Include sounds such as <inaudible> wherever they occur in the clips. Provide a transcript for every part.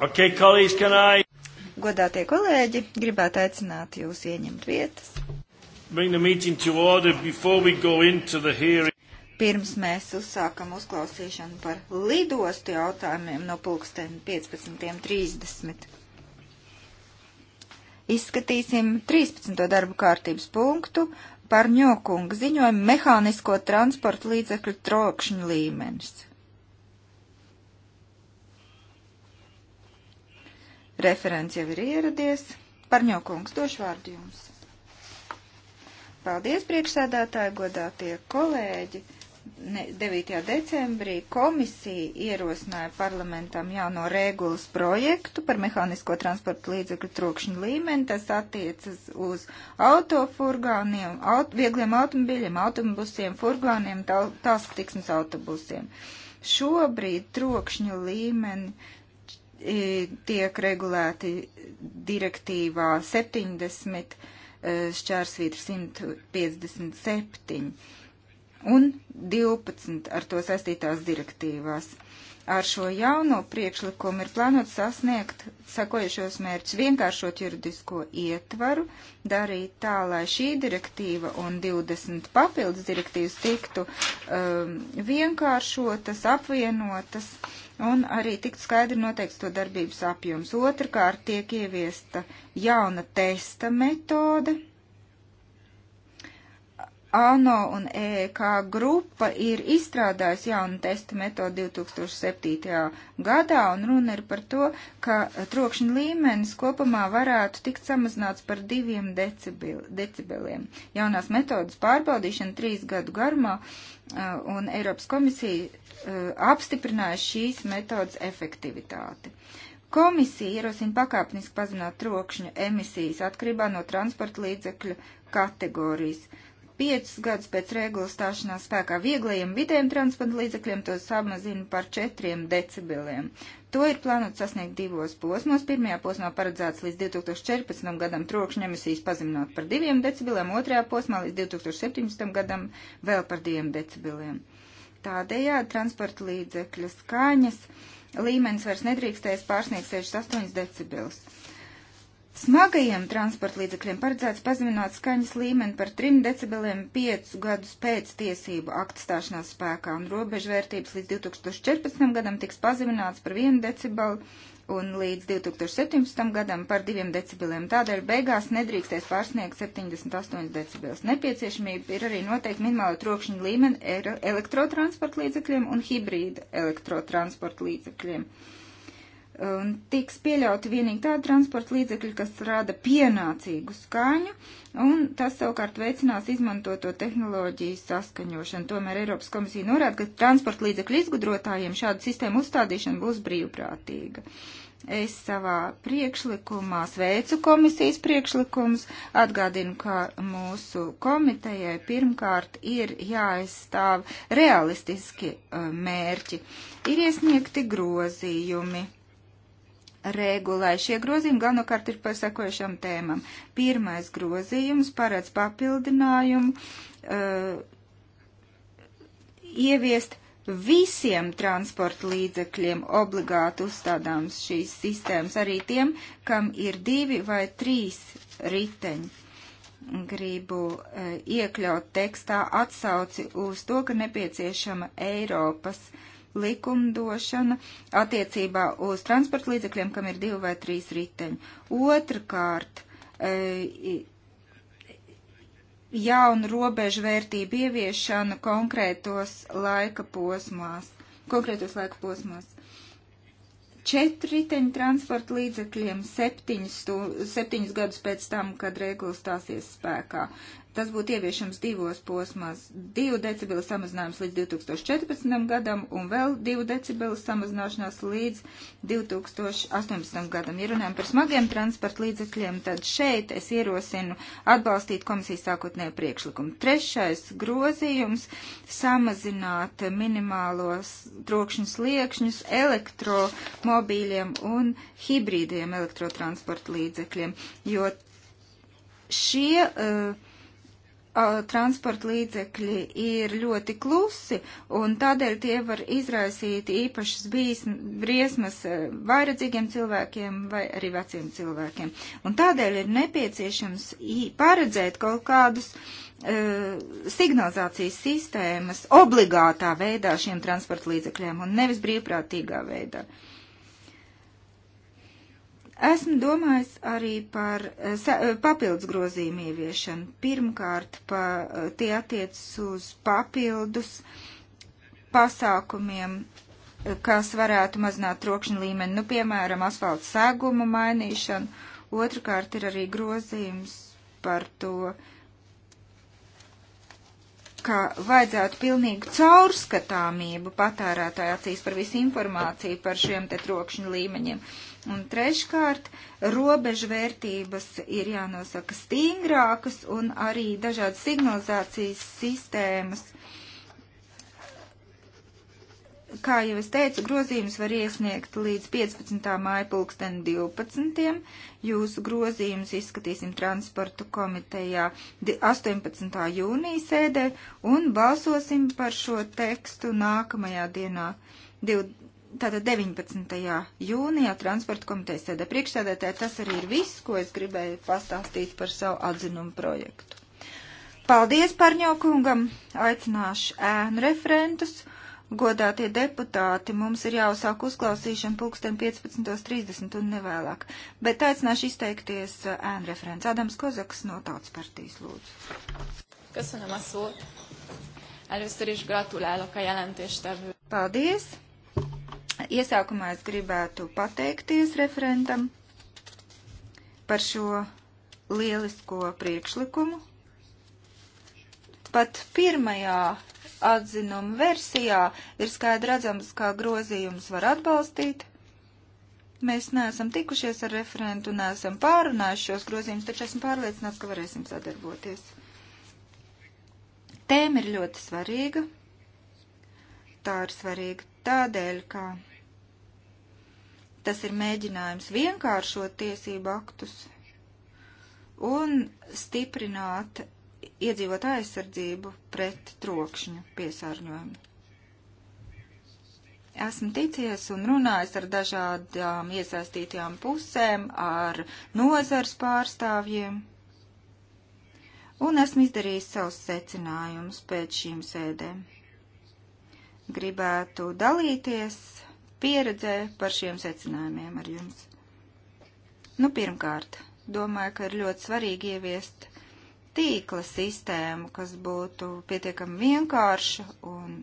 Okay, colleagues, can I? Godātie kolēģi, gribētu aicināt jūs ieņemt vietas. Pirms mēs uzsākam uzklausīšanu par lidostu jautājumiem no pulksten 15.30. Izskatīsim 13. darbu kārtības punktu par ņokunga ziņojumu mehānisko transporta līdzekļu trokšņu līmenis. Referents jau ir ieradies. Parņokungs, došu vārdu jums. Paldies, priekšsēdētāji, godātie kolēģi. 9. decembrī komisija ierosināja parlamentam jauno regulas projektu par mehānisko transporta līdzekļu trokšņu līmeni. Tas attiecas uz autofurgāniem, aut viegliem automobiļiem, autobusiem, furgāniem, tālsatiksmes autobusiem. Šobrīd trokšņu līmeni tiek regulēti direktīvā 70 šķērsvītra 157 un 12 ar to saistītās direktīvās. Ar šo jauno priekšlikumu ir plānots sasniegt sakojušos mērķus vienkāršot juridisko ietvaru, darīt tā, lai šī direktīva un 20 papildus direktīvas tiktu um, vienkāršotas, apvienotas. Uh, un arī tikt skaidri noteikts to darbības apjoms. Otrakārt tiek ieviesta jauna testa metode. ANO un EK grupa ir izstrādājusi jaunu testa metodu 2007. gadā, un runa ir par to, ka trokšņa līmenis kopumā varētu tikt samazināts par diviem decibel, decibeliem. Jaunās metodas pārbaudīšana trīs gadu garumā uh, Uh, un Eiropas komisija uh, apstiprināja šīs metodas efektivitāti. Komisija ierosina pakāpeniski pazināt trokšņa emisijas atkarībā no transporta līdzekļu kategorijas. Piecus gadus pēc regulas stāšanās spēkā vieglajiem vidējiem transporta līdzekļiem to samazina par četriem decibeliem. To ir plānots sasniegt divos posmos. Pirmajā posmā paredzēts līdz 2014. gadam trokšņa emisijas pazeminot par 2 decibeliem, otrajā posmā līdz 2017. gadam vēl par 2 decibeliem. Tādējādi transporta līdzekļa skaņas līmenis vairs nedrīkstēs pārsniegt 68 decibels. Smagajiem transporta līdzekļiem paredzēts pazemināt skaņas līmeni par 3 decibeliem 5 gadus pēc tiesību akta stāšanās spēkā, un robežvērtības līdz 2014. gadam tiks pazemināts par 1 decibelu un līdz 2017. gadam par 2 decibeliem. Tādēļ beigās nedrīkstēs pārsniegt 78 decibels. Nepieciešamība ir arī noteikti minimāla trokšņa līmeni e- elektrotransporta līdzekļiem un hibrīda elektrotransporta līdzekļiem un tiks pieļauti vienīgi tādi transporta līdzekļi, kas rada pienācīgu skaņu, un tas savukārt veicinās izmantoto tehnoloģiju saskaņošanu. Tomēr Eiropas komisija norāda, ka transporta līdzekļu izgudrotājiem šādu sistēmu uzstādīšana būs brīvprātīga. Es savā priekšlikumā sveicu komisijas priekšlikumus, atgādinu, ka mūsu komitejai pirmkārt ir jāaizstāv realistiski uh, mērķi. Ir iesniegti grozījumi regulai. Šie grozījumi galvenokārt ir par sekojušam tēmam. Pirmais grozījums paredz papildinājumu uh, ieviest visiem transporta līdzekļiem obligāti uzstādāms šīs sistēmas, arī tiem, kam ir divi vai trīs riteņi. Gribu uh, iekļaut tekstā atsauci uz to, ka nepieciešama Eiropas uh, likumdošana attiecībā uz transporta līdzekļiem, kam ir divi vai trīs riteņi. Otrakārt, e, jaunu robežu vērtību ieviešana konkrētos laika posmās. Konkrētos laika posmās. Četri riteņu transporta līdzekļiem septiņus, septiņus gadus pēc tam, kad regula stāsies spēkā. Tas būtu ieviešams divos posmās - 2 decibela samazinājums līdz 2014. gadam un vēl 2 decibela samazināšanās līdz 2018. gadam. Ja runājam par smagiem transporta līdzekļiem, tad šeit es ierosinu atbalstīt komisijas sākotnējo priekšlikumu. Trešais grozījums - samazināt minimālos trokšņu sliekšņus elektromobīļiem un hibrīdiem elektrotransporta līdzekļiem, jo šie uh, transporta līdzekļi ir ļoti klusi, un tādēļ tie var izraisīt īpašas briesmas e, vairadzīgiem cilvēkiem vai arī veciem cilvēkiem. Un tādēļ ir nepieciešams paredzēt kaut kādus uh, signalizācijas sistēmas obligātā veidā šiem transporta līdzekļiem un nevis brīvprātīgā veidā. Uh, Esmu domājis arī par eh, eh, papildus grozījumu ieviešanu. Pirmkārt, pa, eh, tie attiecas uz papildus pasākumiem, kas varētu mazināt trokšņa līmeni, nu, piemēram, asfalta segumu mainīšanu. Otrakārt ir arī grozījums par to, ka vajadzētu pilnīgu caurskatāmību patērētāju acīs par visu informāciju par šiem te trokšņu līmeņiem. Uh, Un treškārt, robežu vērtības ir jānosaka stingrākas un arī dažādas signalizācijas sistēmas. Kā jau es teicu, grozījums var iesniegt līdz 15. māja pulksten 12. Jūsu grozījums izskatīsim transportu komitejā 18. jūnija sēdē un balsosim par šo tekstu nākamajā dienā 20. Tātad 19. jūnijā transporta komitejas sēdē priekšsēdētāji tas arī ir viss, ko es gribēju pastāstīt par savu atzinumu projektu. Paldies Parņokungam, aicināšu ēnu referentus. Godātie deputāti, mums ir jāuzsāk uzklausīšana pulksten 15.30 un nevēlāk, bet aicināšu izteikties ēnu referents Ādams Kozaks no Tautas partijas lūdzu. Köszönöm a szót. Először is gratulálok a jelentéstevő. Paldies! Iesākumā es gribētu pateikties referentam par šo lielisko priekšlikumu. Pat pirmajā atzinuma versijā ir skaidri redzams, kā grozījums var atbalstīt. Mēs neesam tikušies ar referentu, neesam pārunājuši šos grozījumus, taču esmu pārliecināts, ka varēsim sadarboties. Tēma ir ļoti svarīga. Tā ir svarīga tādēļ, ka Tas ir mēģinājums vienkāršot tiesību aktus un stiprināt iedzīvotāju aizsardzību pret trokšņu piesārņojumu. Esmu ticies un runājis ar dažādām iesaistītajām pusēm, ar nozars pārstāvjiem, un esmu izdarījis savus secinājumus pēc šīm sēdēm. Gribētu dalīties pieredzē par šiem secinājumiem ar jums? Nu, pirmkārt, domāju, ka ir ļoti svarīgi ieviest tīkla sistēmu, kas būtu pietiekami vienkārša un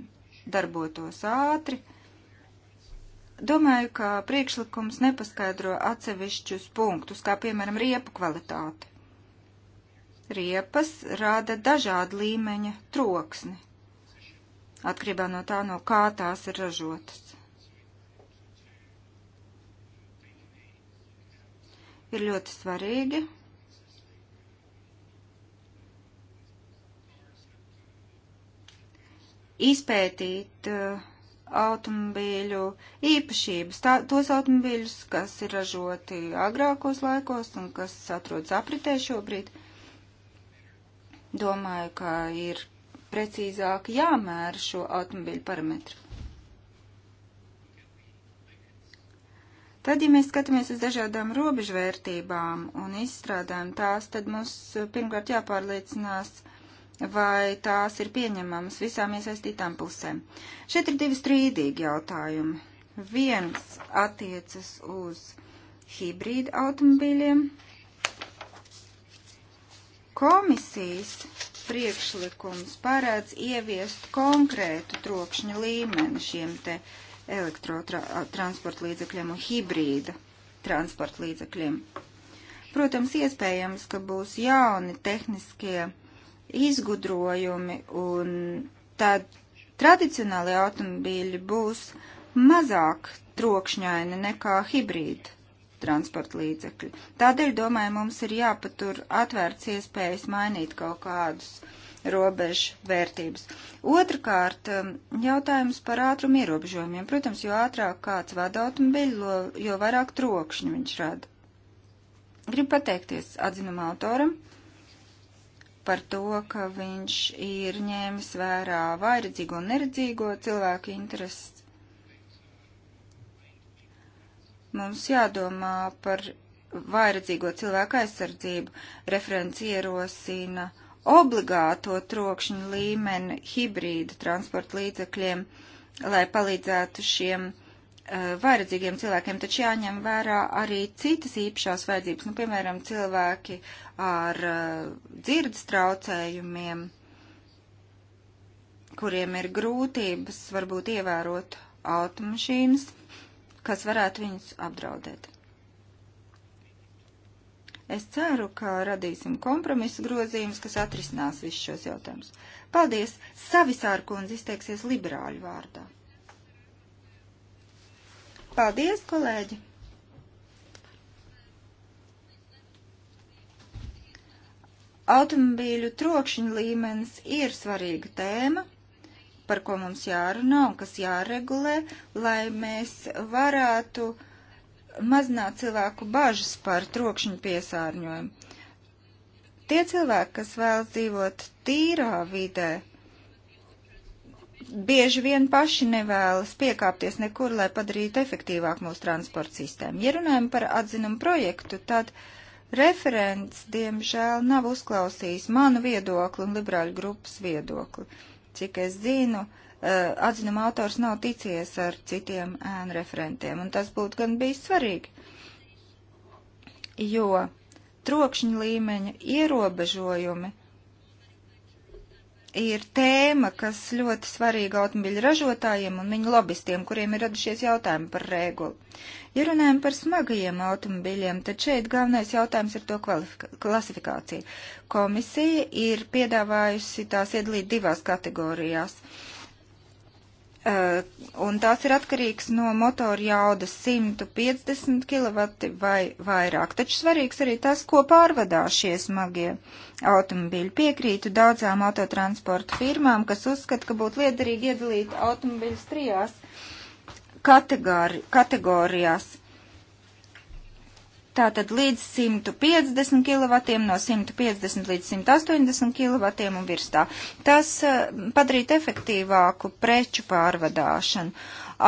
darbotos ātri domāju, ka priekšlikums nepaskaidro atsevišķus punktus, kā piemēram riepu kvalitāti. Riepas rāda dažāda līmeņa troksni, atkarībā no tā, no kā tās ir ražotas. ir ļoti svarīgi. Izpētīt uh, automobīļu īpašības, tā, tos automobīļus, kas ir ražoti agrākos laikos un kas atrodas apritē šobrīd. Domāju, ka ir precīzāk jāmēra šo automobīļu parametru. Tad, ja mēs skatāmies uz dažādām robežvērtībām un izstrādājam tās, tad mums eh, pirmkārt jāpārliecinās, vai tās ir pieņemamas visām iesaistītām pusēm. Šeit ir divi strīdīgi jautājumi. Viens attiecas uz hibrīda automobīļiem. Komisijas priekšlikums parāds ieviest konkrētu trokšņu līmeni šiem te uh, elektrotransporta līdzekļiem un hibrīda transporta līdzekļiem. Protams, iespējams, ka būs jauni tehniskie izgudrojumi un tad tradicionāli automobīļi būs mazāk trokšņaini nekā hibrīda transporta līdzekļi. Tādēļ, domāju, mums ir jāpatur atvērts iespējas mainīt kaut kādus uh, robežu vērtības. Otrakārt, um, jautājums par ātrumu ierobežojumiem. Protams, jo ātrāk kāds vada automobiļu, jo vairāk trokšņu viņš rada. Gribu pateikties atzinuma autoram par to, ka viņš ir ņēmis vērā vairedzīgo un neredzīgo cilvēku intereses. Mums jādomā par vairedzīgo cilvēku aizsardzību. Referents ierosina uh, obligāto trokšņu līmeni hibrīdu transporta līdzekļiem, lai palīdzētu šiem uh, vajadzīgiem cilvēkiem, taču jāņem vērā arī citas īpašās vajadzības, nu, piemēram, cilvēki ar uh, dzirdes traucējumiem, kuriem ir grūtības varbūt ievērot automašīnas, kas varētu viņus apdraudēt. Es ceru, ka radīsim kompromisu grozījumus, kas atrisinās visus šos jautājumus. Paldies! Savisāra kundze izteiksies liberāļu vārdā. Paldies, kolēģi! Automobīļu trokšņa līmenis ir svarīga tēma, par ko mums jārunā un kas jāregulē, lai mēs varētu uh, mazināt cilvēku bažas par trokšņu piesārņojumu. Tie cilvēki, kas vēlas dzīvot tīrā vidē, bieži vien paši nevēlas piekāpties nekur, lai padarītu efektīvāk mūsu transporta sistēmu. Ja runājam par atzinumu projektu, tad referents, diemžēl, nav uzklausījis manu viedokli un liberāļu grupas viedokli. Cik es zinu, uh, Eh, atzinuma autors nav ticies ar citiem ēnu referentiem, un tas būtu gan bijis svarīgi, jo trokšņa līmeņa ierobežojumi ir tēma, kas ļoti svarīga automobiļu ražotājiem un viņu lobbystiem, kuriem ir radušies jautājumi par regulu. Ja runājam par smagajiem automobiļiem, tad šeit galvenais jautājums ir to klasifikācija. Komisija ir piedāvājusi tās iedalīt divās kategorijās. Uh, Uh, un tās ir atkarīgs no motora jaudas 150 kW vai vairāk. Taču svarīgs arī tas, ko pārvadā šie smagie automobīļi. Piekrītu daudzām autotransporta firmām, kas uzskata, ka būtu liederīgi iedalīt automobīļus trijās kategori kategorijās. Tātad līdz 150 kW, no 150 līdz 180 kW un virs tā. Tas eh, padarīt efektīvāku preču pārvadāšanu.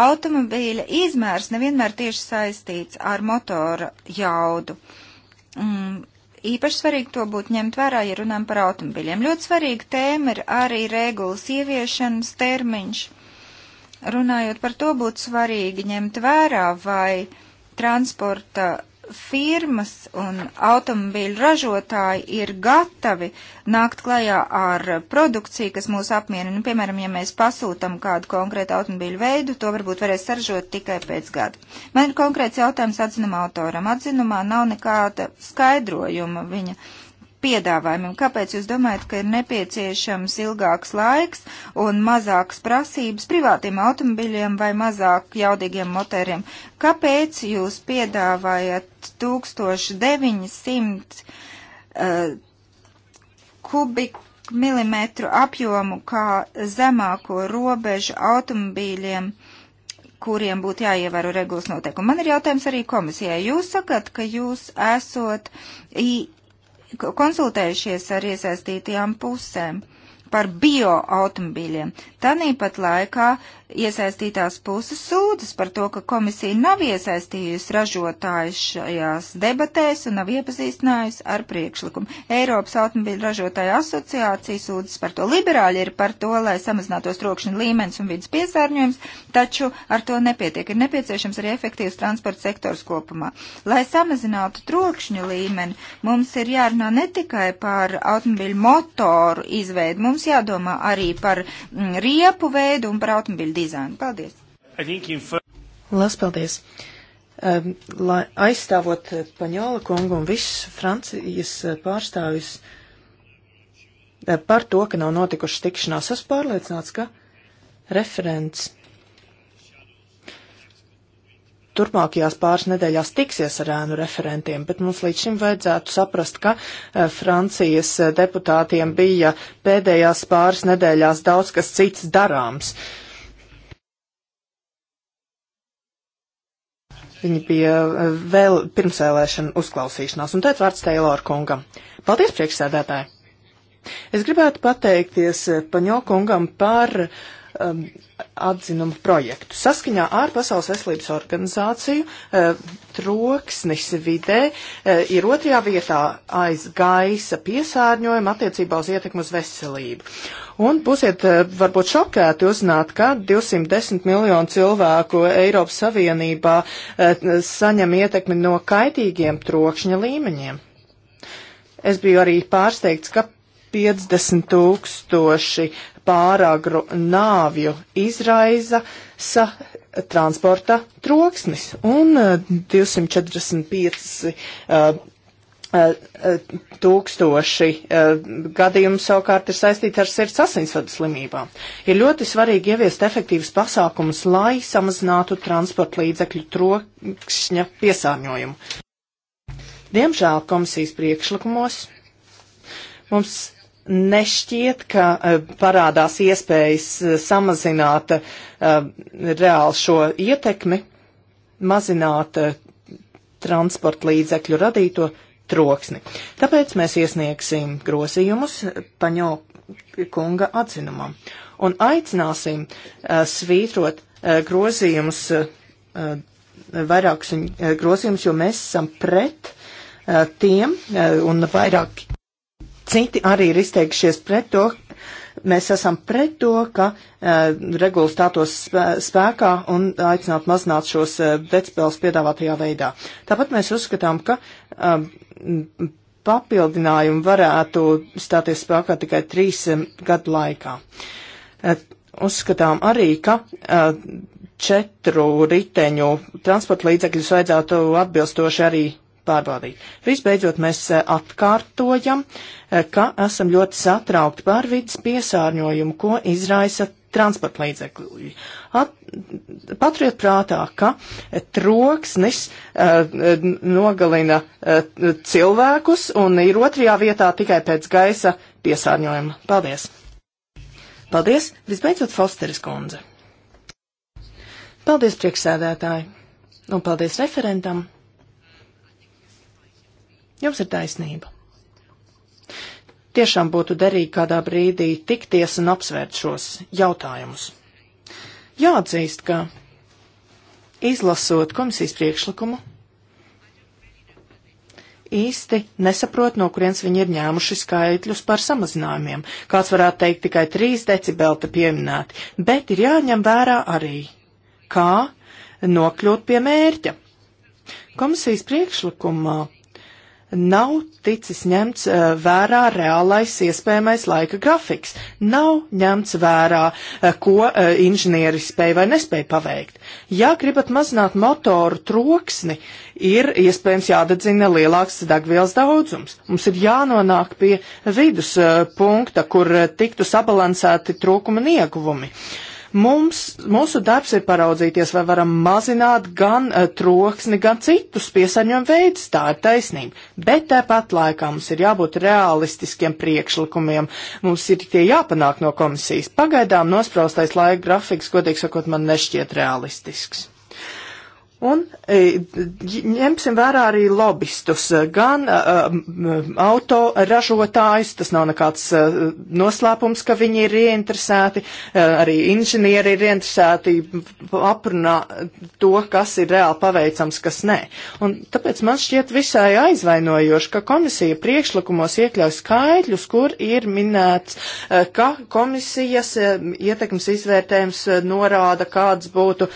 Automobīļa izmērs nevienmēr tieši saistīts ar motora jaudu. Mm, īpaši svarīgi to būtu ņemt vērā, ja runājam par automobiļiem. Ļoti svarīga tēma ir arī regulas ieviešanas termiņš. Runājot par to, būtu svarīgi ņemt vērā, vai transporta firmas un automobīļu ražotāji ir gatavi nākt klajā ar produkciju, kas mūs apmierina. Nu, piemēram, ja mēs pasūtam kādu konkrētu automobīļu veidu, to varbūt varēs saražot tikai pēc gada. Man ir konkrēts jautājums atzinuma autoram. Atzinumā nav nekāda skaidrojuma viņa. Uh, piedāvājumiem? Kāpēc jūs domājat, ka ir nepieciešams ilgāks laiks un mazāks prasības privātiem automobiļiem vai mazāk jaudīgiem motēriem? Kāpēc jūs piedāvājat 1900 uh, eh, kubikmilimetru apjomu kā zemāko robežu automobīļiem? kuriem būtu jāievēro regulas noteikumi. Man ir jautājums arī komisijai. Jūs sakat, ka jūs esot konsultējušies ar iesaistītajām pusēm par bioautomobīļiem. Tanīpat laikā iesaistītās puses sūdzas par to, ka komisija nav iesaistījusi ražotājus šajās debatēs un nav iepazīstinājusi ar priekšlikumu. Eiropas automobiļu ražotāju asociācija sūdzas par to. Liberāļi ir par to, lai samazinātos trokšņa līmenis un vidas piesārņojums, taču ar to nepietiek. Ir nepieciešams arī efektīvs transporta sektors kopumā. Lai samazinātu trokšņa līmeni, mums ir jārunā ne tikai par automobiļu motoru izveidu, mums jādomā arī par mm, riepu veidu un par automobiļu dizainu. Paldies! Lielas paldies! Um, lai aizstāvot Paņola kungu un visus Francijas uh, pārstāvis uh, par to, ka nav notikušas tikšanās, esmu pārliecināts, ka referents turpmākajās pāris nedēļās tiksies ar ēnu referentiem, bet mums līdz šim vajadzētu saprast, ka eh, Francijas eh, deputātiem bija pēdējās pāris nedēļās daudz kas cits darāms. Viņi bija eh, vēl pirmsēlēšana uzklausīšanās, un teica vārds Teilor kungam. Paldies, priekšsēdētāji! Es gribētu pateikties Paņokungam par uh, um, atzinumu projektu. Saskaņā ar Pasaules veselības organizāciju uh, troksnis vidē uh, ir otrajā vietā aiz gaisa piesārņojuma attiecībā uz ietekmu uz veselību. Un būsiet uh, varbūt šokēti uzzināt, ka 210 miljonu cilvēku Eiropas Savienībā uh, saņem ietekmi no kaitīgiem trokšņa līmeņiem. Es biju arī pārsteigts, ka 50 tūkstoši pāragru nāvju izraiza sa transporta troksnis un 245 e, e, e, tūkstoši gadījumu savukārt ir saistīti ar sirds asinsvadu slimībām. Ir ļoti svarīgi ieviest efektīvas pasākumus, lai samazinātu transporta līdzekļu trokšņa piesārņojumu. Diemžēl komisijas priekšlikumos mums nešķiet, ka e, parādās iespējas e, samazināt e, reāli šo ietekmi, mazināt transporta līdzekļu radīto troksni. Tāpēc mēs iesniegsim grozījumus paņo kunga atzinumam un aicināsim svītrot grozījumus, vairākus grozījumus, jo mēs esam pret tiem un vairāk Citi arī ir izteikšies pret to, mēs esam pret to, ka uh, regula stātos spēkā un aicinātu mazināt šos uh, eh, decibels piedāvātajā veidā. Tāpat mēs uzskatām, ka uh, papildinājumi varētu stāties spēkā tikai trīs um, gadu laikā. Uh, uzskatām arī, ka uh, četru riteņu transporta līdzekļus vajadzētu atbilstoši arī pārbaudīt. Visbeidzot, mēs eh, atkārtojam, eh, ka esam ļoti satraukti par vidas piesārņojumu, ko izraisa transporta līdzekļi. Paturiet prātā, ka eh, troksnis uh, nogalina uh, cilvēkus un ir otrajā vietā tikai pēc gaisa piesārņojuma. Paldies! Paldies! Visbeidzot, Fosteris kundze. Paldies, priekšsēdētāji! Un paldies referentam! Jums ir taisnība. Tiešām būtu derīgi kādā brīdī tikties un apsvērt šos jautājumus. Jāatzīst, ka izlasot komisijas priekšlikumu, īsti nesaprot, no kurienes viņi ir ņēmuši skaitļus par samazinājumiem. Kāds varētu teikt, tikai 3 decibelta pieminēti, bet ir jāņem vērā arī, kā nokļūt pie mērķa. Komisijas priekšlikumā nav ticis ņemts eh, vērā reālais iespējamais laika grafiks, nav ņemts vērā, eh, ko eh, inženieri spēja vai nespēja paveikt. Ja gribat mazināt motoru troksni, ir iespējams jādedzina lielāks degvielas daudzums. Mums ir jānonāk pie vidus punkta, kur tiktu sabalansēti trūkuma ieguvumi. Uh, Mums, mūsu darbs ir paraudzīties, vai varam mazināt gan uh, troksni, gan citus piesaņojumu veidus, tā ir taisnība. Bet tāpat laikā mums ir jābūt realistiskiem priekšlikumiem, mums ir tie jāpanāk no komisijas. Pagaidām nospraustais laika grafiks, godīgi sakot, man nešķiet realistisks. Un e, ņemsim vērā arī lobistus, e, gan e, auto ražotājs, tas nav nekāds noslēpums, ka viņi ir ieinteresēti, arī inženieri ir ieinteresēti aprunā to, kas ir reāli paveicams, kas nē. Un tāpēc man šķiet visai aizvainojoši, ka komisija priekšlikumos iekļauj skaitļus, kur ir minēts, ka komisijas ietekmes izvērtējums norāda, kāds būtu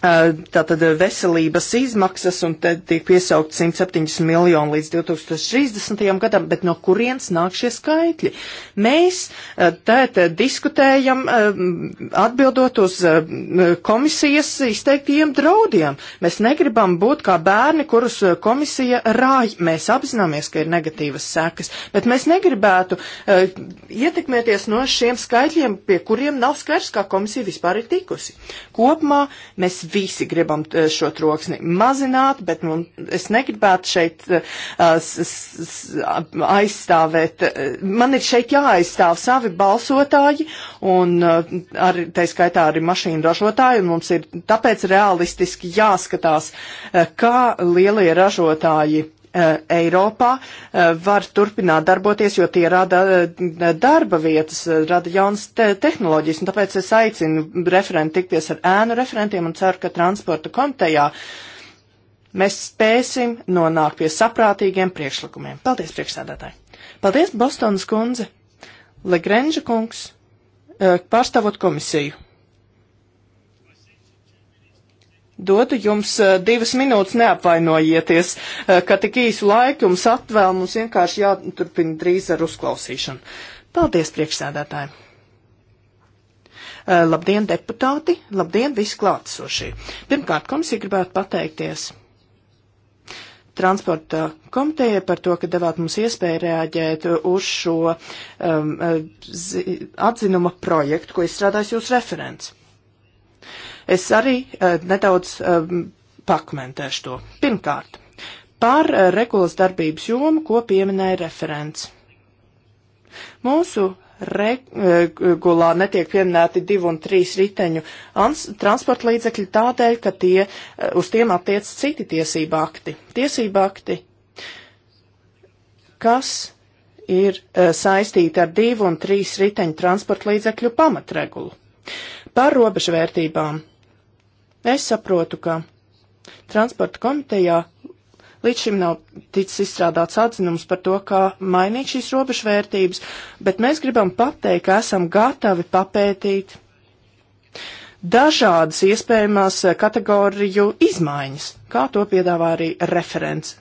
Eh, tātad eh, veselības izmaksas, un te tiek piesaukt 170 miljoni līdz 2030. gadam, bet no kurienes nāk šie skaitļi? Mēs eh, tātad diskutējam atbildot uz komisijas izteiktiem draudiem. Mēs negribam būt kā bērni, kurus komisija rāj. Mēs apzināmies, ka ir negatīvas sekas, bet mēs negribētu ietekmēties no šiem skaitļiem, pie kuriem nav skaidrs, kā komisija vispār ir tikusi. Kopumā mēs visi gribam eh, šo troksni mazināt, bet nu, es negribētu šeit eh, aizstāvēt. Eh, man ir šeit jāaizstāv savi balsotāji un ar, tā skaitā arī mašīnu ražotāji, un mums ir tāpēc realistiski jāskatās, kā lielie ražotāji Eh, Eiropā eh, var turpināt darboties, jo tie rada eh, darba vietas, rada jaunas te tehnoloģijas, un tāpēc es aicinu referenti tikties ar ēnu referentiem un ceru, ka transporta komitejā mēs spēsim nonākt pie saprātīgiem priekšlikumiem. Paldies, priekšsēdētāji! Paldies, Bostonas kundze! Legrenža kungs, pārstāvot komisiju! Dodu jums eh, divas minūtes, neapvainojieties, eh, ka tik īsu laiku jums atvēl, mums vienkārši jāturpina drīz ar uzklausīšanu. Paldies, priekšsēdētāji! Eh, labdien, deputāti! Labdien, visi klātesošie! Pirmkārt, komisija gribētu pateikties transporta komitejai par to, ka devāt mums iespēju reaģēt uz šo um, atzinuma projektu, ko izstrādājis jūs referents. Es arī eh, nedaudz eh, pakmentēšu to. Pirmkārt, par eh, regulas darbības jomu, ko pieminēja referents. Mūsu regulā netiek pieminēti divu un trīs riteņu transporta līdzekļi tādēļ, ka tie, uz tiem attiec citi tiesība akti. Tiesība akti, kas ir saistīti ar divu un trīs riteņu transporta līdzekļu pamatregulu. Par robežvērtībām Es saprotu, ka transporta komitejā līdz šim nav ticis izstrādāts atzinums par to, kā mainīt šīs robežvērtības, bet mēs gribam pateikt, ka esam gatavi papētīt dažādas iespējamās eh, kategoriju izmaiņas, kā to piedāvā arī referents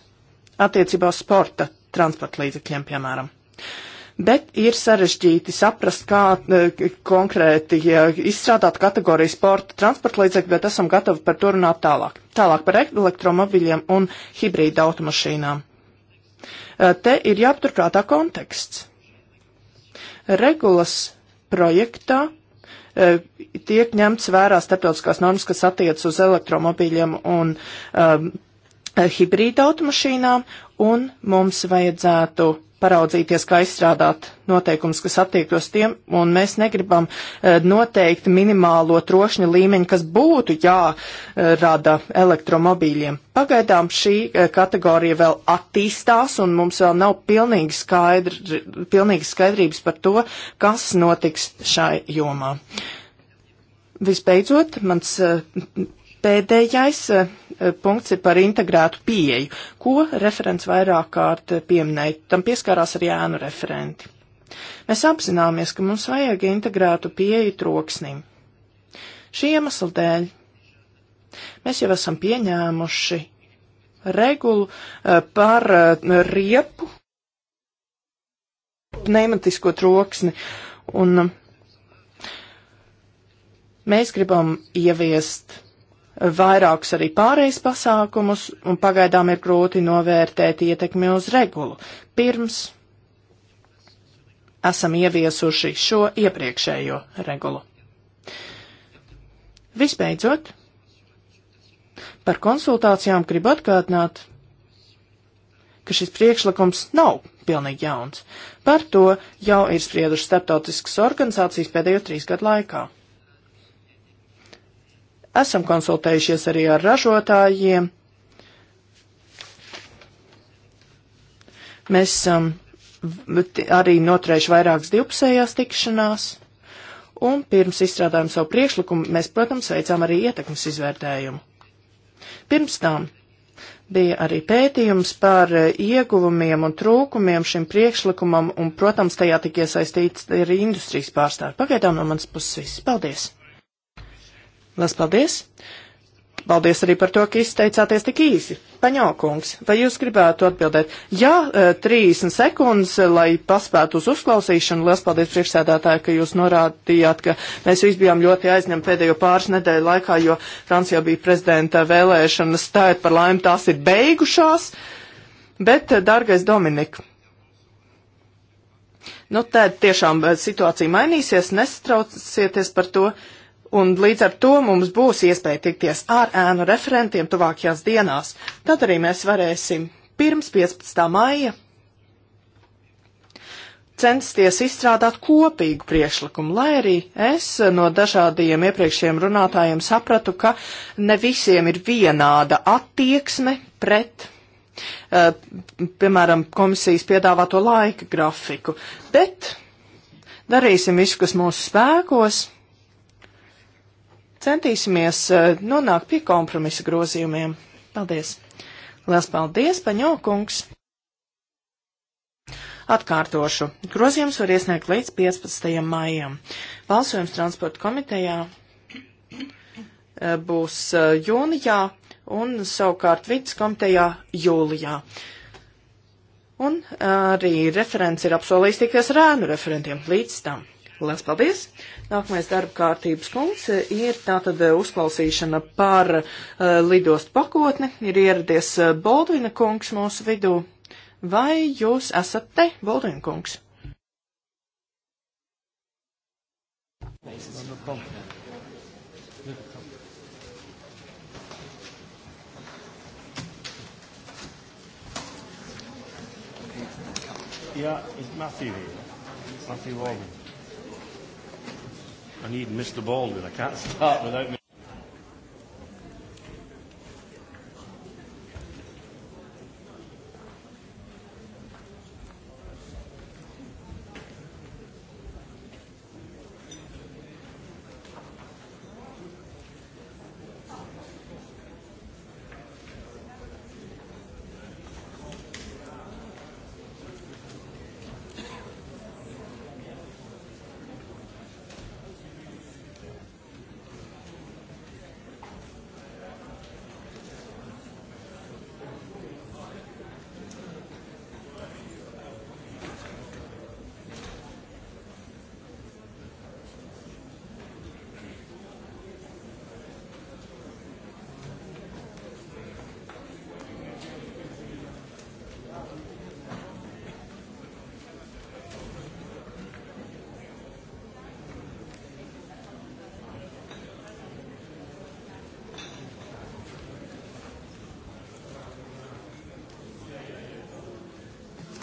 attiecībā uz sporta transporta līdzekļiem, piemēram. Uh, bet ir sarežģīti saprast, kā e, konkrēti ja, e, izstrādāt kategoriju sporta transporta līdzekļu, bet esam gatavi par to runāt tālāk. Tālāk par elektromobiļiem un hibrīda automašīnām. E, te ir jāpaturprātā konteksts. Regulas projektā tiek ņemts vērā starptautiskās normas, kas attiec uz elektromobīļiem un um, hibrīda automašīnām, un mums vajadzētu paraudzīties, kā izstrādāt noteikumus, kas attiektos tiem, un mēs negribam eh, noteikt minimālo trošņa līmeņu, kas būtu jārada elektromobīļiem. Pagaidām šī eh, kategorija vēl attīstās, un mums vēl nav pilnīgi, skaidri, pilnīgi skaidrības par to, kas notiks šai jomā. Visbeidzot, mans eh, Pēdējais eh, punkts ir par integrētu pieeju, ko referents vairāk kārt eh, pieminēja. Tam pieskārās arī ēnu referenti. Mēs apzināmies, ka mums vajag integrētu pieeju troksnim. Šī iemesla dēļ mēs jau esam pieņēmuši regulu eh, par riepu pneimatisko troksni. Un mēs gribam ieviest vairākus arī pārejas pasākumus, un pagaidām ir grūti novērtēt ietekmi uz regulu. Pirms esam ieviesuši šo iepriekšējo regulu. Visbeidzot, par konsultācijām gribu atgādināt, ka šis priekšlikums nav pilnīgi jauns. Par to jau ir sprieduši starptautiskas organizācijas pēdējo trīs gadu laikā. Esam konsultējušies arī ar ražotājiem. Mēs esam um, arī noturējuši vairākas divpusējās tikšanās, un pirms izstrādājām savu priekšlikumu, mēs, protams, veicām arī ietekmes izvērtējumu. Pirms tam bija arī pētījums par eh, ieguvumiem un trūkumiem šim priekšlikumam, un, protams, tajā tik iesaistīts arī industrijas pārstāvi. Pagaidām no manas puses viss. Paldies! Lielas paldies! Paldies arī par to, ka izteicāties tik īsi. Paņokungs, vai jūs gribētu atbildēt? Jā, 30 eh, sekundes, eh, lai paspētu uz uzklausīšanu. Lielas paldies priekšsēdētāji, ka jūs norādījāt, ka mēs visi bijām ļoti aizņemti pēdējo pāris nedēļu laikā, jo Francijā bija prezidenta vēlēšanas. Tā ir par laimi, tās ir beigušās. Bet, eh, dārgais Dominika, nu tad tiešām situācija mainīsies, nestraucieties par to. Uh, Un līdz ar to mums būs iespēja tikties ar ēnu referentiem tuvākajās dienās. Tad arī mēs varēsim pirms 15. maija censties izstrādāt kopīgu priekšlikumu, lai arī es no dažādiem iepriekšējiem runātājiem sapratu, ka ne visiem ir vienāda attieksme pret, uh, piemēram, komisijas piedāvāto laika grafiku. Bet darīsim visu, kas mūsu spēkos centīsimies eh, nonākt pie kompromisa grozījumiem. Paldies! Lielas paldies, paņokungs! Atkārtošu. Grozījums var iesniegt līdz 15. maijam. Balsojums transporta komitejā eh, būs eh, jūnijā un savukārt vidas komitejā jūlijā. Un arī referents ir apsolījis tikties ar ēnu referentiem līdz tam. Lielas paldies! Nākamais darba kārtības punkts eh, ir tātad eh, uzklausīšana par uh, lidostu pakotni. Ir ieradies uh, Boldvina kungs mūsu vidū. Vai jūs esat te, Boldvina kungs? Yeah, it's Matthew here. Matthew Walden. I need Mr. Baldwin. I can't <laughs> start without.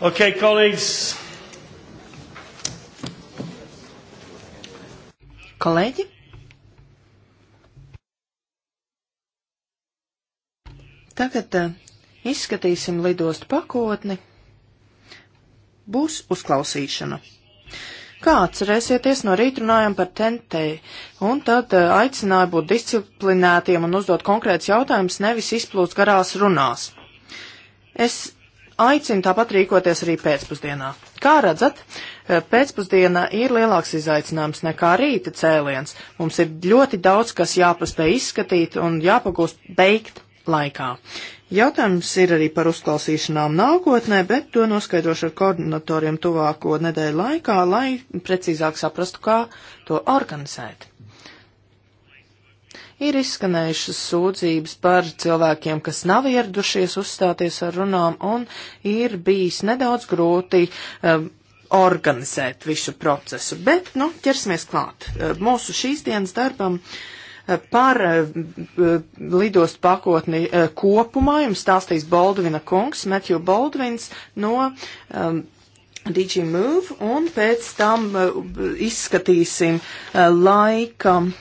Okay, colleagues. Kolēģi? Tagad uh, izskatīsim lidostu pakotni. Būs uzklausīšana. Kā atcerēsieties, no rīta runājam par tentei, un tad uh, eh, aicināja būt disciplinētiem un uzdot konkrēts jautājums, nevis izplūst garās runās. Es aicinu tāpat rīkoties arī pēcpusdienā. Kā redzat, eh, pēcpusdiena ir lielāks izaicinājums nekā rīta cēliens. Mums ir ļoti daudz, kas jāpaspēj izskatīt un jāpagūst beigt laikā. Jautājums ir arī par uzklausīšanām nākotnē, bet to noskaidrošu ar koordinatoriem tuvāko nedēļu laikā, lai precīzāk saprastu, kā to organizēt. Ir izskanējušas sūdzības par cilvēkiem, kas nav ieradušies uzstāties ar runām, un ir bijis nedaudz grūti um, organizēt visu procesu. Bet, nu, ķersimies klāt. Uh, mūsu šīs dienas darbam uh, par uh, lidostu pakotni kopumā jums stāstīs Baldvina kungs, Matthew Baldvins no um, DigiMove, un pēc tam izskatīsim laika. Um,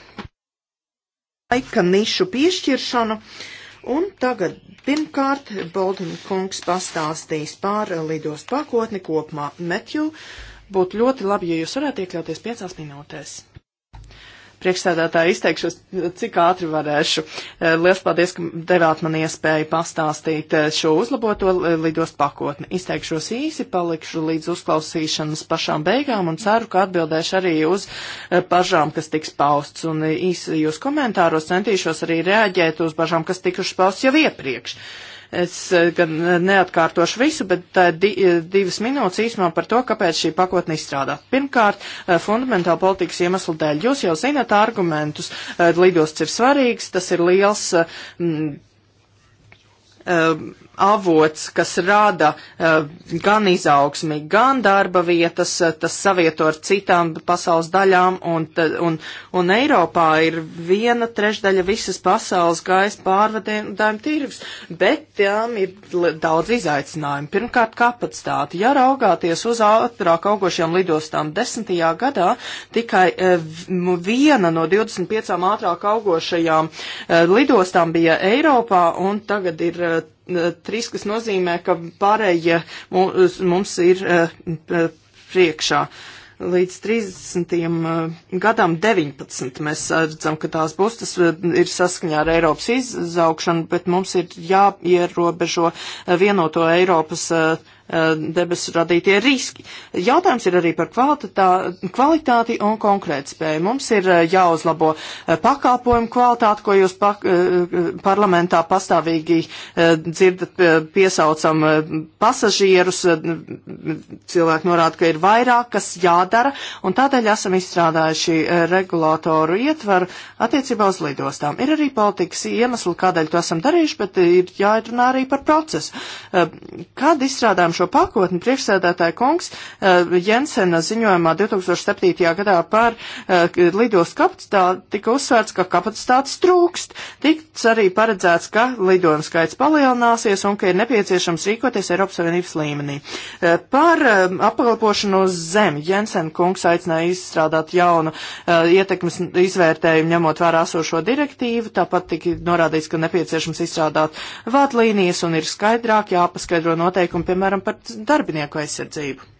laika nišu piešķiršanu. Un tagad pirmkārt Boldina kungs pastāstīs par lidos pakotni kopumā. Metju, būtu ļoti labi, ja jūs varētu iekļauties piecās minūtēs priekšsēdētāji izteikšos, cik ātri varēšu. Eh, Lielas paldies, ka devāt man iespēju pastāstīt eh, šo uzlaboto eh, lidostu pakotni. Izteikšos īsi, palikšu līdz uzklausīšanas pašām beigām un ceru, ka atbildēšu arī uz bažām, kas tiks pausts. Un īsi jūs komentāros centīšos arī reaģēt uz bažām, kas tikušas pausts jau iepriekš. Uh, Es eh, gan eh, neatkārtošu visu, bet tā ir di eh, divas minūtes īsumā par to, kāpēc šī pakotne izstrādā. Pirmkārt, fundamentāla politikas iemeslu dēļ. Jūs jau zinat argumentus. Lidosts ir svarīgs, tas ir liels. Mm, um, avots, kas rada uh, gan izaugsmi, gan darba vietas, uh, tas savieto ar citām pasaules daļām, un, un, un Eiropā ir viena trešdaļa visas pasaules gaisa pārvadājuma tirgus, bet tām ir daudz izaicinājumu. Pirmkārt, kapacitāte. Ja raugāties uz ātrāk augošajām lidostām desmitajā gadā, tikai uh, viena no 25 ātrāk augošajām lidostām bija Eiropā, un tagad ir triskas nozīmē, ka pārējie mums, mums ir eh, priekšā. Līdz 30. Eh, gadam 19 mēs redzam, ka tās būs, tas eh, ir saskaņā ar Eiropas izaugšanu, bet mums ir jāierobežo vienoto Eiropas uh, Uh, debesu radītie riski. Jautājums ir arī par kvalitā, kvalitāti un konkrētspēju. Mums ir uh, jāuzlabo uh, pakalpojumu kvalitāti, ko jūs pak, parlamentā pastāvīgi dzirdat, piesaucam pasažierus, cilvēki norāda, ka ir vairāk, kas jādara, un tādēļ esam izstrādājuši regulātoru ietvaru attiecībā uz lidostām. Ir arī politikas iemesli, kādēļ to esam darījuši, bet ir jāatrunā arī par procesu. Kad izstrādājam šo pakotni, priekšsēdētāja kungs eh, Jensena ziņojumā 2007. gadā par eh, lidostu kapacitāti tika uzsvērts, ka kapacitātes trūkst. Tikts arī paredzēts, ka lidojumu skaits palielināsies un ka ir nepieciešams rīkoties Eiropas Savienības līmenī. Eh, par apkalpošanu uz zemi Jensen kungs aicināja izstrādāt jaunu ietekmes izvērtējumu, ņemot vērā esošo direktīvu. Tāpat tika norādīts, ka nepieciešams izstrādāt vārdlīnijas un ir skaidrāk jāpaskaidro noteikumi, piemēram, par darbinieku aizsardzību.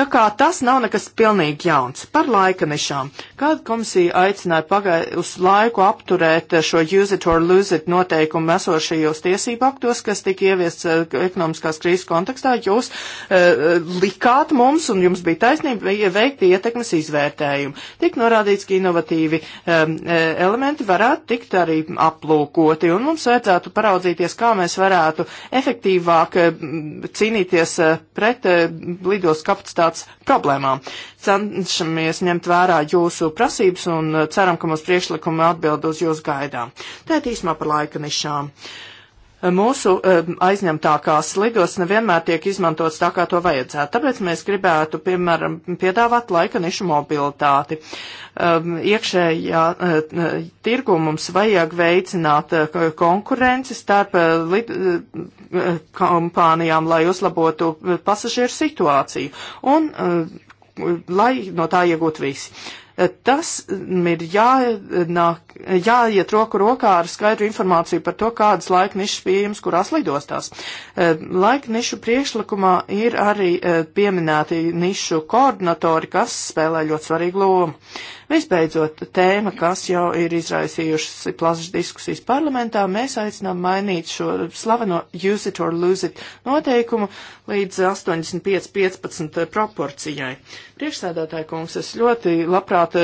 Tā kā tas nav nekas pilnīgi jauns par laika nišām. Kad komisija aicināja pagai uz laiku apturēt šo use it or lose it noteikumu esošajos tiesību aktos, kas tika ieviests eh, ekonomiskās krīzes kontekstā, jūs uh, likāt mums, un jums bija taisnība, veikt ietekmes izvērtējumu. Tik norādīts, ka inovatīvi um, elementi varētu tikt arī aplūkoti, un mums vajadzētu paraudzīties, kā mēs varētu efektīvāk uh, cīnīties uh, pret uh, lidos kapacitātes efektivitātes problēmām. Cenšamies ņemt vērā jūsu prasības un ceram, ka mūsu priekšlikumi atbild uz jūsu gaidām. Tēt īsumā par laika nišām. Uh, mūsu eh, aizņemtākās ligos nevienmēr tiek izmantots tā, kā to vajadzētu. Tāpēc mēs gribētu, piemēram, piedāvāt laika nišu mobilitāti. Ehm, iekšējā eh, tirgu mums vajag veicināt eh, konkurenci starp kompānijām, lai uzlabotu pasažieru situāciju un lai no tā iegūtu visi. Tas ir jānāk, jāiet roku rokā ar skaidru informāciju par to, kādas laika nišas pieejams kurās lidostās. Eh, laika nišu priekšlikumā ir arī eh, pieminēti nišu koordinatori, kas spēlē ļoti svarīgu lomu. Visbeidzot, tēma, kas jau ir izraisījušas plašas diskusijas parlamentā, mēs aicinām mainīt šo slaveno use it or lose it noteikumu līdz 85-15 proporcijai. Priekšsēdētāji kungs, es ļoti labprāt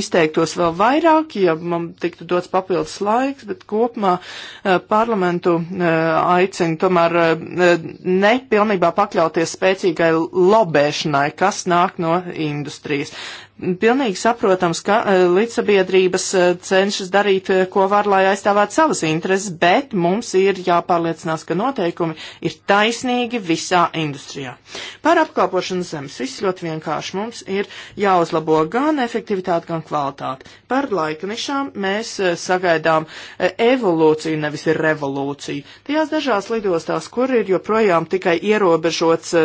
izteiktos vēl vairāk, ja man tiktu dots papildus laiks, bet kopumā eh, parlamentu eh, aicinu tomēr eh, nepilnībā pakļauties spēcīgai lobēšanai, kas nāk no industrijas. Pilnīgi saprotams, ka e, līdzsabiedrības e, cenšas darīt, e, ko var, lai aizstāvētu savas intereses, bet mums ir jāpārliecinās, ka noteikumi ir taisnīgi visā industrijā. Par apkalpošanu zemes viss ļoti vienkārši. Mums ir jāuzlabo gan efektivitāte, gan kvalitāte. Par laika nišām mēs sagaidām evolūciju, nevis ir revolūciju. Tajās dažās lidostās, kur ir joprojām tikai ierobežots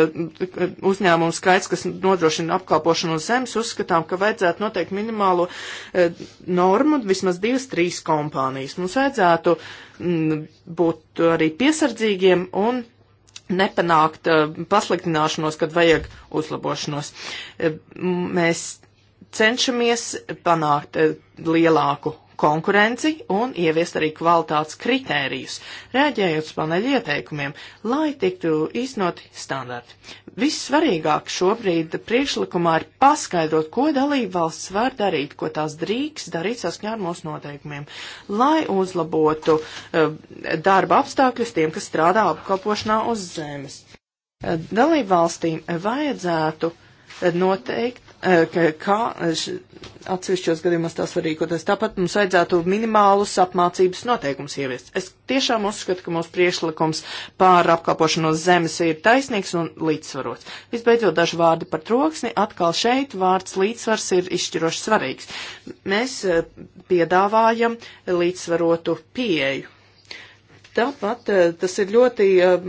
uzņēmumu skaits, kas nodrošina apkalpošanu uz zemes, uzskatām, uzskatām, ka vajadzētu noteikt minimālo e, normu vismaz divas, trīs kompānijas. Mums vajadzētu m, mm, būt arī piesardzīgiem un nepanākt e, pasliktināšanos, kad vajag uzlabošanos. E, mēs cenšamies panākt e, lielāku konkurenci un ieviest arī kvalitātes kritērijus, rēģējot uz paneļa ieteikumiem, lai tiktu īstenoti standarti. Vissvarīgāk šobrīd priekšlikumā ir paskaidrot, ko dalība valsts var darīt, ko tās drīks darīt saskņā ar mūsu noteikumiem, lai uzlabotu uh, darba apstākļus tiem, kas strādā apkalpošanā uz zemes. Uh, eh, dalību valstīm vajadzētu eh, noteikt kā atsevišķos gadījumos tās var rīkoties. Tāpat mums vajadzētu minimālus apmācības noteikumus ieviest. Es tiešām uzskatu, ka mūsu priešlikums pār apkalpošanos zemes ir taisnīgs un līdzsvarots. Visbeidzot, daži vārdi par troksni. Atkal šeit vārds līdzsvars ir izšķiroši svarīgs. Mēs piedāvājam līdzsvarotu pieeju Tāpat eh, tas ir ļoti eh,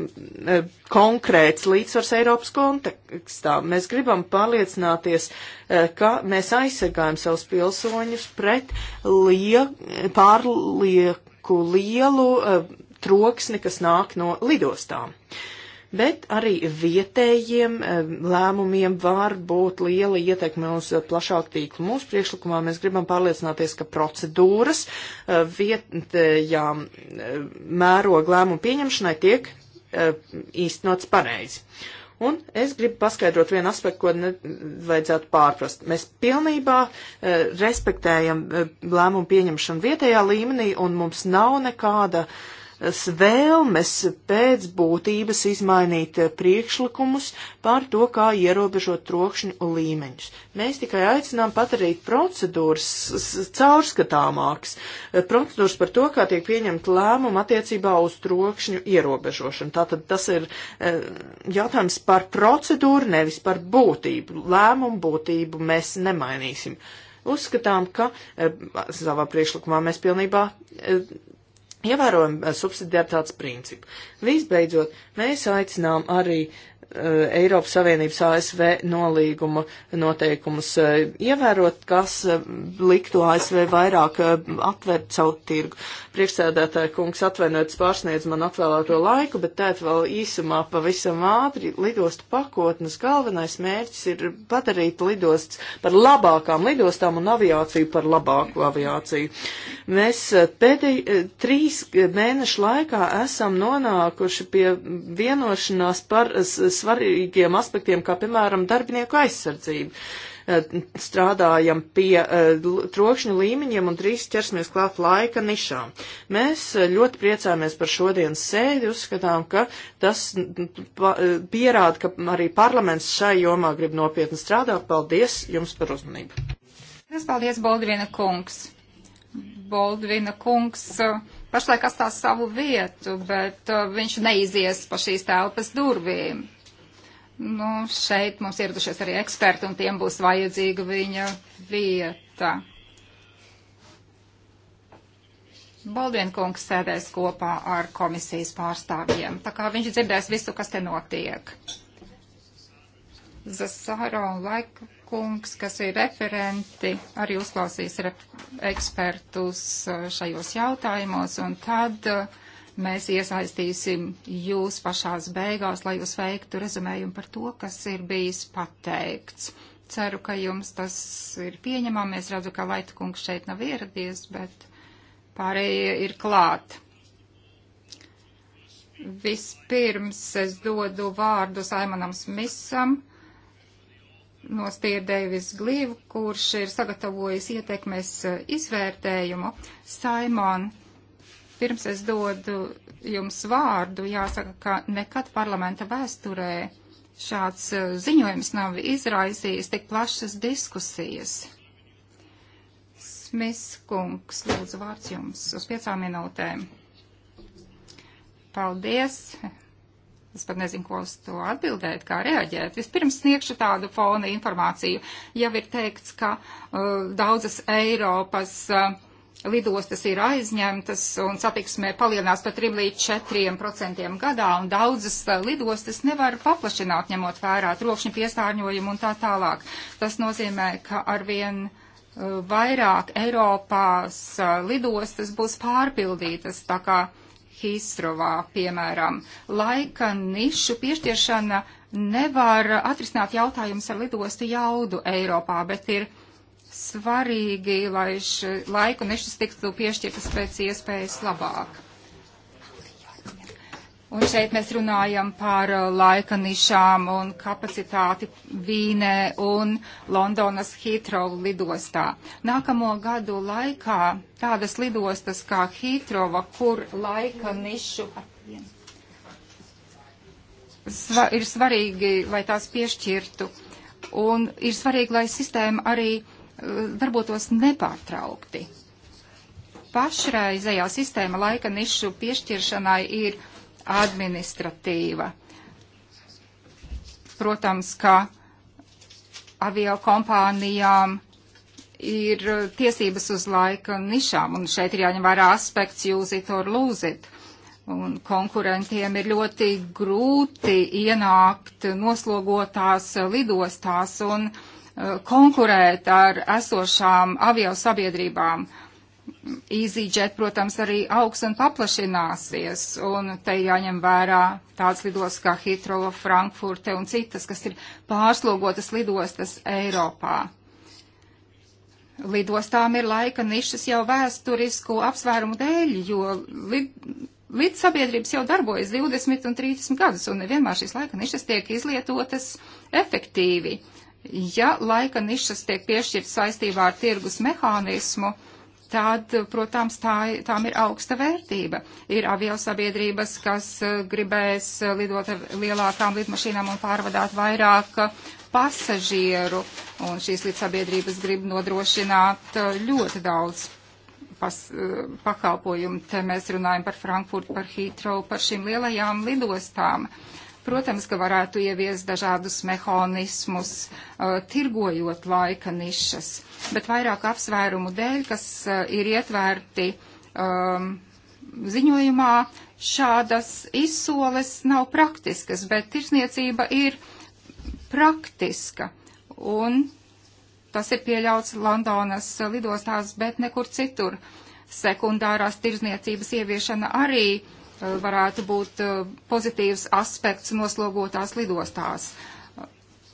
eh, konkrēts līdzsvars Eiropas kontekstā. Mēs gribam pārliecināties, ka mēs aizsargājam savus pilsoņus pret lie, pārlieku lielu troksni, kas nāk no lidostām. Uh, bet arī vietējiem lēmumiem var būt liela ietekme uz eh, plašāku tīklu. Mūsu priekšlikumā mēs gribam pārliecināties, ka procedūras eh, vietējām eh, mēroga lēmumu pieņemšanai tiek īstenots pareizi. Un es gribu paskaidrot vienu aspektu, ko nevajadzētu pārprast. Mēs pilnībā e, respektējam e, lēmumu pieņemšanu vietējā līmenī, un mums nav nekāda e, vēlmes pēc būtības izmainīt priekšlikumus par to, kā ierobežot trokšņu līmeņus. Mēs tikai aicinām padarīt procedūras caurskatāmākas, procedūras par to, kā tiek pieņemt lēmumu attiecībā uz trokšņu ierobežošanu. Tātad tas ir eh, jautājums par procedūru, nevis par būtību. Lēmumu būtību mēs nemainīsim uzskatām, ka e, savā priekšlikumā mēs pilnībā e, Ievērojam eh, subsidiaritātes principu. Visbeidzot, mēs aicinām arī Eh, Eiropas Savienības ASV nolīguma noteikumus eh, ievērot, kas eh, liktu ASV vairāk atvērt savu tirgu. Priekšsēdētāja kungs atvainojas pārsniedz man atvēlēto laiku, bet tēt vēl īsumā pavisam ātri lidostu pakotnes galvenais mērķis ir padarīt lidostas par labākām lidostām un aviāciju par labāku aviāciju. Mēs pēdēj, trīs mēnešu laikā esam nonākuši pie vienošanās par svarīgiem aspektiem, kā piemēram darbinieku aizsardzību. Eh, strādājam pie eh, trokšņu līmeņiem un drīz ķersimies klāt laika nišām. Mēs eh, ļoti priecājamies par šodienas sēdi, uzskatām, ka tas pierāda, ka arī parlaments šai jomā grib nopietni strādāt. Paldies jums par uzmanību. Paldies, Boldvina kungs! Boldvina kungs pašlaik atstās savu vietu, bet viņš neizies pa šīs telpas durvīm. Nu, šeit mums ieradušies arī eksperti, un tiem būs vajadzīga viņa vieta. Baldienkungs sēdēs kopā ar komisijas pārstāvjiem, tā kā viņš dzirdēs visu, kas te notiek. Zasāra un Laikkungs, kas ir referenti, arī uzklausīs rep ekspertus uh, šajos jautājumos, un tad uh, Mēs iesaistīsim jūs pašās beigās, lai jūs veiktu rezumējumu par to, kas ir bijis pateikts. Ceru, ka jums tas ir pieņemami. Es redzu, ka Laita kungs šeit nav ieradies, bet pārējie ir klāt. Vispirms es dodu vārdu Saimanam Smisam no Stierdevis Glīvu, kurš ir sagatavojis ietekmes izvērtējumu. Saimon, Pirms es dodu jums vārdu, jāsaka, ka nekad parlamenta vēsturē šāds eh, ziņojums nav izraisījis tik plašas diskusijas. Smis kungs, lūdzu vārds jums uz piecām minūtēm. Paldies! Es pat nezinu, ko uz to atbildēt, kā reaģēt. Vispirms sniegšu tādu fona informāciju. Jau ir teikts, ka uh, daudzas Eiropas uh, lidostas ir aizņemtas un satiksmē palielinās par 3 līdz 4 procentiem gadā, un daudzas eh, lidostas nevar paplašināt, ņemot vērā trokšņa piesārņojumu un tā tālāk. Tas nozīmē, ka arvien eh, vairāk Eiropās eh, lidostas būs pārpildītas, tā kā Histrovā, piemēram. Laika nišu piešķiršana nevar atrisināt jautājumus ar lidostu jaudu Eiropā, bet ir svarīgi, lai š, laiku nešas tiktu piešķirtas pēc iespējas labāk. Un šeit mēs runājam par uh, laika nišām un kapacitāti Vīnē un Londonas Heathrow lidostā. Nākamo gadu laikā tādas lidostas kā Heathrova, kur laika nišu sva ir svarīgi, lai tās piešķirtu. Un ir svarīgi, lai sistēma arī darbotos nepārtraukti. Pašreizējā sistēma laika nišu piešķiršanai ir administratīva. Protams, ka avio kompānijām ir tiesības uz laika nišām, un šeit ir jāņem vērā aspekts use it or lose it. Un konkurentiem ir ļoti grūti ienākt noslogotās lidostās un uh, konkurēt ar esošām avio sabiedrībām. EasyJet, protams, arī augs un paplašināsies, un te jāņem vērā tāds lidos kā Hitrova, Frankfurte un citas, kas ir pārslogotas lidostas Eiropā. Lidostām ir laika nišas jau vēsturisku apsvērumu dēļ, jo lid, līdz sabiedrības jau darbojas 20 un 30 gadus, un nevienmēr šīs laika nišas tiek izlietotas efektīvi. Uh, Ja laika nišas tiek piešķirts saistībā ar tirgus mehānismu, tad, protams, tā, tām ir augsta vērtība. Ir aviosabiedrības, kas eh, gribēs eh, lidot ar lielākām lidmašīnām un pārvadāt vairāk eh, pasažieru, un šīs lidsabiedrības grib nodrošināt ļoti daudz pas, pakalpojumu. Te mēs runājam par Frankfurtu, par Hītrau, par šīm lielajām lidostām. Uh, Protams, ka varētu ieviest dažādus mehānismus, uh, tirgojot laika nišas, bet vairāk apsvērumu dēļ, kas uh, ir ietvērti um, ziņojumā, šādas izsoles nav praktiskas, bet tirsniecība ir praktiska. Un tas ir pieļauts Londonas lidostās, bet nekur citur. Sekundārās tirzniecības ieviešana arī uh, varētu būt uh, pozitīvs aspekts noslogotās lidostās.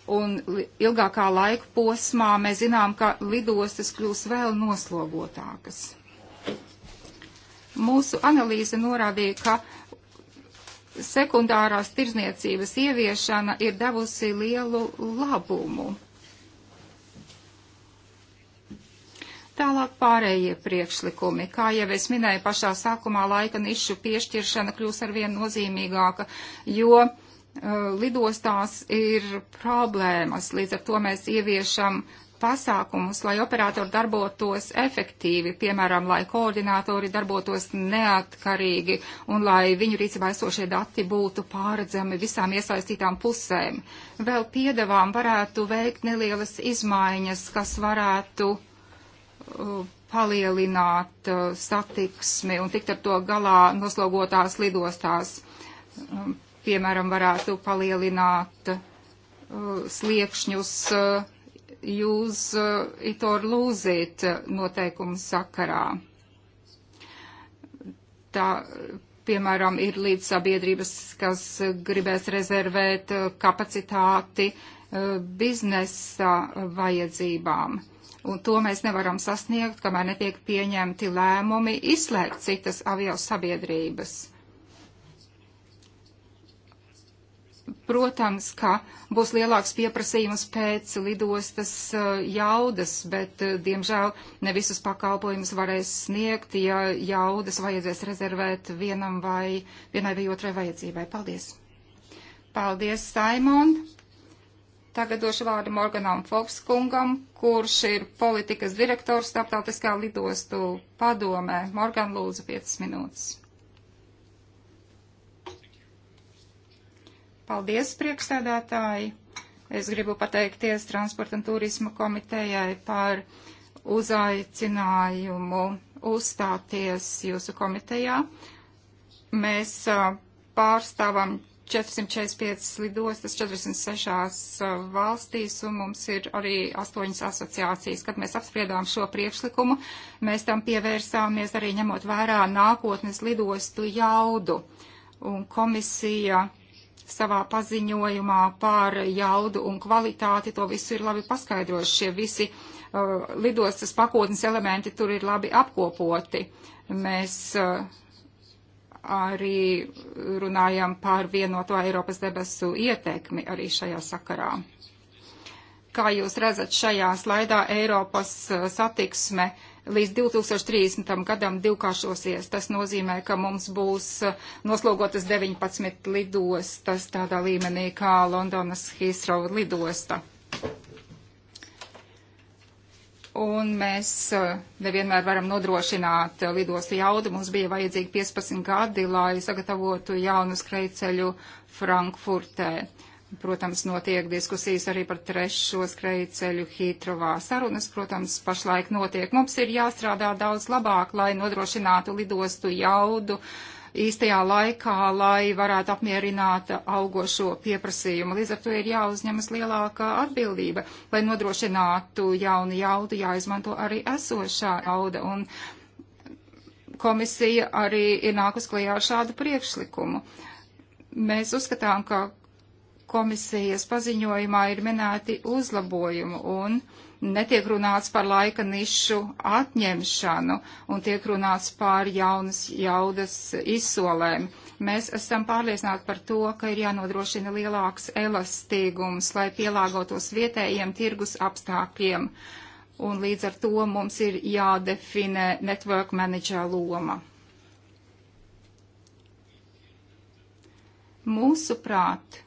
Un ilgākā laika posmā mēs zinām, ka lidostas kļūs vēl noslogotākas. Mūsu analīze norādīja, ka sekundārās tirzniecības ieviešana ir devusi lielu labumu Tālāk pārējie priekšlikumi. Kā jau es minēju pašā sākumā, laika nišu piešķiršana kļūs arvien nozīmīgāka, jo uh, lidostās ir problēmas. Līdz ar to mēs ieviešam pasākumus, lai operatori darbotos efektīvi, piemēram, lai koordinātori darbotos neatkarīgi un lai viņu rīcībā esošie dati būtu pāredzami visām iesaistītām pusēm. Vēl piedevām varētu veikt nelielas izmaiņas, kas varētu uh, palielināt uh, satiksmi un tikt ar to galā noslogotās lidostās. Um, piemēram, varētu palielināt uh, sliekšņus uh, jūs it or lūzīt noteikumu sakarā. Tā, piemēram, ir līdz sabiedrības, kas gribēs rezervēt kapacitāti biznesa vajadzībām. Uh, un to mēs nevaram sasniegt, kamēr netiek pieņemti lēmumi izslēgt citas avio sabiedrības. Protams, ka būs lielāks pieprasījums pēc lidostas eh, jaudas, bet, eh, diemžēl, ne visus pakalpojumus varēs sniegt, ja jaudas vajadzēs rezervēt vienam vai vienai vai otrai vajadzībai. Paldies! Paldies, Saimon! Tagad došu vārdu Morganam Fokskungam, kurš ir politikas direktors starptautiskā lidostu padomē. Morgan, lūdzu, 5 minūtes. Paldies, priekšsēdētāji! Es gribu pateikties Transporta un turisma komitejai par uzaicinājumu uzstāties jūsu komitejā. Mēs pārstāvam 445 lidostas 46 uh, valstīs, un mums ir arī astoņas asociācijas. Kad mēs apspriedām šo priekšlikumu, mēs tam pievērsāmies arī ņemot vērā nākotnes lidostu jaudu. Un komisija savā paziņojumā par jaudu un kvalitāti to visu ir labi paskaidrojuši. Šie visi uh, lidostas pakotnes elementi tur ir labi apkopoti. Mēs uh, arī runājam par vienoto Eiropas debesu ietekmi arī šajā sakarā. Kā jūs redzat šajā slaidā, Eiropas uh, satiksme līdz 2030. gadam divkāršosies. Tas nozīmē, ka mums būs uh, noslogotas 19 lidostas tādā līmenī kā Londonas Hīsrova lidosta un mēs eh, nevienmēr varam nodrošināt eh, lidostu jaudu. Mums bija vajadzīgi 15 gadi, lai sagatavotu jaunu skrejceļu Frankfurtē. Protams, notiek diskusijas arī par trešo skrejceļu Hītrovā. Sarunas, protams, pašlaik notiek. Mums ir jāstrādā daudz labāk, lai nodrošinātu lidostu jaudu, uh, īstajā laikā, lai varētu apmierināt augošo pieprasījumu. Līdz ar to ir jāuzņemas lielāka atbildība, lai nodrošinātu jaunu jaudu, jāizmanto arī esošā jauda. Un komisija arī ir nākus klajā ar šādu priekšlikumu. Mēs uzskatām, ka komisijas paziņojumā ir minēti uzlabojumi un uh, netiek runāts par laika nišu atņemšanu un tiek runāts par jaunas jaudas izsolēm. Mēs esam pārliecināti par to, ka ir jānodrošina lielāks elastīgums, lai pielāgotos vietējiem tirgus apstākļiem. Un līdz ar to mums ir jādefinē network manager loma. Mūsuprāt,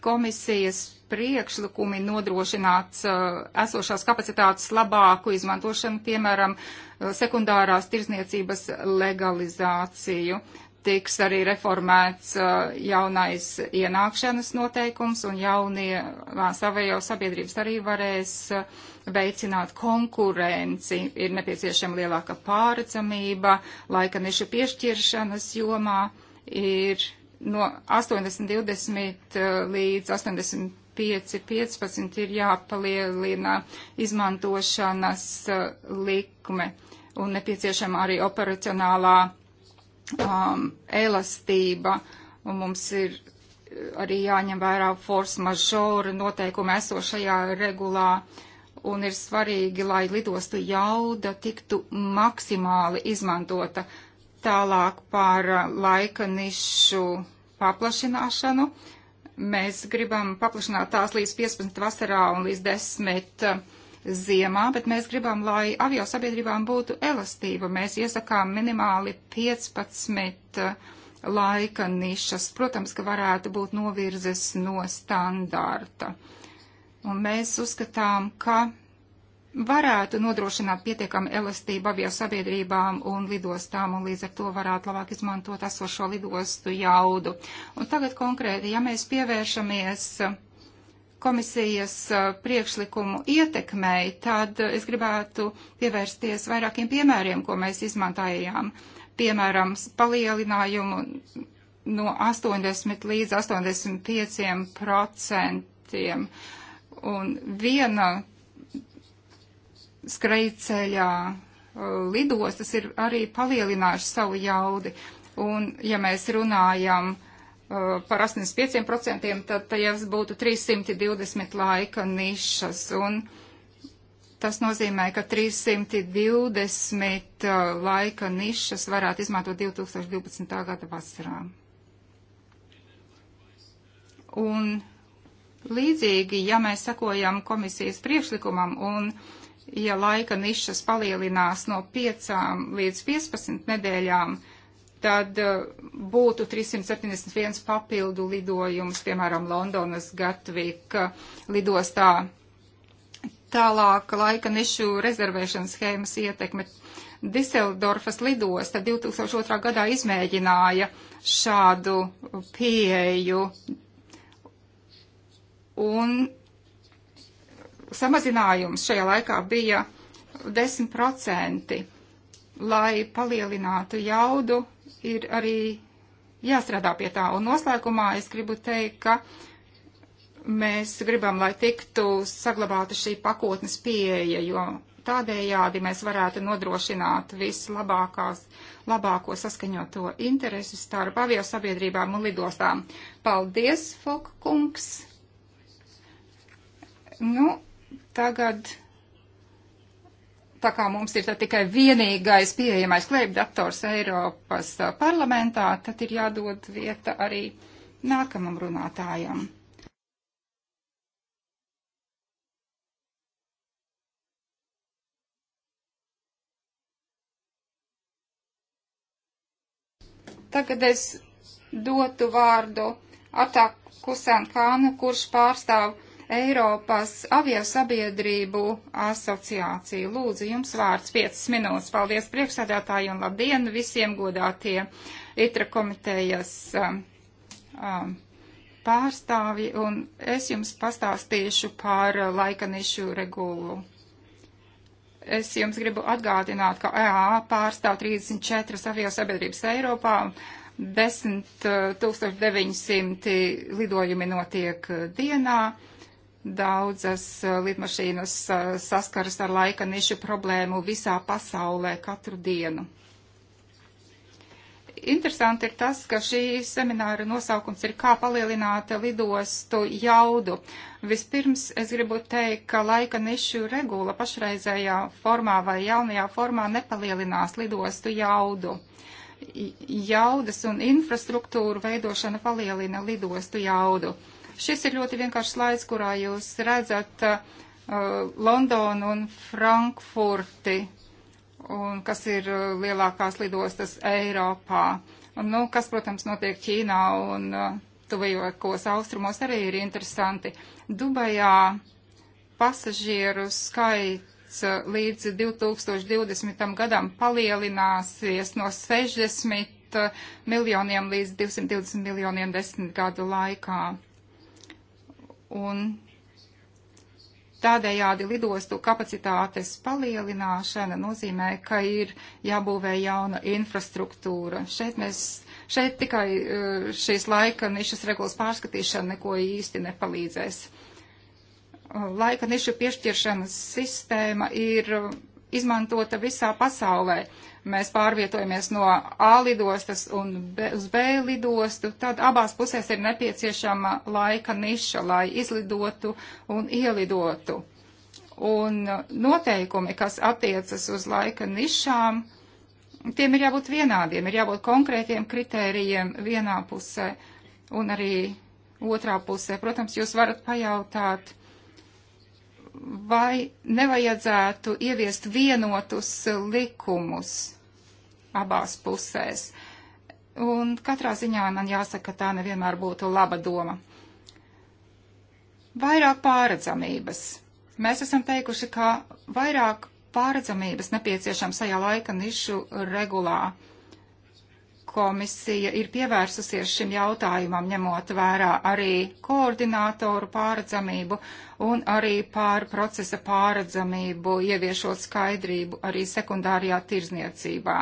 komisijas priekšlikumi nodrošināt uh, esošās kapacitātes labāku izmantošanu, piemēram, uh, sekundārās tirzniecības legalizāciju. Tiks arī reformēts uh, jaunais ienākšanas noteikums un jaunie savējo sabiedrības arī varēs veicināt konkurenci. Ir nepieciešama lielāka pārredzamība, laika neša piešķiršanas jomā ir no 80-20 līdz 80 5, 15 ir jāpalielina izmantošanas uh, likme un nepieciešama arī operacionālā um, elastība. Un mums ir uh, arī jāņem vērā force majeure noteikumi esošajā regulā. Un ir svarīgi, lai lidostu jauda tiktu maksimāli izmantota tālāk par uh, laika nišu paplašināšanu. Uh, Mēs gribam paplašināt tās līdz 15 vasarā un līdz 10 uh, ziemā, bet mēs gribam, lai avio sabiedrībām būtu elastība. Mēs iesakām minimāli 15 uh, laika nišas. Protams, ka varētu būt novirzes no standarta. Un mēs uzskatām, ka varētu nodrošināt pietiekami elastību avio sabiedrībām un lidostām, un līdz ar to varētu labāk izmantot esošo lidostu jaudu. Un tagad konkrēti, ja mēs pievēršamies komisijas priekšlikumu ietekmei, tad es gribētu pievērsties vairākiem piemēriem, ko mēs izmantojām. Piemēram, palielinājumu no 80 līdz 85 procentiem. Un viena skrejceļā uh, lidostas ir arī palielinājuši savu jaudi. Un, ja mēs runājam uh, par 85%, tad tajās būtu 320 laika nišas. Un tas nozīmē, ka 320 uh, laika nišas varētu izmantot 2012. gada vasarā. Un līdzīgi, ja mēs sakojam komisijas priekšlikumam un uh, ja laika nišas palielinās no 5 līdz 15 nedēļām, tad eh, būtu 371 papildu lidojums, piemēram, Londonas Gatvika lidostā. Tālāk laika nišu rezervēšanas schēmas ietekme. Diseldorfas lidosta 2002. gadā izmēģināja šādu pieeju un samazinājums šajā laikā bija 10%. Lai palielinātu jaudu, ir arī jāstrādā pie tā. Un noslēgumā es gribu teikt, ka mēs gribam, lai tiktu saglabāta šī pakotnes pieeja, jo tādējādi mēs varētu nodrošināt vislabākās, labāko saskaņoto interesi starp avio sabiedrībām un lidostām. Paldies, Fokkungs! Nu, Tagad, tā kā mums ir tikai vienīgais pieejamais klēpdators Eiropas parlamentā, tad ir jādod vieta arī nākamam runātājam. Tagad es dotu vārdu Atak Kusankānu, kurš pārstāv Eiropas aviosabiedrību asociāciju. Lūdzu, jums vārds 5 minūtes. Paldies priekšsēdētāji un labdien visiem godātie itra komitejas um, um, pārstāvi, un es jums pastāstīšu par laikanišu regulu. Es jums gribu atgādināt, ka EA pārstāv 34 aviosabiedrības Eiropā, 10 900 uh, lidojumi notiek dienā. Daudzas eh, lidmašīnas eh, saskaras ar laika nišu problēmu visā pasaulē katru dienu. Interesanti ir tas, ka šī semināra nosaukums ir kā palielināt lidostu jaudu. Vispirms es gribu teikt, ka laika nišu regula pašreizējā formā vai jaunajā formā nepalielinās lidostu jaudu jaudas un infrastruktūru veidošana palielina lidostu jaudu. Šis ir ļoti vienkāršs slaids, kurā jūs redzat uh, Londonu un Frankfurti, un kas ir uh, lielākās lidostas Eiropā. Un, nu, kas, protams, notiek Ķīnā un uh, tuvajokos austrumos arī ir interesanti. Dubajā pasažieru skaits uh, līdz 2020. gadam palielināsies no 60 uh, miljoniem līdz 220 miljoniem desmit gadu laikā un tādējādi lidostu kapacitātes palielināšana nozīmē, ka ir jābūvē jauna infrastruktūra. Šeit mēs, šeit tikai eh, šīs laika nišas regulas pārskatīšana neko īsti nepalīdzēs. Eh, laika nišu piešķiršanas sistēma ir eh, izmantota visā pasaulē mēs pārvietojamies no A lidostas un B, uz B lidostu, tad abās pusēs ir nepieciešama laika niša, lai izlidotu un ielidotu. Un noteikumi, kas attiecas uz laika nišām, tiem ir jābūt vienādiem, ir jābūt konkrētiem kritērijiem vienā pusē un arī otrā pusē. Protams, jūs varat pajautāt, vai nevajadzētu ieviest vienotus likumus abās pusēs. Un katrā ziņā man jāsaka, ka tā nevienmēr būtu laba doma. Vairāk pāredzamības. Mēs esam teikuši, ka vairāk pāredzamības nepieciešams šajā laika nišu regulā. Komisija ir pievērsusies šim jautājumam, ņemot vērā arī koordinātoru pāredzamību un arī pār procesa pāredzamību, ieviešot skaidrību arī sekundārajā tirzniecībā.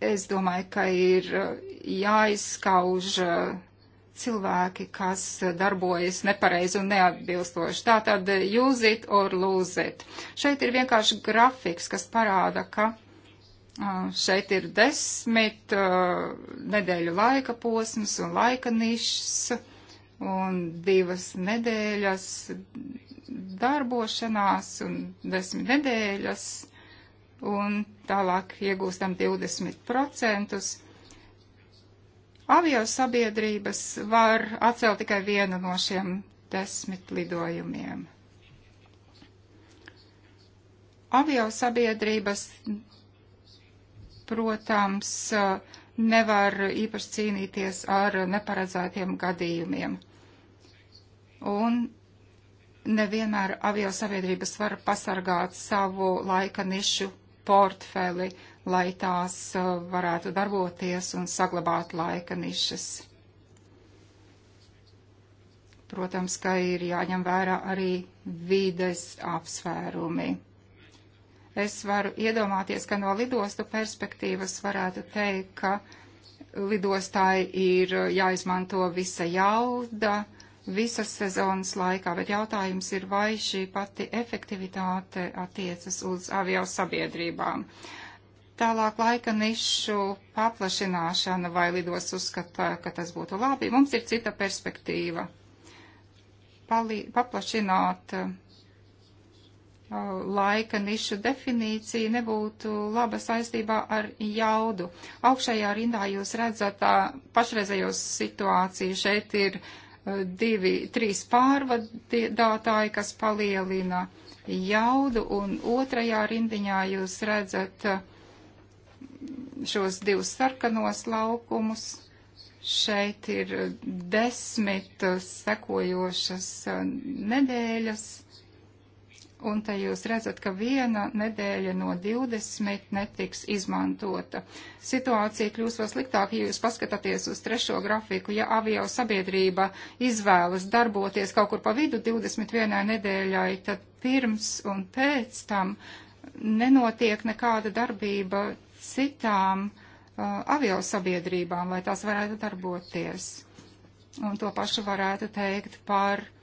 Es domāju, ka ir uh, jāizskauž uh, cilvēki, kas uh, darbojas nepareizi un neatbilstoši. Tātad use it or lose it. Šeit ir vienkārši grafiks, kas parāda, ka šeit ir desmit nedēļu laika posms un laika nišs un divas nedēļas darbošanās un desmit nedēļas un tālāk iegūstam 20%. Avio sabiedrības var atcelt tikai vienu no šiem desmit lidojumiem. Avio sabiedrības, protams, nevar īpaši cīnīties ar neparedzētiem gadījumiem. Un nevienmēr avio sabiedrības var pasargāt savu laika nišu portfeli, lai tās uh, varētu darboties un saglabāt laika nišas. Protams, ka ir jāņem vērā arī vides apsvērumi. Es varu iedomāties, ka no lidostu perspektīvas varētu teikt, ka lidostai ir jāizmanto visa jauda, uh, visas sezonas laikā, bet jautājums ir, vai šī pati efektivitāte attiecas uz avio sabiedrībām. Tālāk laika nišu paplašināšana vai lidos uzskata, ka tas būtu labi. Mums ir cita perspektīva. Pali, paplašināt uh, laika nišu definīcija nebūtu laba saistībā ar jaudu. Augšējā rindā jūs redzat uh, pašreizējos situāciju. Šeit ir uh, divi, trīs pārvadātāji, kas palielina jaudu, un otrajā rindiņā jūs redzat šos divus sarkanos laukumus. Šeit ir desmit sekojošas nedēļas Un te jūs redzat, ka viena nedēļa no 20 netiks izmantota. Situācija kļūst vēl sliktāka, ja jūs paskatāties uz trešo grafiku. Ja avio sabiedrība izvēlas darboties kaut kur pa vidu 21 nedēļai, tad pirms un pēc tam nenotiek nekāda darbība citām uh, avio sabiedrībām, lai tās varētu darboties. Un to pašu varētu teikt par uh,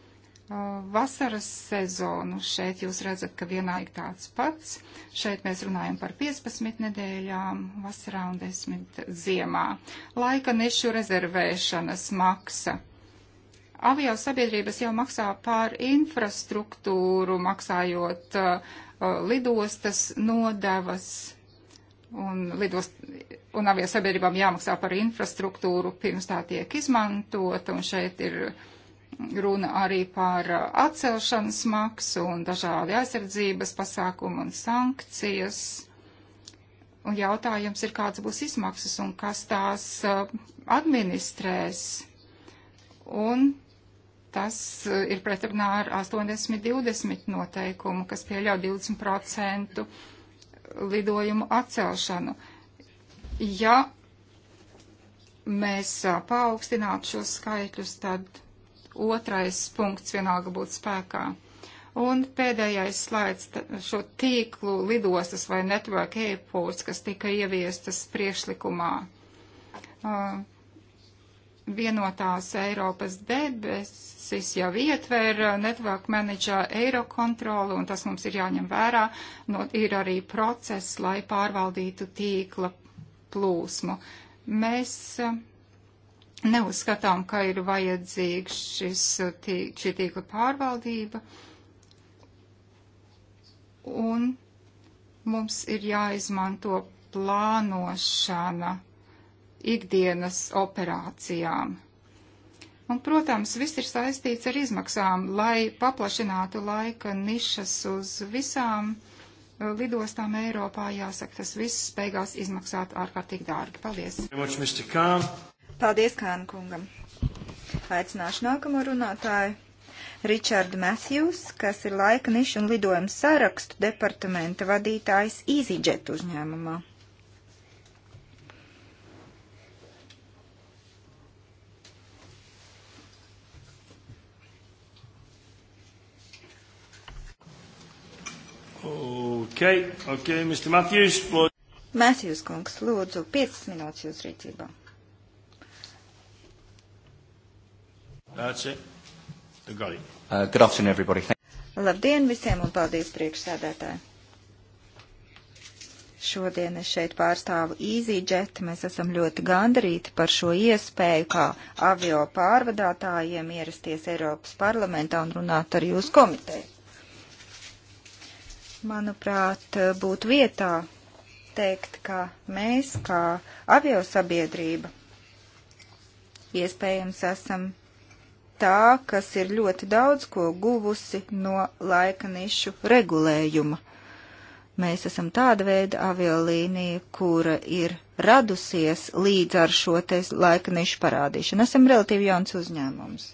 vasaras sezonu. Šeit jūs redzat, ka vienā ir tāds pats. Šeit mēs runājam par 15 nedēļām, vasarā un 10 ziemā. Laika nešu rezervēšanas maksa. Avio sabiedrības jau maksā pār infrastruktūru, maksājot uh, lidostas nodevas. Un, lidost, un avio sabiedrībām jāmaksā par infrastruktūru, pirms tā tiek izmantota, un šeit ir uh, runa arī par uh, atcelšanas maksu un dažādi aizsardzības pasākumu un sankcijas. Un jautājums ir, kāds būs izmaksas un kas tās uh, administrēs. Un tas uh, ir pretrunā ar 80-20 noteikumu, kas pieļauj 20% lidojumu atcelšanu. Ja mēs paaugstinātu šos skaitļus, tad otrais punkts vienalga būtu spēkā. Un pēdējais slaids šo tīklu lidostas vai network airports, kas tika ieviestas priekšlikumā. Uh, vienotās Eiropas debesis jau ietver network manager Eirokontrolu, un tas mums ir jāņem vērā. No, ir arī process, lai pārvaldītu tīkla plūsmu. Mēs neuzskatām, ka ir vajadzīgs šis, tī, šī tīkla pārvaldība. Un mums ir jāizmanto plānošana ikdienas operācijām. Un, protams, viss ir saistīts ar izmaksām, lai paplašinātu laika nišas uz visām uh, lidostām Eiropā. Jāsaka, tas viss beigās izmaksātu ārkārtīgi dārgi. Paldies! Paldies Kāna kungam. Aicināšu nākamo runātāju. Richardu Matthews, kas ir laika nišu un lidojumu sarakstu departamenta vadītājs EasyJet uzņēmumā. Okay, okay, Mr. Matthews, but... Matthews kungs, lūdzu, 5 minūtes jūs rīcībā. That's it. You got it. Uh, good afternoon, everybody. Thank Labdien visiem un paldies priekšsēdētāji! Šodien es šeit pārstāvu EasyJet. Mēs esam ļoti gandarīti par šo iespēju kā avio pārvadātājiem ierasties Eiropas parlamentā un runāt ar jūsu komiteju. Manuprāt, būtu vietā teikt, ka mēs kā avio sabiedrība iespējams esam tā, kas ir ļoti daudz ko guvusi no laika nišu regulējuma. Mēs esam tāda veida aviolīnija, kura ir radusies līdz ar šo te laika nišu parādīšanu. Esam relatīvi jauns uzņēmums.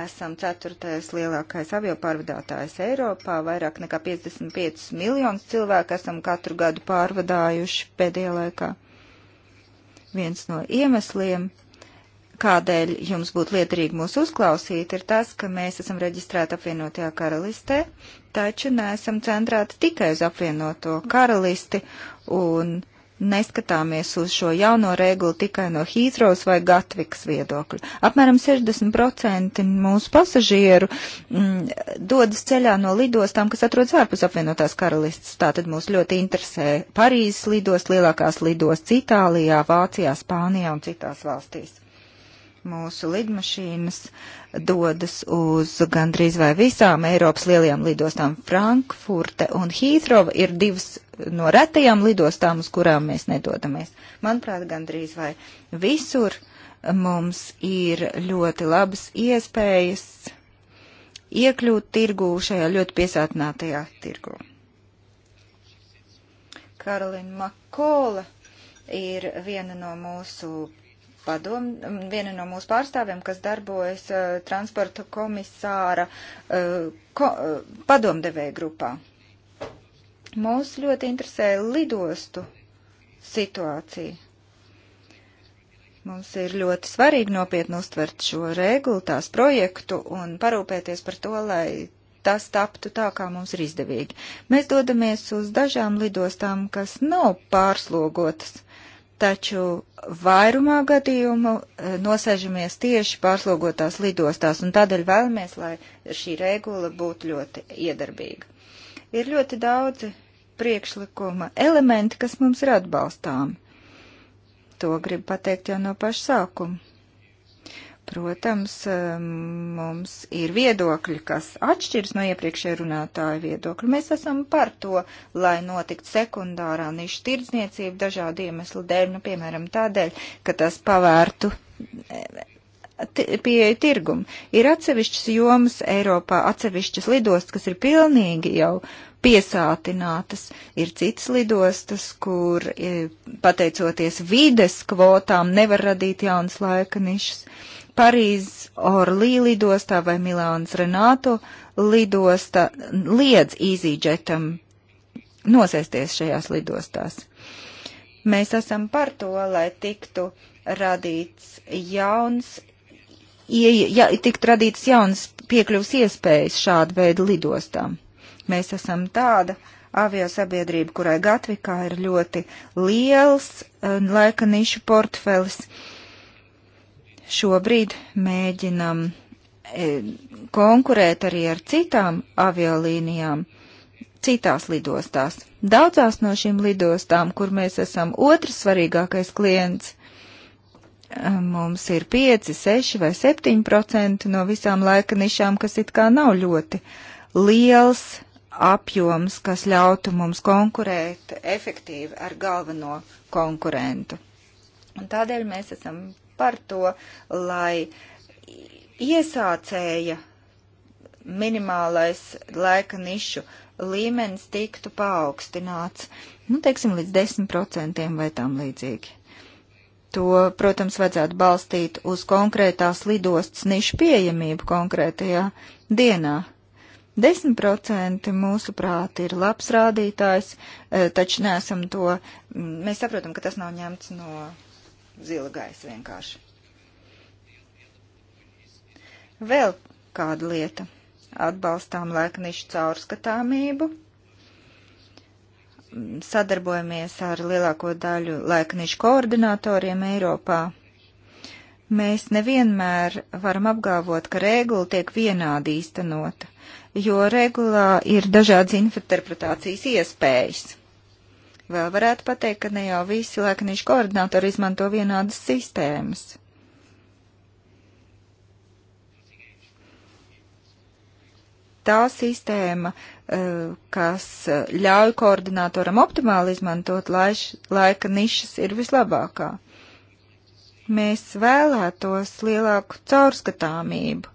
Esam ceturtais lielākais aviopārvadātājs Eiropā, vairāk nekā 55 miljonus cilvēku esam katru gadu pārvadājuši pēdējā laikā. Viens no iemesliem kādēļ jums būtu lietarīgi mūs uzklausīt, ir tas, ka mēs esam reģistrēti apvienotajā karalistē, taču neesam centrēti tikai uz apvienoto karalisti un neskatāmies uz šo jauno regulu tikai no Hītrovs vai Gatviks viedokļa. Apmēram 60% mūsu pasažieru mm, dodas ceļā no lidostām, kas atrodas ārpus apvienotās karalistas. Tātad mūs ļoti interesē Parīzes lidost, lielākās lidosts Itālijā, Vācijā, Spānijā un citās valstīs. Mūsu lidmašīnas dodas uz gandrīz vai visām Eiropas lielajām lidostām. Frankfurte un Hītrova ir divas no retajām lidostām, uz kurām mēs nedodamies. Manuprāt, gandrīz vai visur mums ir ļoti labas iespējas iekļūt tirgū šajā ļoti piesātinātajā tirgū. Karolina Makola ir viena no mūsu padom, viena no mūsu pārstāvjiem, kas darbojas uh, transporta komisāra uh, ko, uh, padomdevēja grupā. Mūs ļoti interesē lidostu situācija. Mums ir ļoti svarīgi nopietni uztvert šo regulu, tās projektu un parūpēties par to, lai tas taptu tā, kā mums ir izdevīgi. Mēs dodamies uz dažām lidostām, kas nav pārslogotas taču vairumā gadījumu e, nosēžamies tieši pārslogotās lidostās, un tādēļ vēlamies, lai šī regula būtu ļoti iedarbīga. Ir ļoti daudzi priekšlikuma elementi, kas mums ir atbalstāmi. To gribu pateikt jau no paša sākuma. Protams, mums ir viedokļi, kas atšķiras no iepriekšējā runātāja viedokļa. Mēs esam par to, lai notiktu sekundārā niša tirdzniecība dažādu iemeslu dēļ, nu, piemēram, tādēļ, ka tas pavērtu eh, pieeja tirgumu. Ir atsevišķas jomas Eiropā, atsevišķas lidostas, kas ir pilnīgi jau piesātinātas. Ir citas lidostas, kur eh, pateicoties vides kvotām nevar radīt jaunas laika nišas. Parīzes Orlī lidostā vai Milāns Renāto lidosta liedz īzīdžetam nosēsties šajās lidostās. Mēs esam par to, lai tiktu radīts jauns, ja, ja, tiktu radīts jauns piekļuvs iespējas šādu veidu lidostām. Mēs esam tāda aviosabiedrība, kurai Gatvika ir ļoti liels eh, laika nišu portfelis. Uh, šobrīd mēģinam e, konkurēt arī ar citām aviolīnijām citās lidostās. Daudzās no šīm lidostām, kur mēs esam otrs svarīgākais klients, e, mums ir 5, 6 vai 7 procenti no visām laika nišām, kas it kā nav ļoti liels apjoms, kas ļautu mums konkurēt efektīvi ar galveno konkurentu. Un tādēļ mēs esam par to, lai iesācēja minimālais laika nišu līmenis tiktu paaugstināts, nu, teiksim, līdz 10% vai tam līdzīgi. To, protams, vajadzētu balstīt uz konkrētās lidostas nišu pieejamību konkrētajā dienā. 10% mūsuprāt ir labs rādītājs, eh, taču nesam to, mm, mēs saprotam, ka tas nav ņemts no zila gaisa vienkārši. Vēl kāda lieta. Atbalstām lēknišu caurskatāmību. Mm, sadarbojamies ar lielāko daļu lēknišu koordinatoriem Eiropā. Mēs nevienmēr varam apgalvot, ka regula tiek vienādi īstenota, jo regulā ir dažādas interpretācijas iespējas. Vēl varētu pateikt, ka ne jau visi lēkanīšu koordinātori izmanto vienādas sistēmas. Tā sistēma, eh, kas eh, ļauj koordinātoram optimāli izmantot laiš, laika nišas, ir vislabākā. Mēs vēlētos lielāku caurskatāmību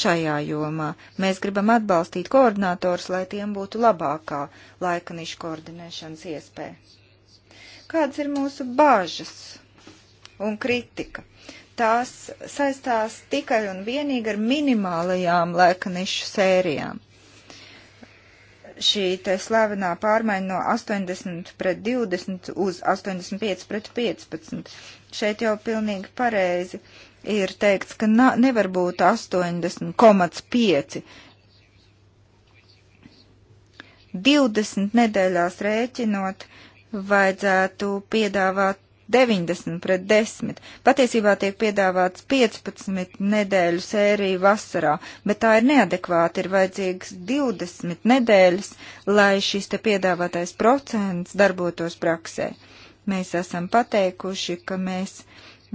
šajā jomā. Mēs gribam atbalstīt koordinātors, lai tiem būtu labākā laika nišu koordinēšanas iespēja. Kādas ir mūsu bāžas un kritika? Tās saistās tikai un vienīgi ar minimālajām laika nišu sērijām. Šī te slavenā pārmaiņa no 80 pret 20 uz 85 pret 15. Šeit jau pilnīgi pareizi ir teikts, ka na, nevar būt 80,5. 20 nedēļās rēķinot, vajadzētu piedāvāt 90 pret 10. Patiesībā tiek piedāvāts 15 nedēļu sērija vasarā, bet tā ir neadekvāta, ir vajadzīgs 20 nedēļas, lai šis te piedāvātais procents darbotos praksē. Mēs esam pateikuši, ka mēs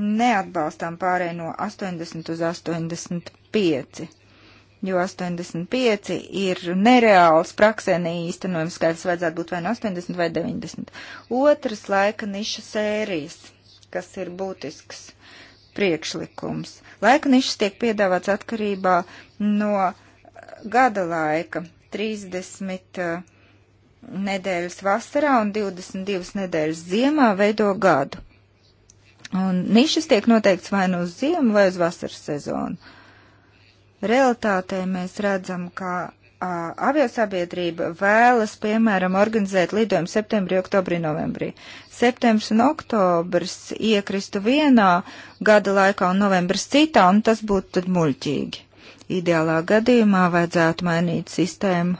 neatbalstām pārēj no 80 uz 85 jo 85 ir nereāls praksē neīstenojums skaits, vajadzētu būt vai no 80 vai 90. Otrs laika niša sērijas, kas ir būtisks priekšlikums. Laika nišas tiek piedāvāts atkarībā no gada laika 30 uh, nedēļas vasarā un 22 nedēļas ziemā veido gadu. Un nišas tiek noteikts vai nu uz ziemu, vai uz vasaras sezonu. Realtātē mēs redzam, ka aviosabiedrība vēlas, piemēram, organizēt lidojumu septembrī, oktobrī, novembrī. Septembris un oktobris iekristu vienā gada laikā un novembris citā, un tas būtu tad muļķīgi. Ideālā gadījumā vajadzētu mainīt sistēmu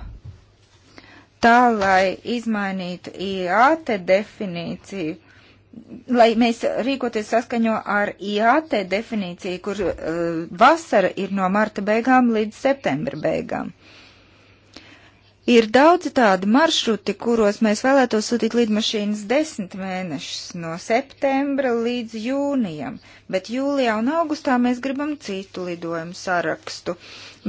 tā, lai izmainītu IAT definīciju lai mēs rīkoties saskaņo ar IAT definīciju, kur uh, vasara ir no marta beigām līdz septembra beigām. Uh, Ir daudzi tādi maršruti, kuros mēs vēlētos sūtīt lidmašīnas desmit mēnešus, no septembra līdz jūnijam, bet jūlijā un augustā mēs gribam citu lidojumu sarakstu.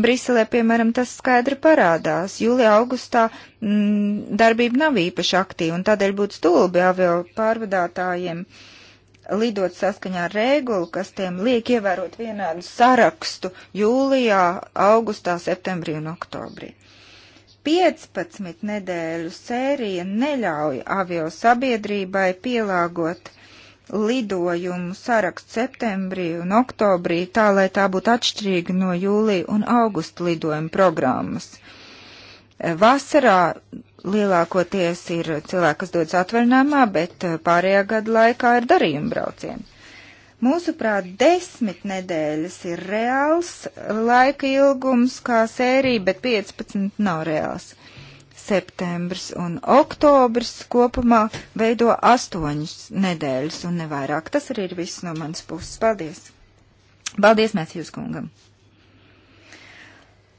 Briselē, piemēram, tas skaidri parādās. Jūlijā, augustā m, mm, darbība nav īpaši aktīva, un tādēļ būtu stulbi avio pārvadātājiem lidot saskaņā ar regulu, kas tiem liek ievērot vienādu sarakstu jūlijā, augustā, septembrī un oktobrī. 15 nedēļu sērija neļauj avio sabiedrībai pielāgot lidojumu sarakstu septembrī un oktobrī tā, lai tā būtu atšķirīga no jūlija un augusta lidojuma programmas. Vasarā lielākoties ir cilvēki, kas dodas atvaļinājumā, bet eh, pārējā gada laikā ir darījuma braucieni. Mūsuprāt, desmit nedēļas ir reāls laika ilgums kā sērija, bet 15 nav reāls. Septembris un oktobris kopumā veido astoņas nedēļas un nevairāk. Tas arī ir viss no manas puses. Paldies! Paldies, mēs jūs kungam!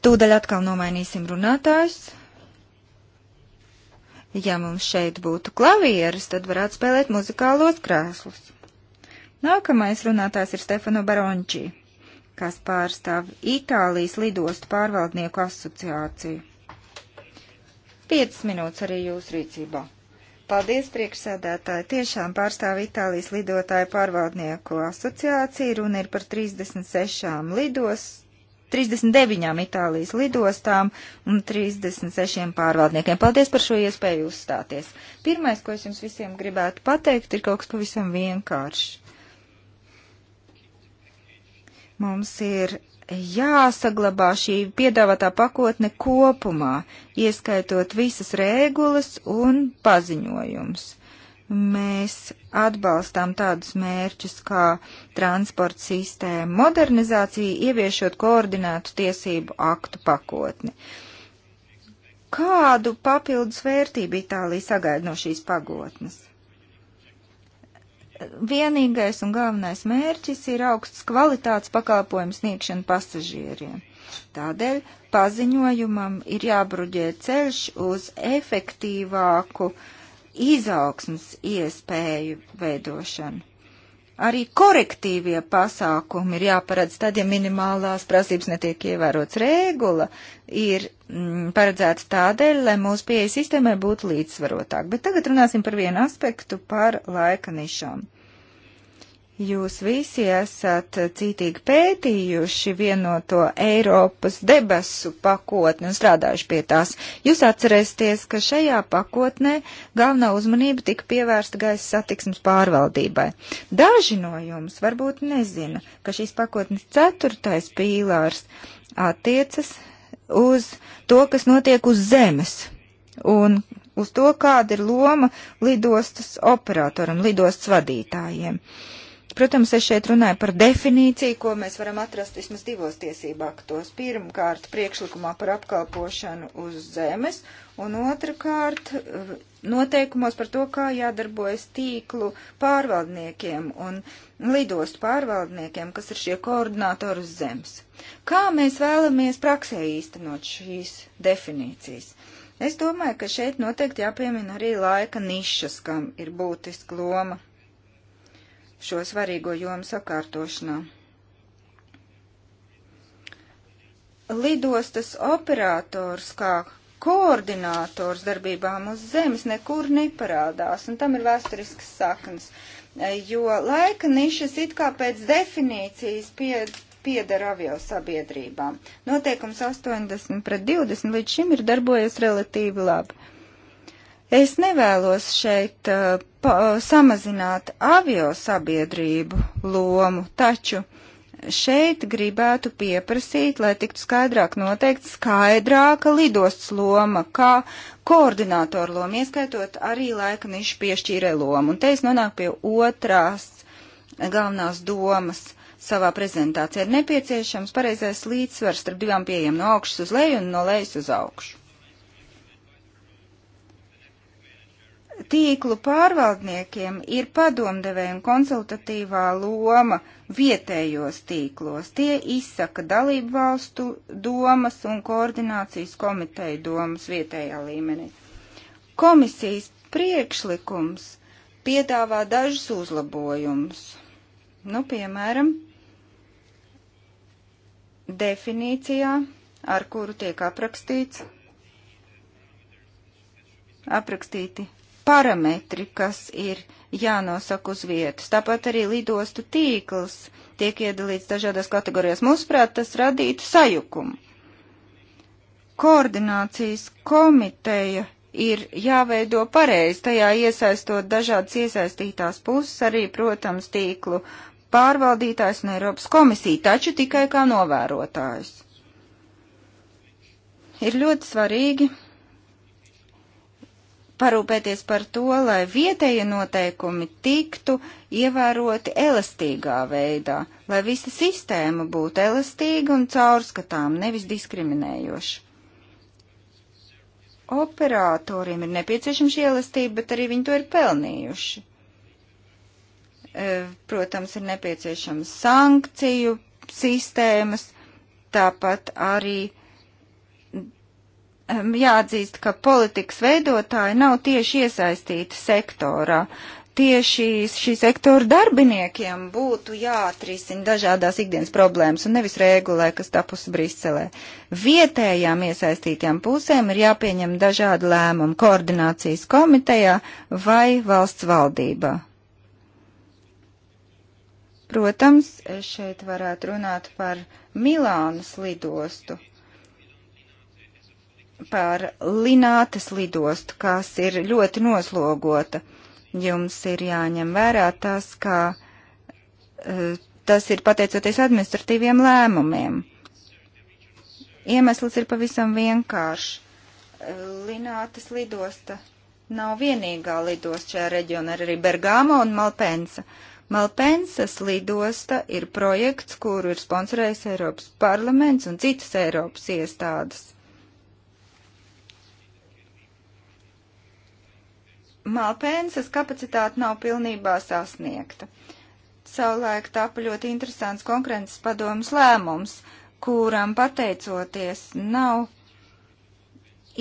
Tūdaļ atkal nomainīsim runātājus. Ja mums šeit būtu klavieres, tad varētu spēlēt muzikālos krēslus. Nākamais runātājs ir Stefano Baronči, kas pārstāv Itālijas lidostu pārvaldnieku asociāciju. 5 minūtes arī jūsu rīcībā. Paldies, priekšsēdētāji. Tiešām pārstāv Itālijas lidotāju pārvaldnieku asociāciju. Runa ir par 36 lidos, 39 Itālijas lidostām un 36 pārvaldniekiem. Paldies par šo iespēju uzstāties. Pirmais, ko es jums visiem gribētu pateikt, ir kaut kas pavisam vienkāršs. Mums ir jāsaglabā šī piedāvātā pakotne kopumā, ieskaitot visas regulas un paziņojums. Mēs atbalstām tādus mērķus kā transporta sistēma modernizācija, ieviešot koordinētu tiesību aktu pakotni. Kādu papildus vērtību Itālija sagaida no šīs pagotnes? vienīgais un galvenais mērķis ir augsts kvalitātes pakalpojums sniegšana pasažieriem. Tādēļ paziņojumam ir jābruģē ceļš uz efektīvāku izaugsmas iespēju veidošanu. Arī korektīvie pasākumi ir jāparedz tad, ja minimālās prasības netiek ievērots. Regula ir mm, paredzēta tādēļ, lai mūsu pieeja sistēmai būtu līdzsvarotāk. Bet tagad runāsim par vienu aspektu, par laika nišām. Jūs visi esat cītīgi pētījuši vienoto Eiropas debesu pakotni un strādājuši pie tās. Jūs atcerēsieties, ka šajā pakotnē galvenā uzmanība tika pievērsta gaisa satiksmes pārvaldībai. Daži no jums varbūt nezina, ka šīs pakotnes ceturtais pīlārs attiecas uz to, kas notiek uz zemes un uz to, kāda ir loma lidostas operatoram, lidostas vadītājiem. Uh, Protams, es šeit runāju par definīciju, ko mēs varam atrast vismaz divos tiesību aktos. Pirmkārt, priekšlikumā par apkalpošanu uz zemes, un otrkārt, noteikumos par to, kā jādarbojas tīklu pārvaldniekiem un lidostu pārvaldniekiem, kas ir šie koordinātori uz zemes. Kā mēs vēlamies praksē īstenot šīs definīcijas? Es domāju, ka šeit noteikti jāpiemina arī laika nišas, kam ir būtiska loma šo svarīgo jomu sakārtošanā. Lidostas operators kā koordinators darbībām uz zemes nekur neparādās, un tam ir vēsturisks saknes, jo laika nišas it kā pēc definīcijas pie, piedara avio sabiedrībām. Noteikums 80 pret 20 līdz šim ir darbojies relatīvi labi. Es nevēlos šeit uh, pa, samazināt avio sabiedrību lomu, taču šeit gribētu pieprasīt, lai tiktu skaidrāk noteikt skaidrāka lidostas loma, kā koordinātoru loma, ieskaitot arī laika nišu piešķīrē lomu. Un te es nonāku pie otrās galvenās domas savā prezentācijā. Ir nepieciešams pareizais līdzsvars starp divām pieejām no augšas uz leju un no lejas uz augšu. tīklu pārvaldniekiem ir padomdevēja un konsultatīvā loma vietējos tīklos. Tie izsaka dalību valstu domas un koordinācijas komiteju domas vietējā līmenī. Komisijas priekšlikums piedāvā dažus uzlabojumus. Nu, piemēram, definīcijā, ar kuru tiek aprakstīts aprakstīti parametri, kas ir jānosaka uz vietas. Tāpat arī lidostu tīkls tiek iedalīts dažādās kategorijās. Mūsuprāt, tas radītu sajukumu. Koordinācijas komiteja ir jāveido pareizi, tajā iesaistot dažādas iesaistītās puses, arī, protams, tīklu pārvaldītājs un Eiropas komisija, taču tikai kā novērotājs. Ir ļoti svarīgi, parūpēties par to, lai vietējie noteikumi tiktu ievēroti elastīgā veidā, lai visa sistēma būtu elastīga un caurskatām, nevis diskriminējoša. Operatoriem ir nepieciešama šī elastība, bet arī viņi to ir pelnījuši. E, protams, ir nepieciešama sankciju sistēmas, tāpat arī jāatzīst, ka politikas veidotāji nav tieši iesaistīti sektorā. Tieši šī sektora darbiniekiem būtu jāatrisina dažādās ikdienas problēmas un nevis regulē, kas tapus Briselē. Vietējām iesaistītām pusēm ir jāpieņem dažādi lēmumi koordinācijas komitejā vai valsts valdībā. Protams, šeit varētu runāt par Milānas lidostu par Linātas lidostu, kas ir ļoti noslogota. Jums ir jāņem vērā tas, ka eh, tas ir pateicoties administratīviem lēmumiem. Iemesls ir pavisam vienkāršs. Linātas lidosta nav vienīgā lidosta šajā reģionā, ir arī Bergamo un Malpensa. Malpensas lidosta ir projekts, kuru ir sponsorējis Eiropas parlaments un citas Eiropas iestādes. Malpensas kapacitāte nav pilnībā sasniegta. Savulaik tāpa ļoti interesants konkurences padomas lēmums, kuram pateicoties nav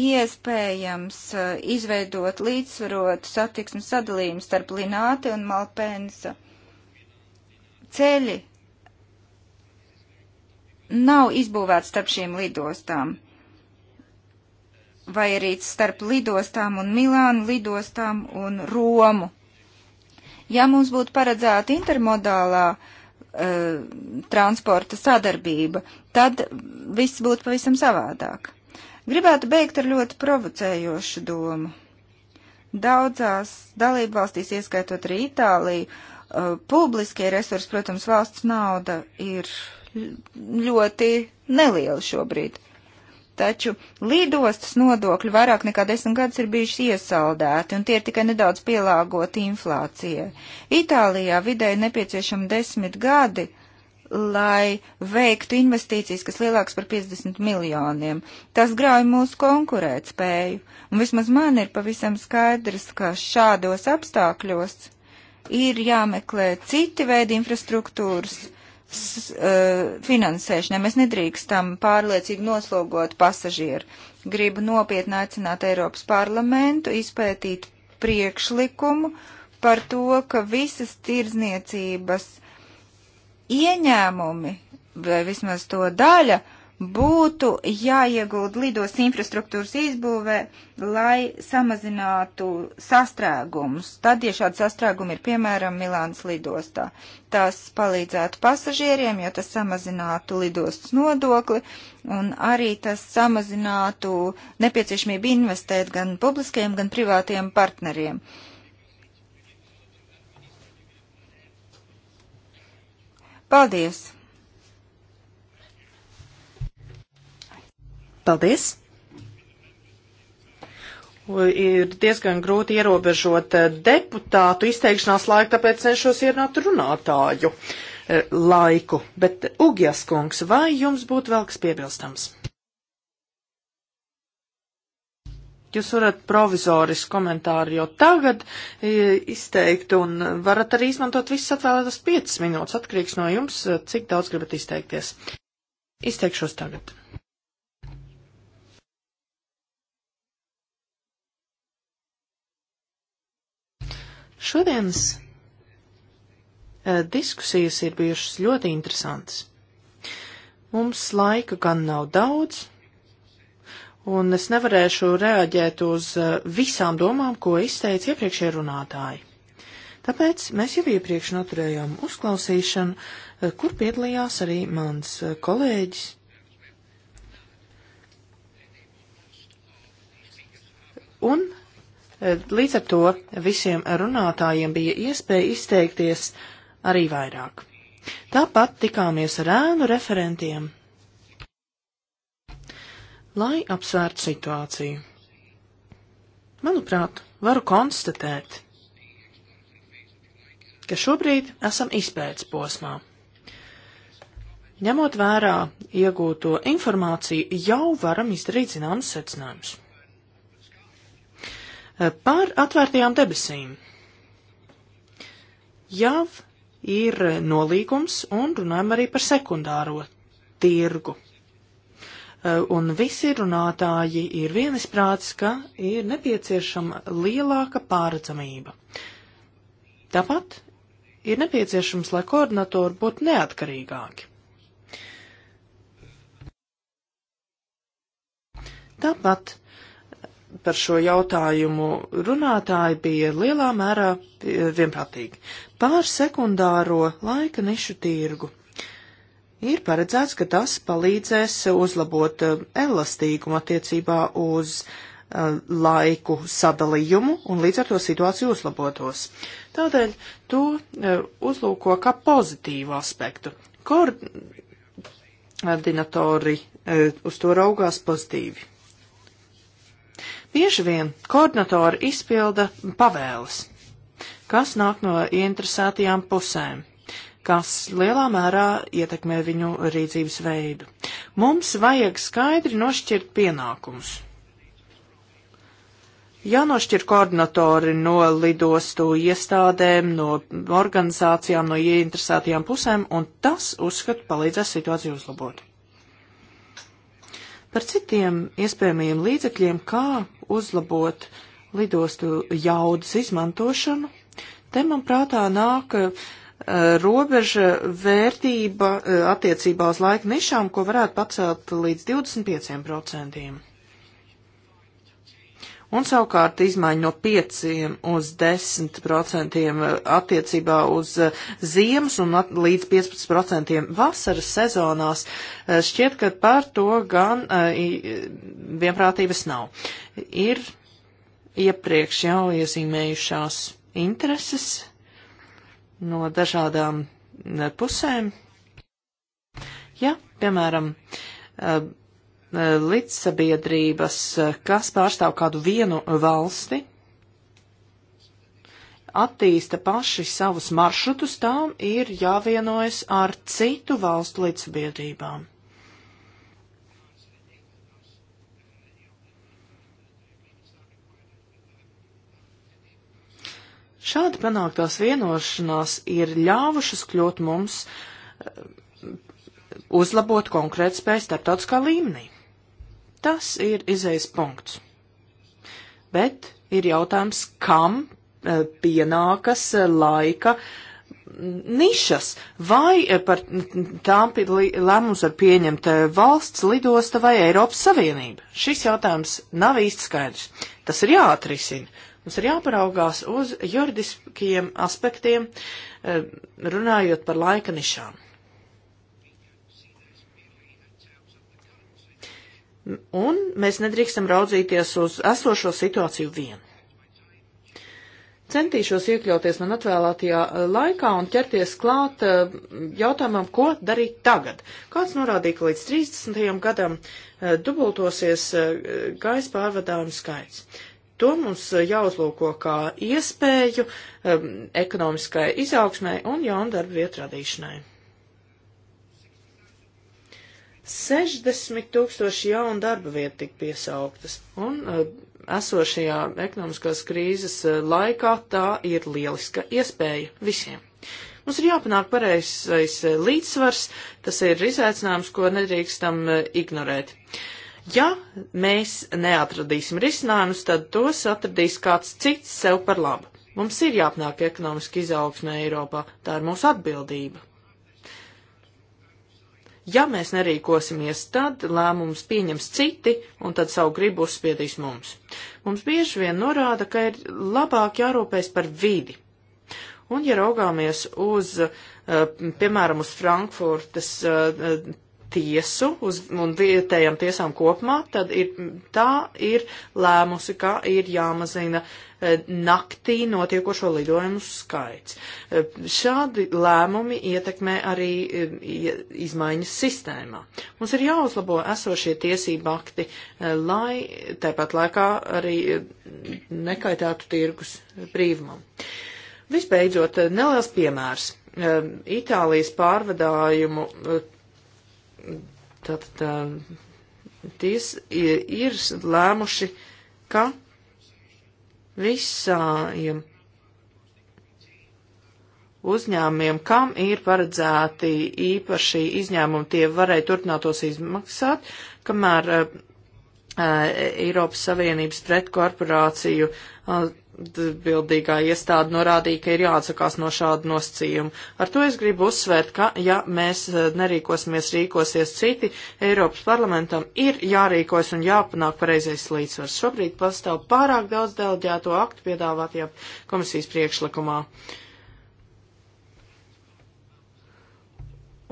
iespējams e, izveidot līdzsvarot satiksmes sadalījumu starp Lināti un Malpensa. Ceļi nav izbūvēti starp šīm lidostām vai arī starp lidostām un Milānu lidostām un Romu. Ja mums būtu paredzēta intermodālā uh, transporta sadarbība, tad viss būtu pavisam savādāk. Gribētu beigt ar ļoti provocējošu domu. Daudzās dalībvalstīs, ieskaitot arī Itāliju, uh, publiskie resursi, protams, valsts nauda ir ļoti neliela šobrīd. Taču lidostas nodokļi vairāk nekā desmit gadus ir bijuši iesaldēti, un tie ir tikai nedaudz pielāgoti inflācijai. Itālijā vidēji nepieciešami desmit gadi, lai veiktu investīcijas, kas lielākas par 50 miljoniem. Tas grauj mūsu konkurētspēju, un vismaz man ir pavisam skaidrs, ka šādos apstākļos ir jāmeklē citi veidi infrastruktūras Eh, finansēšanai. Mēs nedrīkstam pārliecīgi noslogot pasažieru. Gribu nopietni aicināt Eiropas parlamentu izpētīt priekšlikumu par to, ka visas tirdzniecības ieņēmumi, vai vismaz to daļa, uh, būtu jāieguld lidos infrastruktūras izbūvē, lai samazinātu sastrēgumus. Tad, ja šādi sastrēgumi ir piemēram Milānas lidostā, tas palīdzētu pasažieriem, jo tas samazinātu lidostas nodokli un arī tas samazinātu nepieciešamību investēt gan publiskajiem, gan privātiem partneriem. Paldies! Paldies! Ir diezgan grūti ierobežot eh, deputātu izteikšanās laiku, tāpēc cenšos ierunāt runātāju eh, laiku. Bet, Ugjas kungs, vai jums būtu vēl kas piebilstams? Jūs varat provizorisku komentāru jau tagad eh, izteikt un varat arī izmantot visas atvēlētas 5 minūtes, atkarīgs no jums, cik daudz gribat izteikties. Izteikšos tagad. Šodienas eh, diskusijas ir bijušas ļoti interesantas. Mums laika gan nav daudz, un es nevarēšu reaģēt uz eh, visām domām, ko izteica iepriekšējie runātāji. Tāpēc mēs jau iepriekš noturējām uzklausīšanu, eh, kur piedalījās arī mans kolēģis. Un Līdz ar to visiem runātājiem bija iespēja izteikties arī vairāk. Tāpat tikāmies ar ēnu referentiem, lai apsvērtu situāciju. Manuprāt, varu konstatēt, ka šobrīd esam izpētes posmā. Ņemot vērā iegūto informāciju, jau varam izdarīt zināmas secinājumus. Eh, par atvērtajām debesīm. Jau ir eh, nolīgums un runājam arī par sekundāro tirgu. Eh, un visi runātāji ir vienisprāts, ka ir nepieciešama lielāka pārredzamība. Tāpat ir nepieciešams, lai koordinatori būtu neatkarīgāki. Tāpat par šo jautājumu runātāji bija lielā mērā vienprātīgi. Pār sekundāro laika nišu tirgu. Ir paredzēts, ka tas palīdzēs uzlabot uh, elastīgumu attiecībā uz uh, laiku sadalījumu un līdz ar to situāciju uzlabotos. Tādēļ to uh, uzlūko kā pozitīvu aspektu. Koordinatori uh, uz to raugās pozitīvi. Bieži vien koordinatori izpilda pavēles, kas nāk no ieinteresētajām pusēm, kas lielā mērā ietekmē viņu rīcības veidu. Mums vajag skaidri nošķirt pienākumus. Jānošķir koordinatori no lidostu iestādēm, no organizācijām, no ieinteresētajām pusēm, un tas, uzskat, palīdzēs situāciju uzlabot par citiem iespējamajiem līdzekļiem, kā uzlabot lidostu jaudas izmantošanu. Te man prātā nāk uh, robeža vērtība uh, attiecībā uz laika nišām, ko varētu pacelt līdz 25%. Un savukārt izmaiņa no 5 uz 10% eh, attiecībā uz eh, ziemas un at līdz 15% vasaras sezonās eh, šķiet, ka par to gan vienprātības nav. Ir iepriekš jau iezīmējušās intereses no dažādām pusēm. Ja, piemēram, līdzsabiedrības, kas pārstāv kādu vienu valsti, attīsta paši savus maršrutus, tām ir jāvienojas ar citu valstu līdzsabiedrībām. Šādi panāktās vienošanās ir ļāvušas kļūt mums eh, uzlabot konkrētspēju starptautiskā līmenī. Tas ir izējas punkts. Bet ir jautājums, kam e, pienākas e, laika nišas, vai e, par tām lēmums var pieņemt valsts, lidosta vai Eiropas Savienība. Šis jautājums nav īsti skaidrs. Tas ir jāatrisina. Mums ir jāparaugās uz juridiskiem aspektiem, runājot par laika nišām. un mēs nedrīkstam raudzīties uz esošo situāciju vien. Centīšos iekļauties man atvēlētajā eh, laikā un ķerties klāt eh, jautājumam, ko darīt tagad. Kāds norādīja, ka līdz 30. gadam eh, dubultosies gaisa pārvadājumu skaits. To mums jāuzlūko kā iespēju um, ekonomiskai izaugsmai un jaunu darbu vietu radīšanai. 60 tūkstoši jaunu darba vietu tika piesauktas, un eh, esošajā ekonomiskās krīzes eh, laikā tā ir lieliska iespēja visiem. Mums ir jāpanāk pareizais eh, līdzsvars, tas ir izaicinājums, ko nedrīkstam ignorēt. Ja mēs neatradīsim risinājumus, tad tos atradīs kāds cits sev par labu. Mums ir jāpanāk ekonomiski izaugsme Eiropā, tā ir mūsu atbildība. Ja mēs nerīkosimies, tad lēmums pieņems citi un tad savu gribu uzspiedīs mums. Mums bieži vien norāda, ka ir labāk jārūpēs par vidi. Un ja raugāmies uz, eh, piemēram, uz Frankfurtas eh, tiesu uz, un vietējām tiesām kopumā, tad ir, tā ir lēmusi, ka ir jāmazina eh, naktī notiekošo lidojumu skaits. Eh, šādi lēmumi ietekmē arī eh, izmaiņas sistēmā. Mums ir jāuzlabo esošie tiesību akti, lai tāpat laikā arī nekaitētu tirgus brīvumam. Visbeidzot, neliels piemērs. Itālijas pārvadājumu Tātad um, ties ir, ir lēmuši, ka visām uzņēmumiem, kam ir paredzēti īpaši izņēmumi, tie varēja turpināt tos izmaksāt, kamēr uh, uh Eiropas Savienības pretkorporāciju uh, atbildīgā iestāde norādīja, ka ir jāatsakās no šāda nosacījuma. Ar to es gribu uzsvērt, ka, ja mēs e, nerīkosimies, rīkosies citi, Eiropas parlamentam ir jārīkojas un jāpanāk pareizais līdzsvars. Šobrīd pastāv pārāk daudz deleģēto aktu piedāvātajā komisijas priekšlikumā.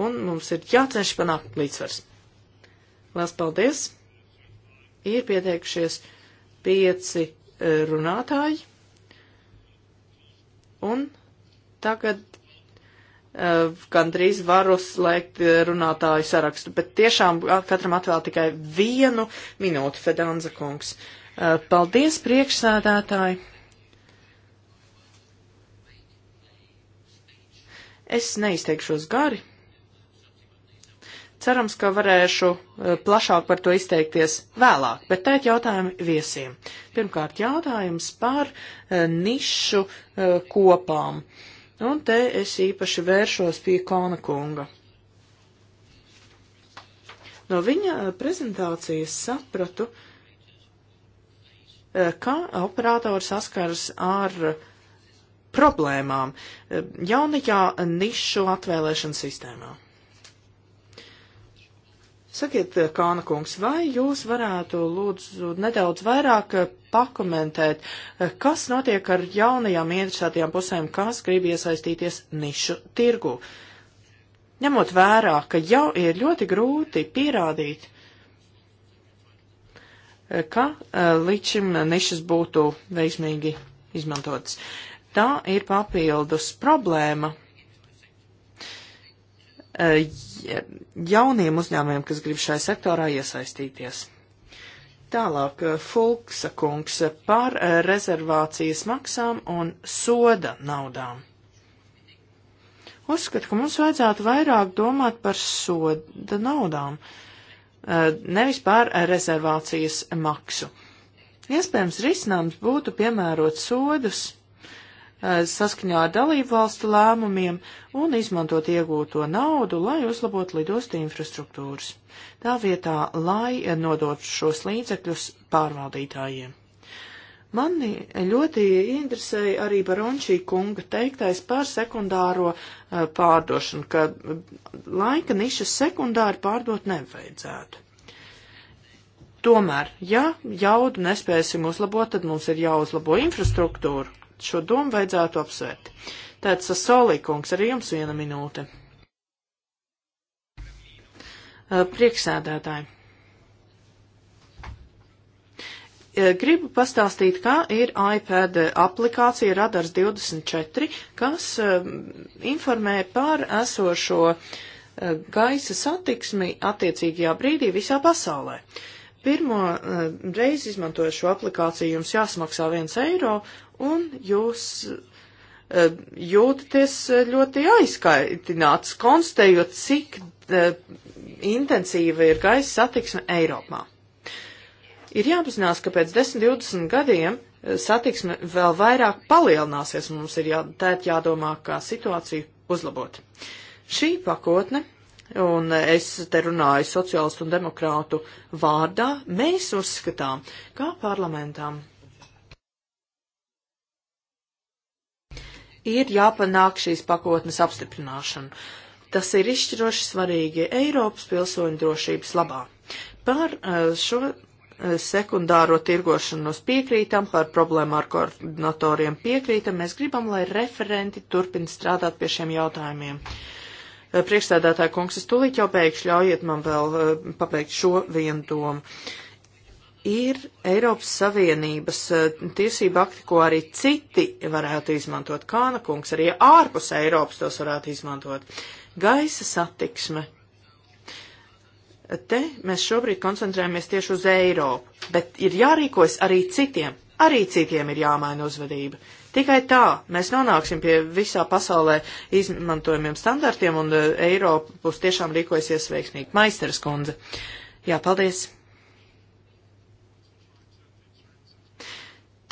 Un mums ir jācenšas panākt līdzsvars. Lielas paldies! Ir pieteikušies pieci e, runātāji. Un tagad uh, gandrīz varu slēgt eh, runātāju sarakstu, bet tiešām katram atvēl tikai vienu minūti, Fedanza kungs. Uh, paldies, priekšsādātāji! Es neizteikšos gari. Cerams, ka varēšu eh, plašāk par to izteikties vēlāk, bet tēt jautājumi viesiem. Pirmkārt, jautājums par eh, nišu eh, kopām. Un te es īpaši vēršos pie Kona kunga. No viņa prezentācijas sapratu, ka operatori saskaras ar problēmām jaunajā nišu atvēlēšanas sistēmā. Sakiet, eh, Kāna kungs, vai jūs varētu lūdzu nedaudz vairāk eh, pakomentēt, eh, kas notiek ar jaunajām interesētajām pusēm, kas grib iesaistīties nišu tirgu? Ņemot vērā, ka jau ir ļoti grūti pierādīt, ka līdz šim nišas būtu veiksmīgi izmantotas. Tā ir papildus problēma jauniem uzņēmumiem, kas grib šai sektorā iesaistīties. Tālāk, eh, Fulksa kungs eh, par eh, rezervācijas maksām un soda naudām. Uzskatu, ka mums vajadzētu vairāk domāt par soda naudām, nevis par rezervācijas maksu. Iespējams, risinājums būtu piemērot sodus Eh, saskaņā ar dalību valstu lēmumiem un izmantot iegūto naudu, lai uzlabotu lidostu infrastruktūras. Tā vietā, lai eh, nodotu šos līdzekļus pārvaldītājiem. Mani ļoti interesēja arī Barončī kunga teiktais par sekundāro eh, pārdošanu, ka laika nišas sekundāri pārdot nevajadzētu. Tomēr, ja jaudu nespēsim uzlabot, tad mums ir jāuzlabo infrastruktūru, šo domu vajadzētu apsvērt. Tāds Solīkungs, arī jums viena minūte. Prieksēdētāji. Gribu pastāstīt, kā ir iPad aplikācija Radars 24, kas informē par esošo gaisa satiksmi attiecīgajā brīdī visā pasaulē. Uh, pirmo eh, reizi izmantojot šo aplikāciju, jums jāsmaksā viens eiro, un jūs eh, jūtaties ļoti aizkaitināts, konstatējot, cik eh, intensīva ir gaisa satiksme Eiropā. Ir jāapzinās, ka pēc 10-20 gadiem satiksme vēl vairāk palielināsies, un mums ir jā, tēt jādomā, kā situāciju uzlabot. Šī pakotne un es te runāju sociālistu un demokrātu vārdā, mēs uzskatām, kā parlamentām ir jāpanāk šīs pakotnes apstiprināšana. Tas ir izšķiroši svarīgi Eiropas pilsoņu drošības labā. Par uh, šo uh, sekundāro tirgošanos piekrītam, par problēmu ar koordinatoriem piekrītam. Mēs gribam, lai referenti turpina strādāt pie šiem jautājumiem. Uh, Eh, priekšstādātāja kungs, es tūlīt jau beigšu, ļaujiet man vēl eh, pabeigt šo vienu domu. Ir Eiropas Savienības eh, tiesība akti, ko arī citi varētu izmantot. Kāna kungs arī ārpus Eiropas tos varētu izmantot. Gaisa satiksme. Te mēs šobrīd koncentrējamies tieši uz Eiropu, bet ir jārīkojas arī citiem. Arī citiem ir jāmaina uzvedība. Tikai tā mēs nonāksim pie visā pasaulē izmantojumiem standartiem un e, Eiropa būs tiešām rīkojasies veiksmīgi. Maisteres kundze. Jā, paldies.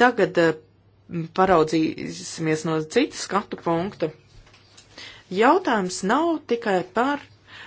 Tagad e, paraudzīsimies no citas skatu punkta. Jautājums nav tikai par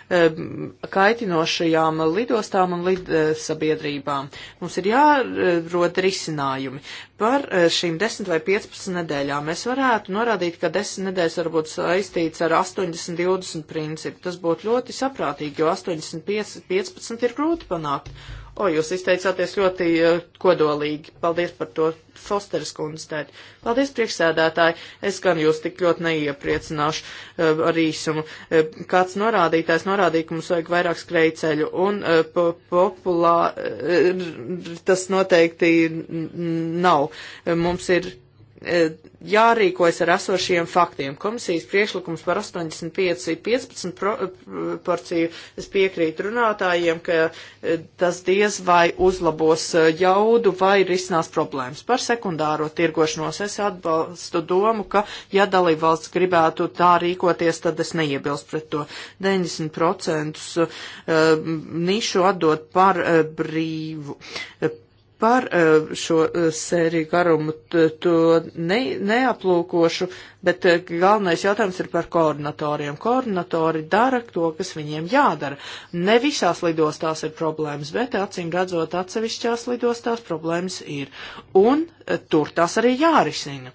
Um, kaitinošajām lidostām un lidsabiedrībām. Uh, Mums ir jārod risinājumi. Par uh, šīm 10 vai 15 nedēļām mēs varētu norādīt, ka 10 nedēļas varbūt saistīts ar 80-20 principu. Tas būtu ļoti saprātīgi, jo 85-15 ir grūti panākt. O, jūs izteicāties ļoti uh, kodolīgi. Paldies par to, Fosteras kundze tēt. Paldies, priekšsēdētāji. Es gan jūs tik ļoti neiepriecināšu uh, ar īsumu. Uh, kāds norādītājs norādīja, ka mums vajag vairāk skrejceļu, un po populā tas noteikti nav. Mums ir E, jārīkojas ar esošiem faktiem. Komisijas priekšlikums par 85-15 e, porciju, es piekrītu runātājiem, ka e, tas diez vai uzlabos jaudu vai risinās problēmas. Par sekundāro tirgošanos es atbalstu domu, ka ja dalībvalsts gribētu tā rīkoties, tad es neiebilst pret to. 90% nišu atdot par brīvu par eh, šo eh, sēriju garumu to ne, neaplūkošu, bet eh, galvenais jautājums ir par koordinatoriem. Koordinatori dara to, kas viņiem jādara. Ne visās lidostās ir problēmas, bet acīm redzot atsevišķās lidostās problēmas ir. Un tur tās arī jārisina.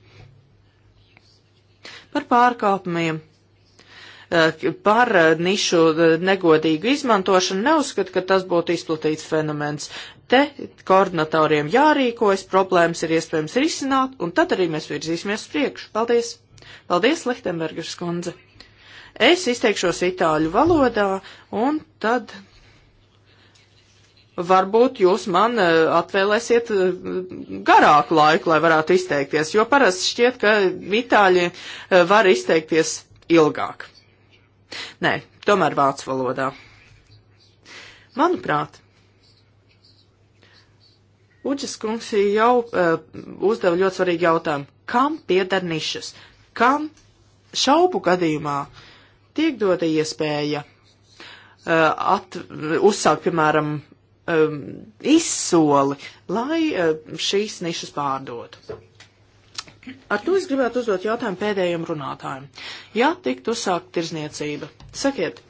Par pārkāpumiem par nišu negodīgu izmantošanu neuzskata, ka tas būtu izplatīts fenomens, te koordinatoriem jārīkojas, problēmas ir iespējams risināt, un tad arī mēs virzīsimies priekšu. Paldies! Paldies, Lehtenbergers kundze! Es izteikšos itāļu valodā, un tad varbūt jūs man eh, atvēlēsiet eh, garāku laiku, lai varētu izteikties, jo parasti šķiet, ka itāļi eh, var izteikties ilgāk. Nē, tomēr vācu valodā. Manuprāt, Uģis kungs jau uh, uzdeva ļoti svarīgu jautājumu. Kam pieder nišas? Kam šaubu gadījumā tiek dota iespēja uh, at, uzsākt, piemēram, um, izsoli, lai uh, šīs nišas pārdotu? Ar to es gribētu uzdot jautājumu pēdējiem runātājiem. Ja tiktu uzsākt tirzniecība, sakiet,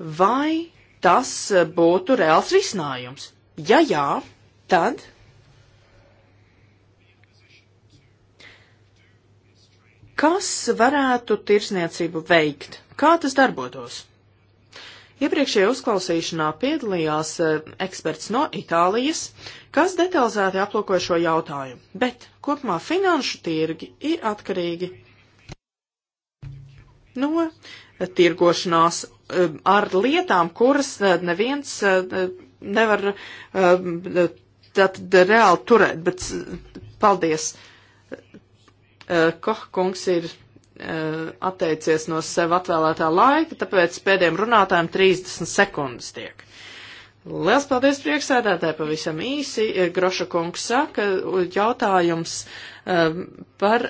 vai tas būtu reāls risinājums? Ja jā, tad kas varētu tirsniecību veikt? Kā tas darbotos? Iepriekšējā uzklausīšanā piedalījās eh, eksperts no Itālijas, kas detalizēti aplūkoja šo jautājumu, bet kopumā finanšu tirgi ir atkarīgi no tirgošanās eh, ar lietām, kuras eh, neviens nevar tātad reāli turēt, bet paldies. Koh kungs ir atteicies no sev atvēlētā laika, tāpēc pēdējiem runātājiem 30 sekundes tiek. Liels paldies priekšsēdētāji, pavisam īsi. Groša kungs saka, jautājums par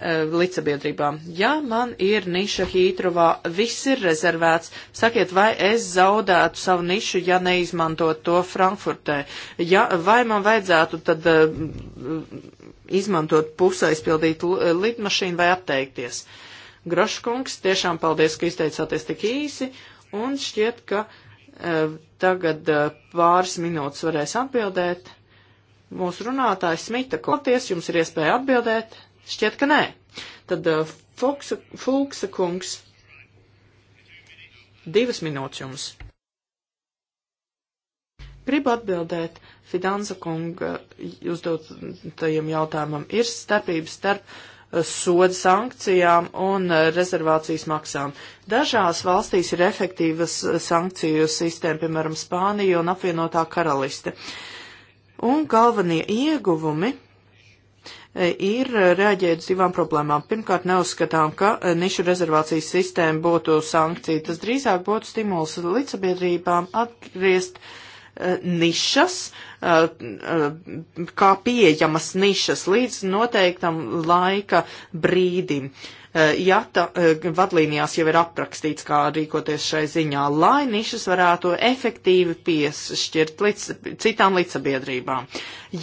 Eh, līdzsabiedrībām. Ja man ir niša Hītruvā, viss ir rezervēts, sakiet, vai es zaudētu savu nišu, ja neizmantot to Frankfurtē? Ja, vai man vajadzētu tad eh, izmantot pusaizpildīt eh, lidmašīnu vai atteikties? Groškungs, tiešām paldies, ka izteicāties tik īsi, un šķiet, ka tagad pāris minūtes varēs atbildēt. Mūsu runātājs Smita Koties, jums ir iespēja atbildēt. Šķiet, ka nē. Tad uh, Foksa, Fulksa kungs, divas minūtes jums. Gribu atbildēt Fidanza kunga uzdotajam jautājumam. Ir starpības starp uh, soda sankcijām un uh, rezervācijas maksām. Dažās valstīs ir efektīvas uh, sankciju sistēma, piemēram, Spānija un apvienotā karaliste. Un galvenie ieguvumi ir reaģēt uz divām problēmām. Pirmkārt, neuzskatām, ka nišu rezervācijas sistēma būtu sankcija. Tas drīzāk būtu stimuls līdzsabiedrībām atgriezt e, nišas, e, e, kā pieejamas nišas līdz noteiktam laika brīdim. Eh, jata eh, vadlīnijās jau ir aprakstīts, kā rīkoties šai ziņā, lai nišas varētu efektīvi piešķirt lic, citām līdzsabiedrībām.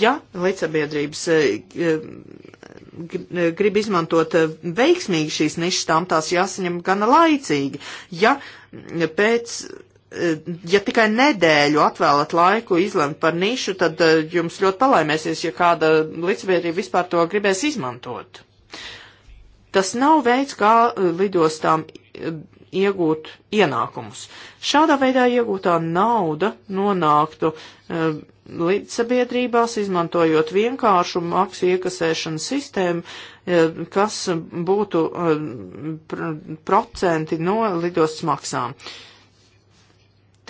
Ja līdzsabiedrības eh, grib izmantot veiksmīgi šīs nišas, tām tās jāsaņem gana laicīgi. Ja mm, pēc ja tikai nedēļu atvēlat laiku izlemt par nišu, tad jums ļoti palaimēsies, ja kāda līdzsabiedrība vispār to gribēs izmantot. Tas nav veids, kā eh, lidostām eh, iegūt ienākumus. Šādā veidā iegūtā nauda nonāktu uh, līdzsabiedrībās, izmantojot vienkāršu maksu iekasēšanas sistēmu, uh, kas būtu uh, pr procenti no lidostas maksām.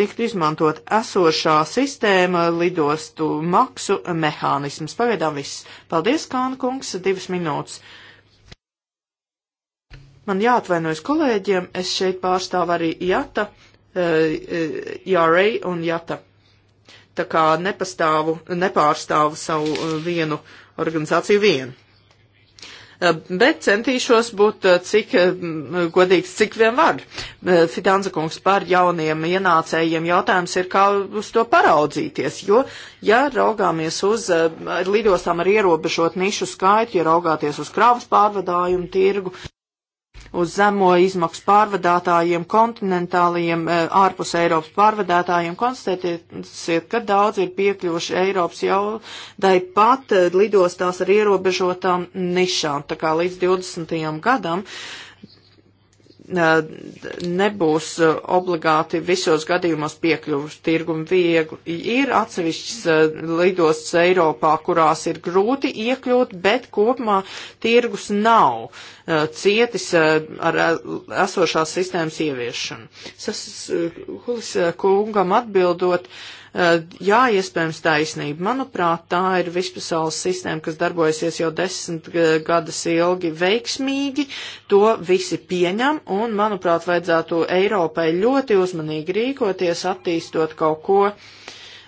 Tiktu izmantot esošā sistēma lidostu maksu mehānisms. Pagaidām viss. Paldies, Kāna kungs, divas minūtes. Uh, Man jāatvainojas kolēģiem, es šeit pārstāvu arī JATA, eh, eh, JRA un JATA. Tā kā nepastāvu, nepārstāvu savu eh, vienu organizāciju vienu. Bet centīšos būt cik godīgs, cik vien var. Fidanza kungs par jauniem ienācējiem jautājums ir, kā uz to paraudzīties, jo, ja raugāmies uz lidostām ar ierobežot nišu skaitu, ja raugāties uz kravas pārvadājumu tirgu, uz zemo izmaksu pārvadātājiem, kontinentāliem, eh, ārpus Eiropas pārvadātājiem, konstatēsiet, ka daudz ir piekļuvuši Eiropas jaudai pat eh, lidostās ar ierobežotām nišām. Tā kā līdz 20. gadam Eh, nebūs eh, obligāti visos gadījumos piekļuvuši tirgumu viegli. Ir atsevišķas eh, lidosts Eiropā, kurās ir grūti iekļūt, bet kopumā tirgus nav cietis ar esošās sistēmas ieviešanu. Sas Hulis kungam atbildot, uh, Eh, jā, iespējams taisnība. Manuprāt, tā ir vispasaules sistēma, kas darbojasies jau desmit gadus ilgi veiksmīgi. To visi pieņem un, manuprāt, vajadzētu Eiropai ļoti uzmanīgi rīkoties, attīstot kaut ko uh,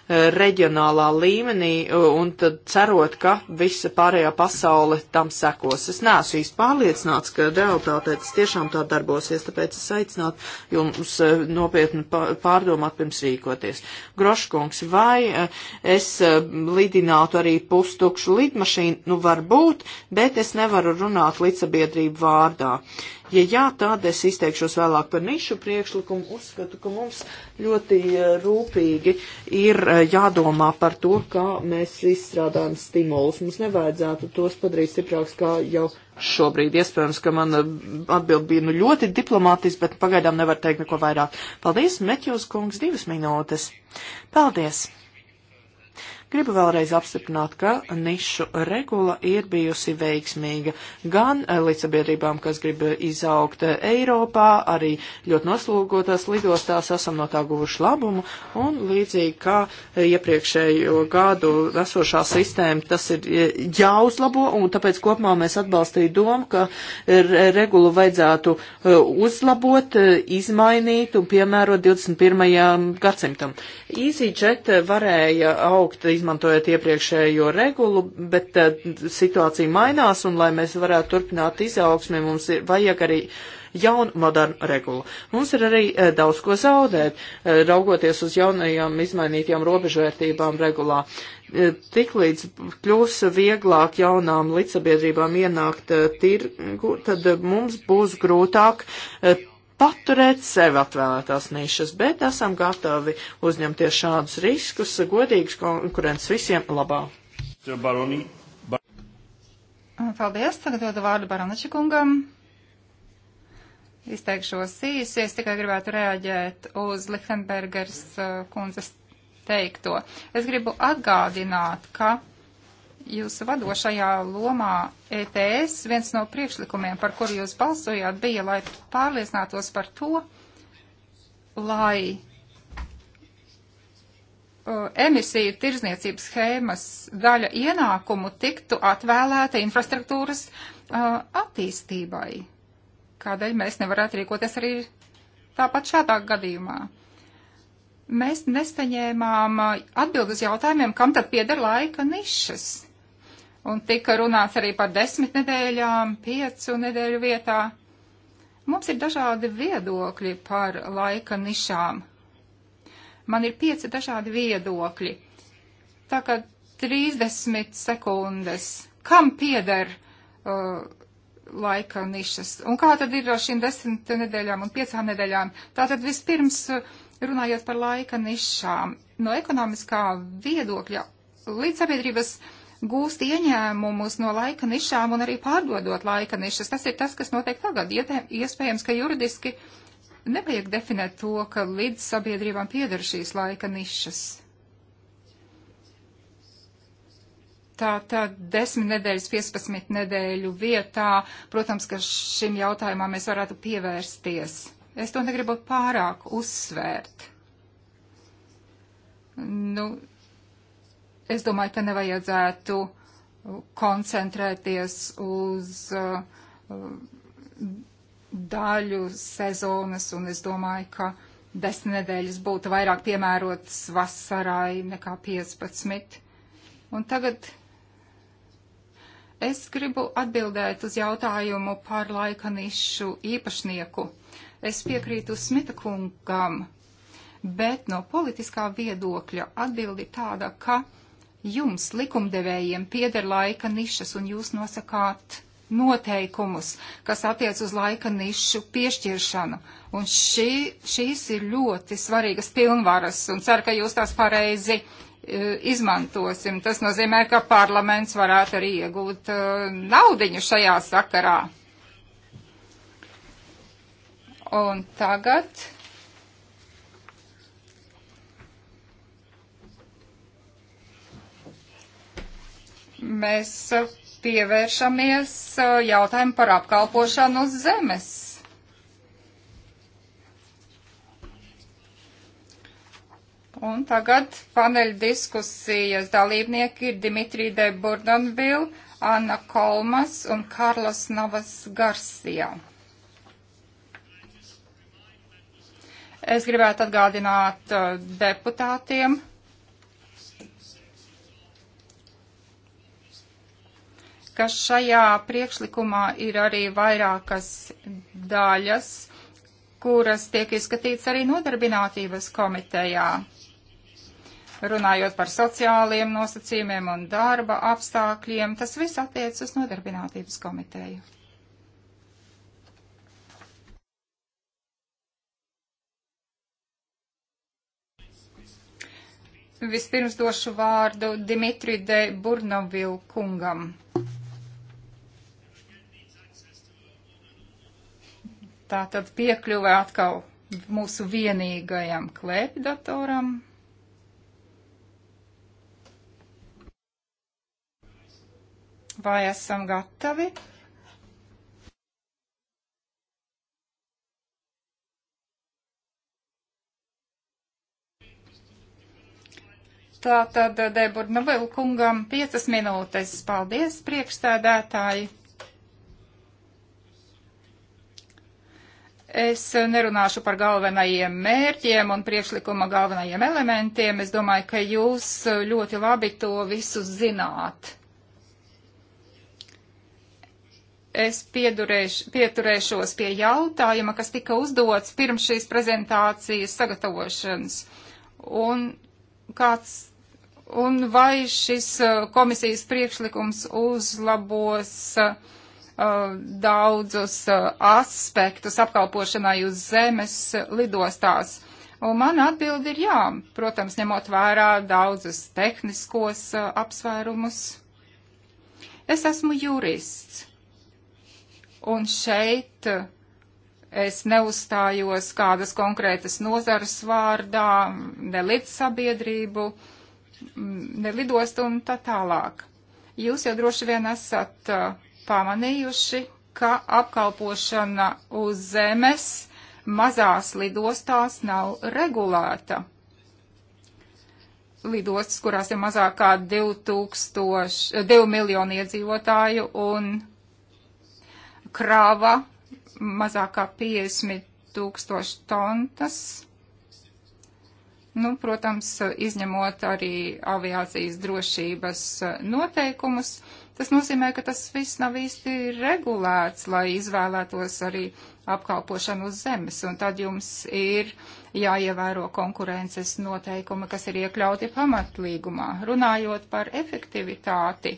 reģionālā līmenī uh, un tad cerot, ka visa pārējā pasaule tam sekos. Es neesmu īsti pārliecināts, ka realitātē tas tiešām tā darbosies, tāpēc es aicinātu jums uh, nopietni pārdomāt pirms rīkoties. Groškungs, vai uh, es lidinātu arī pustukšu lidmašīnu? Nu, varbūt, bet es nevaru runāt līdzsabiedrību vārdā. Uh, Ja jā, tad es izteikšos vēlāk par nišu priekšlikumu. Uzskatu, ka mums ļoti eh, rūpīgi ir eh, jādomā par to, kā mēs izstrādājam stimulus. Mums nevajadzētu tos padarīt stiprāks, kā jau šobrīd. Iespējams, ka man atbild bija nu ļoti diplomātiski, bet pagaidām nevar teikt neko vairāk. Paldies, Metjūs kungs, divas minūtes. Paldies! Gribu vēlreiz apstiprināt, ka nišu regula ir bijusi veiksmīga gan eh, līdzsabiedrībām, kas grib eh, izaugt eh, Eiropā, arī ļoti noslūgotās lidostās esam no tā guvuši labumu, un līdzīgi kā iepriekšējo gadu esošā sistēma, tas ir jāuzlabo, un tāpēc kopumā mēs atbalstīju domu, ka regulu vajadzētu uzlabot, izmainīt un piemērot 21. gadsimtam. EasyJet varēja augt izmantojot iepriekšējo regulu, bet eh, situācija mainās un, lai mēs varētu turpināt izaugsmi, mums ir vajag arī jaunu modernu regulu. Mums ir arī eh, daudz ko zaudēt, eh, raugoties uz jaunajām izmainītajām robežvērtībām regulā. Tiklīdz kļūs vieglāk jaunām līdzsabiedrībām ienākt tirgu, tad mums būs grūtāk paturēt sev atvēlētās nišas, bet esam gatavi uzņemties šādus riskus, godīgas konkurences visiem labā. Baronī, bar... Paldies, tagad dodu vārdu Baroniča kungam. Izteikšos īsi, es tikai gribētu reaģēt uz Lichtenbergers uh, kundzes teikto. Es gribu atgādināt, ka jūsu vadošajā lomā ETS, viens no priekšlikumiem, par kuru jūs balsojāt, bija, lai pārliecinātos par to, lai emisiju tirzniecības schēmas daļa ienākumu tiktu atvēlēta infrastruktūras uh, attīstībai. Kādēļ mēs nevarētu rīkoties arī tāpat šādā gadījumā? Mēs nesaņēmām atbildus jautājumiem, kam tad pieder laika nišas un tika runāts arī par desmit nedēļām, piecu nedēļu vietā. Mums ir dažādi viedokļi par laika nišām. Man ir pieci dažādi viedokļi. Tā kā 30 sekundes. Kam pieder uh, laika nišas? Un kā tad ir ar šīm desmit nedēļām un piecām nedēļām? Tātad vispirms uh, runājot par laika nišām, no ekonomiskā viedokļa līdz sabiedrības uh, gūst ieņēmumus no laika nišām un arī pārdodot laika nišas. Tas ir tas, kas notiek tagad. Iespējams, ka juridiski nevajag definēt to, ka līdz sabiedrībām pieder šīs laika nišas. Tā tad desmit nedēļas, 15 nedēļu vietā, protams, ka šim jautājumam mēs varētu pievērsties. Es to negribu pārāk uzsvērt. Nu, Es domāju, ka nevajadzētu koncentrēties uz uh, daļu sezonas, un es domāju, ka desmit nedēļas būtu vairāk piemērotas vasarai nekā 15. Un tagad es gribu atbildēt uz jautājumu par laika nišu īpašnieku. Es piekrītu Smita kungam, bet no politiskā viedokļa atbildi tāda, ka Jums, likumdevējiem, pieder laika nišas, un jūs nosakāt noteikumus, kas attiec uz laika nišu piešķiršanu. Un šī, šīs ir ļoti svarīgas pilnvaras, un ceru, ka jūs tās pareizi e, izmantosim. Tas nozīmē, ka parlaments varētu arī iegūt uh, naudiņu šajā sakarā. Un tagad mēs eh, pievēršamies eh, jautājumu par apkalpošanu uz zemes. Un tagad paneļa diskusijas dalībnieki ir Dimitrija de Burdanvil, Anna Kolmas un Karlos Navas Garcia. Es gribētu atgādināt eh, deputātiem, ka šajā priekšlikumā ir arī vairākas daļas, kuras tiek izskatīts arī nodarbinātības komitejā. Runājot par sociāliem nosacījumiem un darba apstākļiem, tas viss attiec uz nodarbinātības komiteju. Vispirms došu vārdu Dimitri de Burnovilu kungam. Tā tad piekļuve atkal mūsu vienīgajam klēpjdatoram. Vai esam gatavi? Tā tad Deburna Vilkungam piecas minūtes. Paldies, priekšstādētāji! Es nerunāšu par galvenajiem mērķiem un priekšlikuma galvenajiem elementiem. Es domāju, ka jūs ļoti labi to visu zināt. Es pieturēšos pie jautājuma, kas tika uzdots pirms šīs prezentācijas sagatavošanas. Un, kāds, un vai šis uh, komisijas priekšlikums uzlabos uh, Uh, daudzus uh, aspektus apkalpošanai uz zemes lidostās. Un man atbildi ir jā, protams, ņemot vērā daudzus tehniskos uh, apsvērumus. Es esmu jurists. Un šeit es neuzstājos kādas konkrētas nozares vārdā, ne līdz sabiedrību, mm, ne lidostu un tā tālāk. Jūs jau droši vien esat uh, pamanījuši, ka apkalpošana uz zemes mazās lidostās nav regulēta. Lidostas, kurās ir mazāk kā 2000, 2 miljoni iedzīvotāju un krāva mazāk kā 50 tūkstoši tontas. Nu, protams, izņemot arī aviācijas drošības noteikumus, Tas nozīmē, ka tas viss nav īsti regulēts, lai izvēlētos arī apkalpošanu uz zemes, un tad jums ir jāievēro konkurences noteikumi, kas ir iekļauti pamatlīgumā. Runājot par efektivitāti,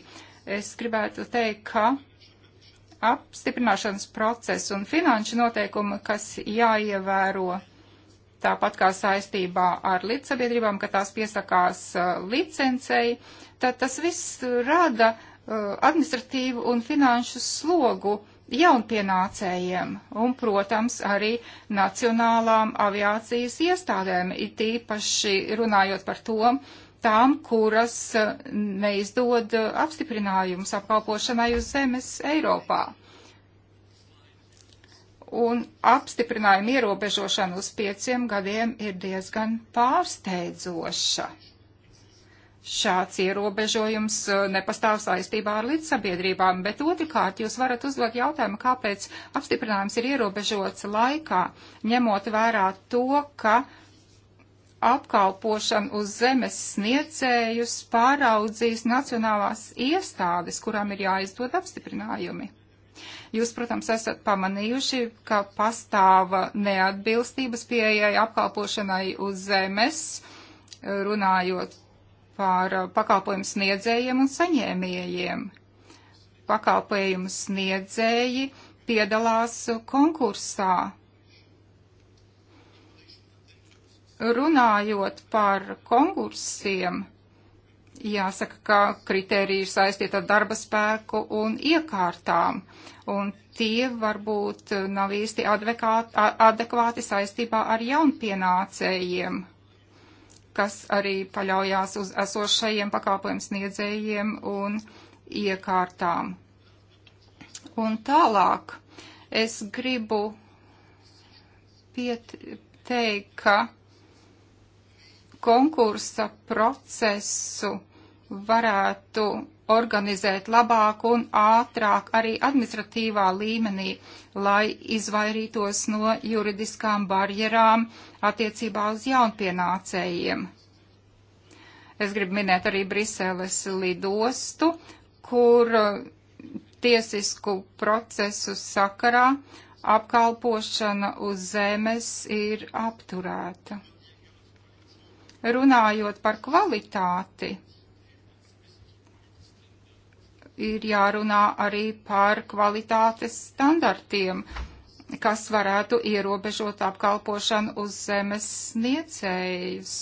es gribētu teikt, ka apstiprināšanas process un finanšu noteikumi, kas jāievēro tāpat kā saistībā ar līdzsabiedrībām, ka tās piesakās uh, licencei, tad tas viss rada uh, Uh, administratīvu un finanšu slogu jaunpienācējiem un, protams, arī nacionālām aviācijas iestādēm, it īpaši runājot par to, tām, kuras uh, neizdod uh, apstiprinājums apkalpošanai uz zemes Eiropā un apstiprinājuma ierobežošana uz pieciem gadiem ir diezgan pārsteidzoša šāds ierobežojums eh, nepastāv saistībā ar līdzsabiedrībām, bet otrkārt jūs varat uzdot jautājumu, kāpēc apstiprinājums ir ierobežots laikā, ņemot vērā to, ka apkalpošanu uz zemes sniedzējus pāraudzīs nacionālās iestādes, kurām ir jāizdod apstiprinājumi. Jūs, protams, esat pamanījuši, ka pastāva neatbilstības pieejai apkalpošanai uz zemes, runājot par uh, pakalpojumu sniedzējiem un saņēmējiem. Pakalpojumu sniedzēji piedalās konkursā. Runājot par konkursiem, jāsaka, ka kriteriji ir saistīti ar darba spēku un iekārtām, un tie varbūt nav īsti advekāt, adekvāti saistībā ar jaunpienācējiem kas arī paļaujās uz esošajiem pakalpojumu sniedzējiem un iekārtām. Un tālāk es gribu pieteikt, ka konkursa procesu varētu organizēt labāk un ātrāk arī administratīvā līmenī, lai izvairītos no juridiskām barjerām attiecībā uz jaunpienācējiem. Es gribu minēt arī Briseles lidostu, kur uh, tiesisku procesu sakarā apkalpošana uz zemes ir apturēta. Runājot par kvalitāti, ir jārunā arī par kvalitātes standartiem, kas varētu ierobežot apkalpošanu uz zemes sniedzējus.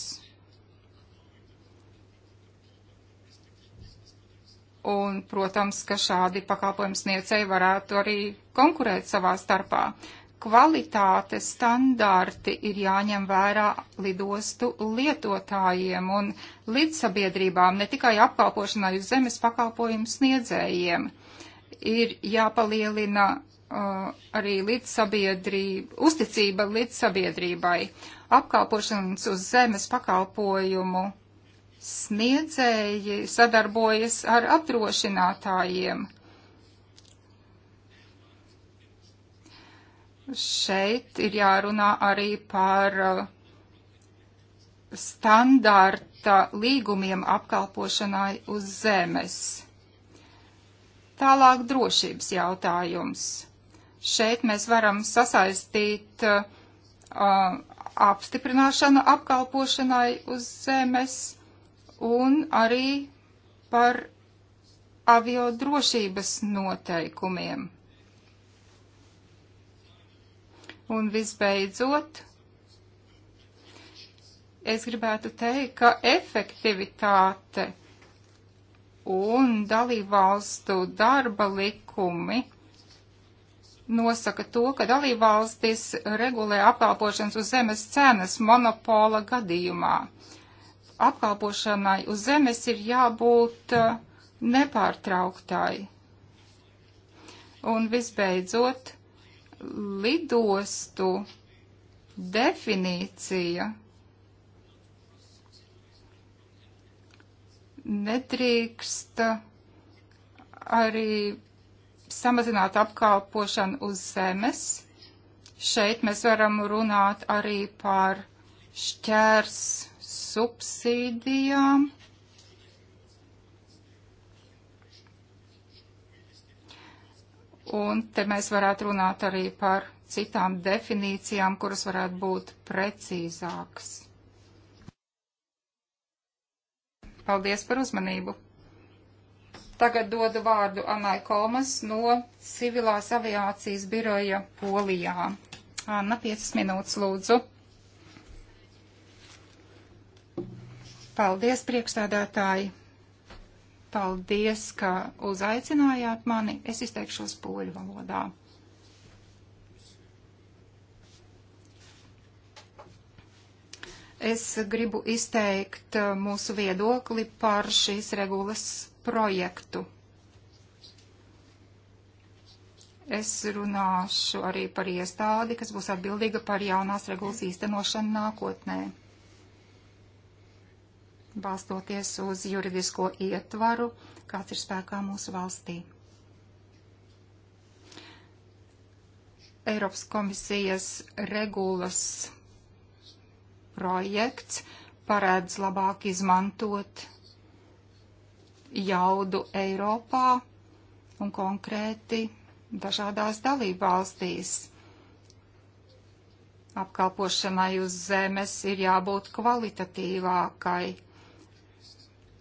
Un, protams, ka šādi pakalpojums sniedzēji varētu arī konkurēt savā starpā. Uh, kvalitātes standarti ir jāņem vērā lidostu lietotājiem un lidsabiedrībām, ne tikai apkalpošanai uz zemes pakalpojumu sniedzējiem. Ir jāpalielina uh, arī lidsabiedrība, uzticība lidsabiedrībai. Apkalpošanas uz zemes pakalpojumu sniedzēji sadarbojas ar apdrošinātājiem šeit ir jārunā arī par uh, standarta līgumiem apkalpošanai uz zemes. Tālāk drošības jautājums. Šeit mēs varam sasaistīt uh, apstiprināšanu apkalpošanai uz zemes un arī par avio drošības noteikumiem. Un visbeidzot, es gribētu teikt, ka efektivitāte un dalībvalstu darba likumi nosaka to, ka dalībvalstis regulē apkalpošanas uz zemes cenas monopola gadījumā. Apkalpošanai uz zemes ir jābūt uh, nepārtrauktai. Un visbeidzot, lidostu definīcija nedrīkst arī samazināt apkalpošanu uz zemes. Šeit mēs varam runāt arī par šķērs subsīdijām Un te mēs varētu runāt arī par citām definīcijām, kuras varētu būt precīzākas. Paldies par uzmanību! Tagad dodu vārdu Anai Kolmas no Civilās aviācijas biroja Polijā. Anna, 5 minūtes lūdzu. Paldies, priekšstādātāji! Paldies, ka uzaicinājāt mani. Es izteikšos poļu valodā. Es gribu izteikt uh, mūsu viedokli par šīs regulas projektu. Es runāšu arī par iestādi, kas būs atbildīga par jaunās regulas īstenošanu nākotnē balstoties uz juridisko ietvaru, kāds ir spēkā mūsu valstī. Eiropas komisijas regulas projekts paredz labāk izmantot jaudu Eiropā un konkrēti dažādās dalību valstīs. Apkalpošanai uz zemes ir jābūt kvalitatīvākai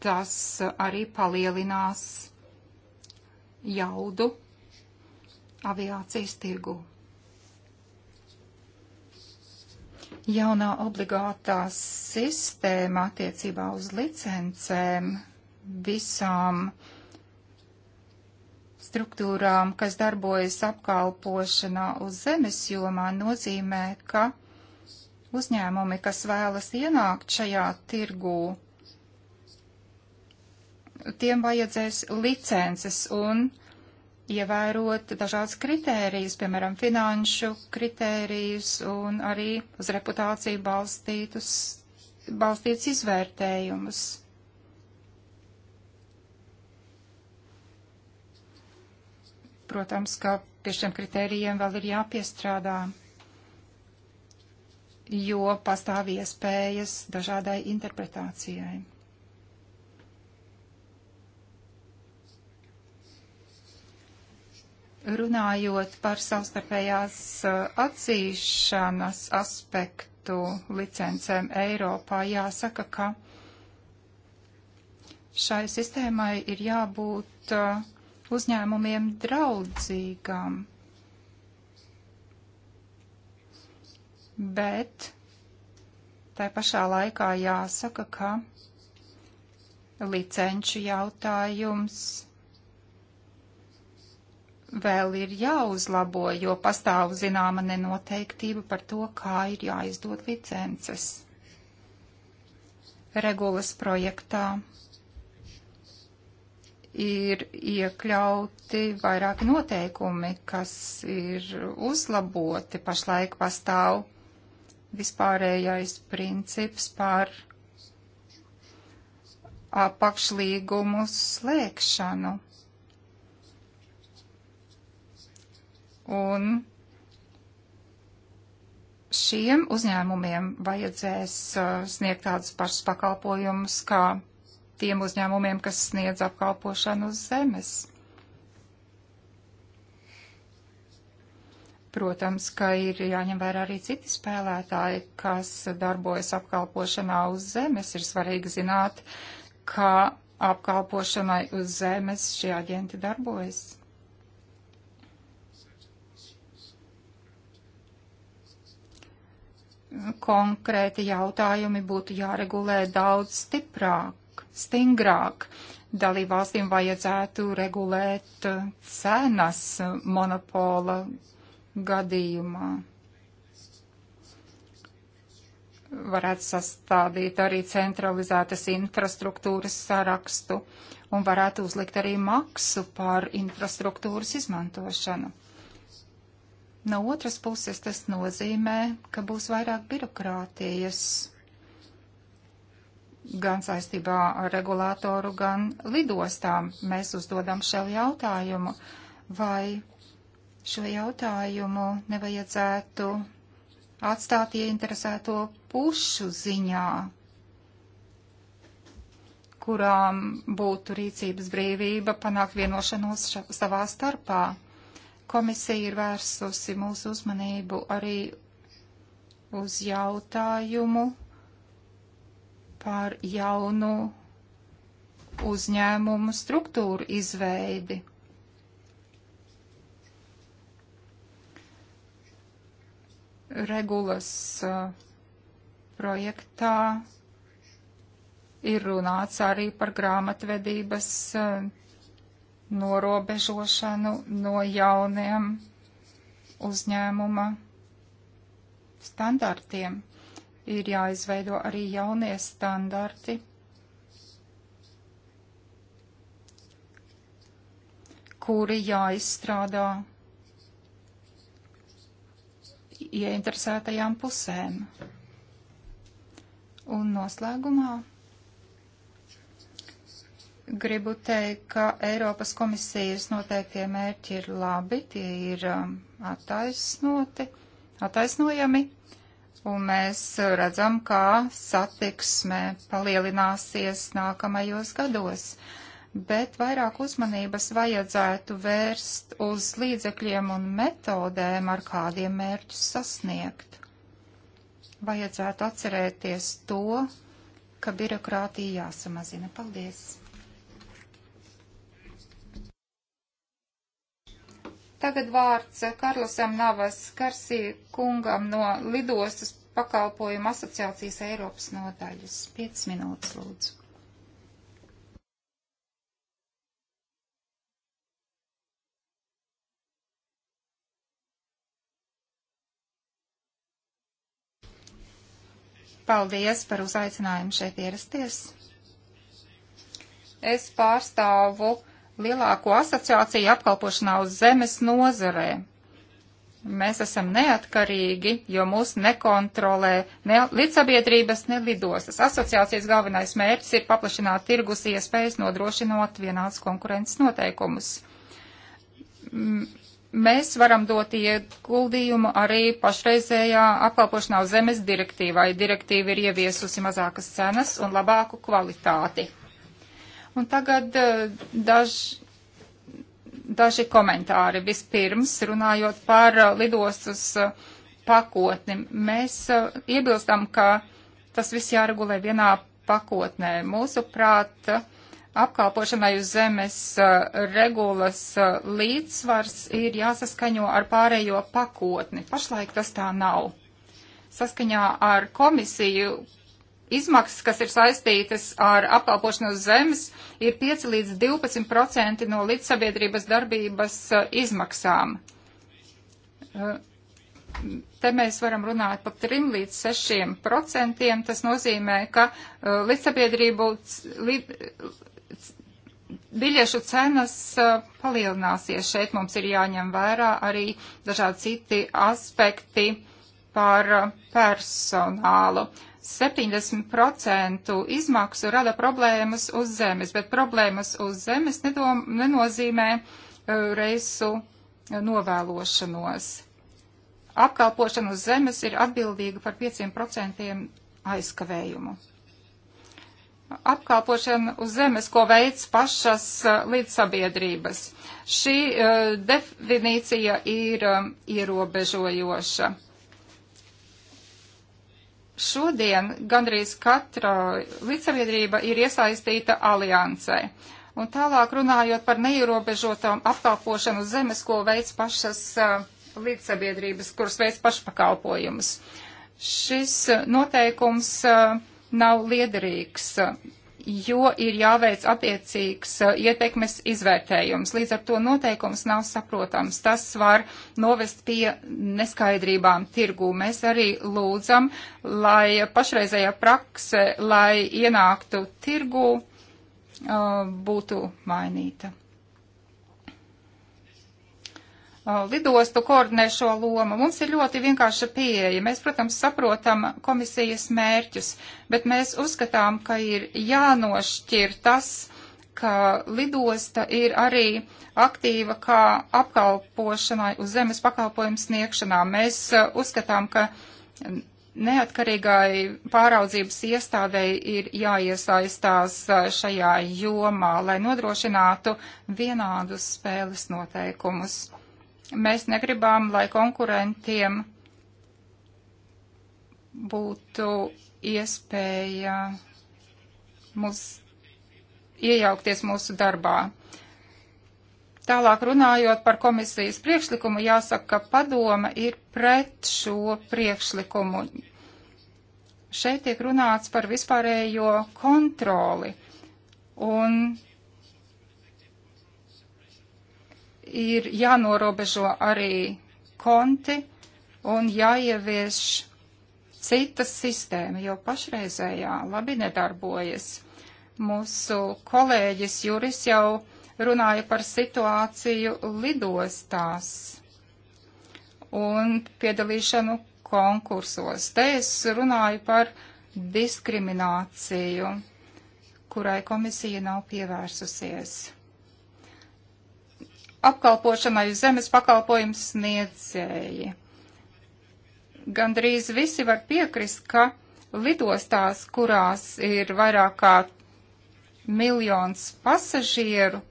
tas arī palielinās jaudu aviācijas tirgū. Jaunā obligātā sistēma attiecībā uz licencēm visām struktūrām, kas darbojas apkalpošanā uz zemes jomā, nozīmē, ka uzņēmumi, kas vēlas ienākt šajā tirgū, tiem vajadzēs licences un ievērot dažādas kritērijas, piemēram, finanšu kritērijas un arī uz reputāciju balstītus, balstīts izvērtējumus. Protams, ka pie šiem kritērijiem vēl ir jāpiestrādā, jo pastāv iespējas dažādai interpretācijai. Runājot par savstarpējās eh, atzīšanas aspektu licencēm Eiropā, jāsaka, ka šai sistēmai ir jābūt eh, uzņēmumiem draudzīgām. Bet tai pašā laikā jāsaka, ka licenču jautājums vēl ir jāuzlabo, jo pastāv zināma nenoteiktība par to, kā ir jāizdod licences. Regulas projektā ir iekļauti vairāki noteikumi, kas ir uzlaboti. Pašlaik pastāv vispārējais princips par apakšlīgumu slēgšanu Un šiem uzņēmumiem vajadzēs uh, sniegt tādus pašus pakalpojumus kā tiem uzņēmumiem, kas sniedz apkalpošanu uz zemes. Protams, ka ir jāņem vērā arī citi spēlētāji, kas darbojas apkalpošanā uz zemes. Ir svarīgi zināt, kā apkalpošanai uz zemes šie aģenti darbojas. konkrēti jautājumi būtu jāregulē daudz stiprāk, stingrāk. Dalībvalstīm vajadzētu regulēt eh, cenas monopola gadījumā. Varētu sastādīt arī centralizētas infrastruktūras sarakstu un varētu uzlikt arī maksu par infrastruktūras izmantošanu. No otras puses tas nozīmē, ka būs vairāk birokrātijas gan saistībā ar regulātoru, gan lidostām. Mēs uzdodam šau jautājumu, vai šo jautājumu nevajadzētu atstāt ieinteresēto pušu ziņā, kurām būtu rīcības brīvība panākt vienošanos savā starpā. Komisija ir vērsusi mūsu uzmanību arī uz jautājumu par jaunu uzņēmumu struktūru izveidi. Regulas uh, projektā ir runāts arī par grāmatvedības uh, norobežošanu no jauniem uzņēmuma standartiem. Ir jāizveido arī jaunie standarti, kuri jāizstrādā ieinteresētajām pusēm. Un noslēgumā gribu teikt, ka Eiropas komisijas noteiktie mērķi ir labi, tie ir um, attaisnoti, attaisnojami, un mēs redzam, kā satiksme palielināsies nākamajos gados. Bet vairāk uzmanības vajadzētu vērst uz līdzekļiem un metodēm, ar kādiem mērķus sasniegt. Vajadzētu atcerēties to, ka birokrātija jāsamazina. Paldies! Tagad vārds Karlosam Navas Karsī kungam no Lidostas pakalpojuma asociācijas Eiropas nodaļas. 5 minūtes lūdzu. Paldies par uzaicinājumu šeit ierasties. Es pārstāvu uh, lielāko asociāciju apkalpošanā uz zemes nozarē. Mēs esam neatkarīgi, jo mūs nekontrolē ne līdzsabiedrības, ne lidostas. Asociācijas galvenais mērķis ir paplašināt tirgus iespējas, nodrošinot vienāds konkurences noteikumus. M mēs varam dot ieguldījumu arī pašreizējā apkalpošanā uz zemes direktīvai. Direktīva ir ieviesusi mazākas cenas un labāku kvalitāti. Un tagad eh, daž, daži komentāri. Vispirms, runājot par eh, lidostas eh, pakotni, mēs iebilstam, ka tas viss jāregulē vienā pakotnē. Mūsuprāt, apkalpošanai uz zemes regulas līdzsvars ir jāsaskaņo ar pārējo pakotni. Pašlaik tas tā nav. Saskaņā ar komisiju izmaksas, kas ir saistītas ar apkalpošanu uz zemes, ir 5 līdz 12% no līdzsabiedrības darbības eh, izmaksām. Eh, te mēs varam runāt par 3 līdz 6 procentiem. Tas nozīmē, ka eh, līdzsabiedrību biļešu cenas palielināsies. Šeit mums ir jāņem vērā arī dažādi citi aspekti par personālu. 70% izmaksu rada problēmas uz zemes, bet problēmas uz zemes nedom, nenozīmē e, reisu e, novēlošanos. Apkalpošana uz zemes ir atbildīga par 5% aizkavējumu. Apkalpošana uz zemes, ko veids pašas e, līdzsabiedrības. Šī uh, definīcija ir um, ierobežojoša šodien gandrīz katra līdzsaviedrība ir iesaistīta aliansē. Un tālāk runājot par neierobežotām apkalpošanu zemes, ko veids pašas uh, līdzsaviedrības, kuras veids pašpakalpojumus. Šis uh, noteikums uh, nav liederīgs jo ir jāveic attiecīgs uh, ietekmes izvērtējums. Līdz ar to noteikums nav saprotams. Tas var novest pie neskaidrībām tirgū. Mēs arī lūdzam, lai pašreizējā prakse, lai ienāktu tirgū, uh, būtu mainīta lidostu koordinē šo lomu. Mums ir ļoti vienkārša pieeja. Mēs, protams, saprotam komisijas mērķus, bet mēs uzskatām, ka ir jānošķir tas, ka lidosta ir arī aktīva kā apkalpošanai uz zemes pakalpojumu sniegšanā. Mēs uh, uzskatām, ka neatkarīgai pāraudzības iestādei ir jāiesaistās šajā jomā, lai nodrošinātu vienādus spēles noteikumus. Mēs negribām, lai konkurentiem būtu iespēja mūs, iejaukties mūsu darbā. Tālāk runājot par komisijas priekšlikumu, jāsaka, ka padoma ir pret šo priekšlikumu. Šeit tiek runāts par vispārējo kontroli, un ir jānorobežo arī konti un jāievieš cita sistēma, jo pašreizējā labi nedarbojas. Mūsu kolēģis Juris jau runāja par situāciju lidostās un piedalīšanu konkursos. Te es runāju par diskrimināciju, kurai komisija nav pievērsusies apkalpošanai zemes pakalpojums sniedzēji. Gandrīz visi var piekrist, ka lidostās, kurās ir vairāk kā miljons pasažieru,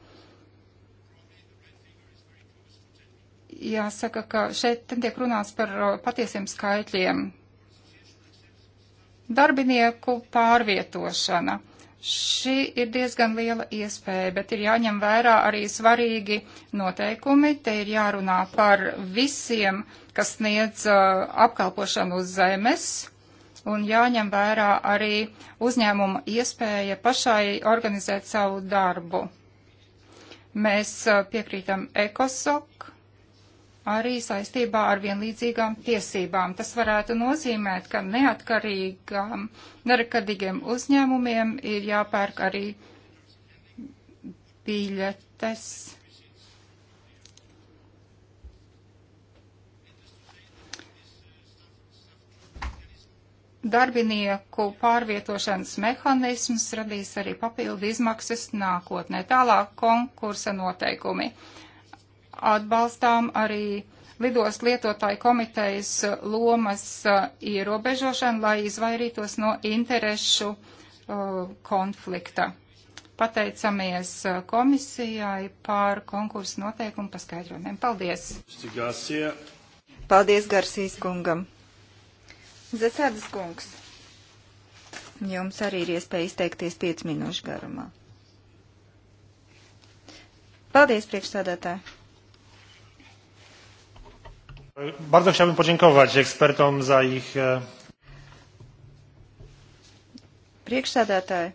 jāsaka, ka šeit tiek runāts par uh, patiesiem skaitļiem. Darbinieku pārvietošana. Šī ir diezgan liela iespēja, bet ir jāņem vērā arī svarīgi noteikumi. Te ir jārunā par visiem, kas sniedz uh, apkalpošanu uz zemes, un jāņem vērā arī uzņēmuma iespēja pašai organizēt savu darbu. Mēs uh, piekrītam ECOSOC arī saistībā ar vienlīdzīgām tiesībām. Tas varētu nozīmēt, ka neatkarīgām, nerekadīgiem uzņēmumiem ir jāpērk arī biļetes. Darbinieku pārvietošanas mehānisms radīs arī papildu izmaksas nākotnē. Tālāk konkursa noteikumi. Uh, atbalstām arī lidost lietotāju komitejas eh, lomas eh, ierobežošanu, lai izvairītos no interešu uh, konflikta. Pateicamies komisijai par konkursu noteikumu paskaidrojumiem. Paldies! Paldies Garsīs kungam! Zesādas kungs, jums arī ir iespēja izteikties 5 minūšu garumā. Paldies, priekšstādātāji! Bardzo chciałbym podziękować ekspertom za ich. E, Priekšsēdētāji,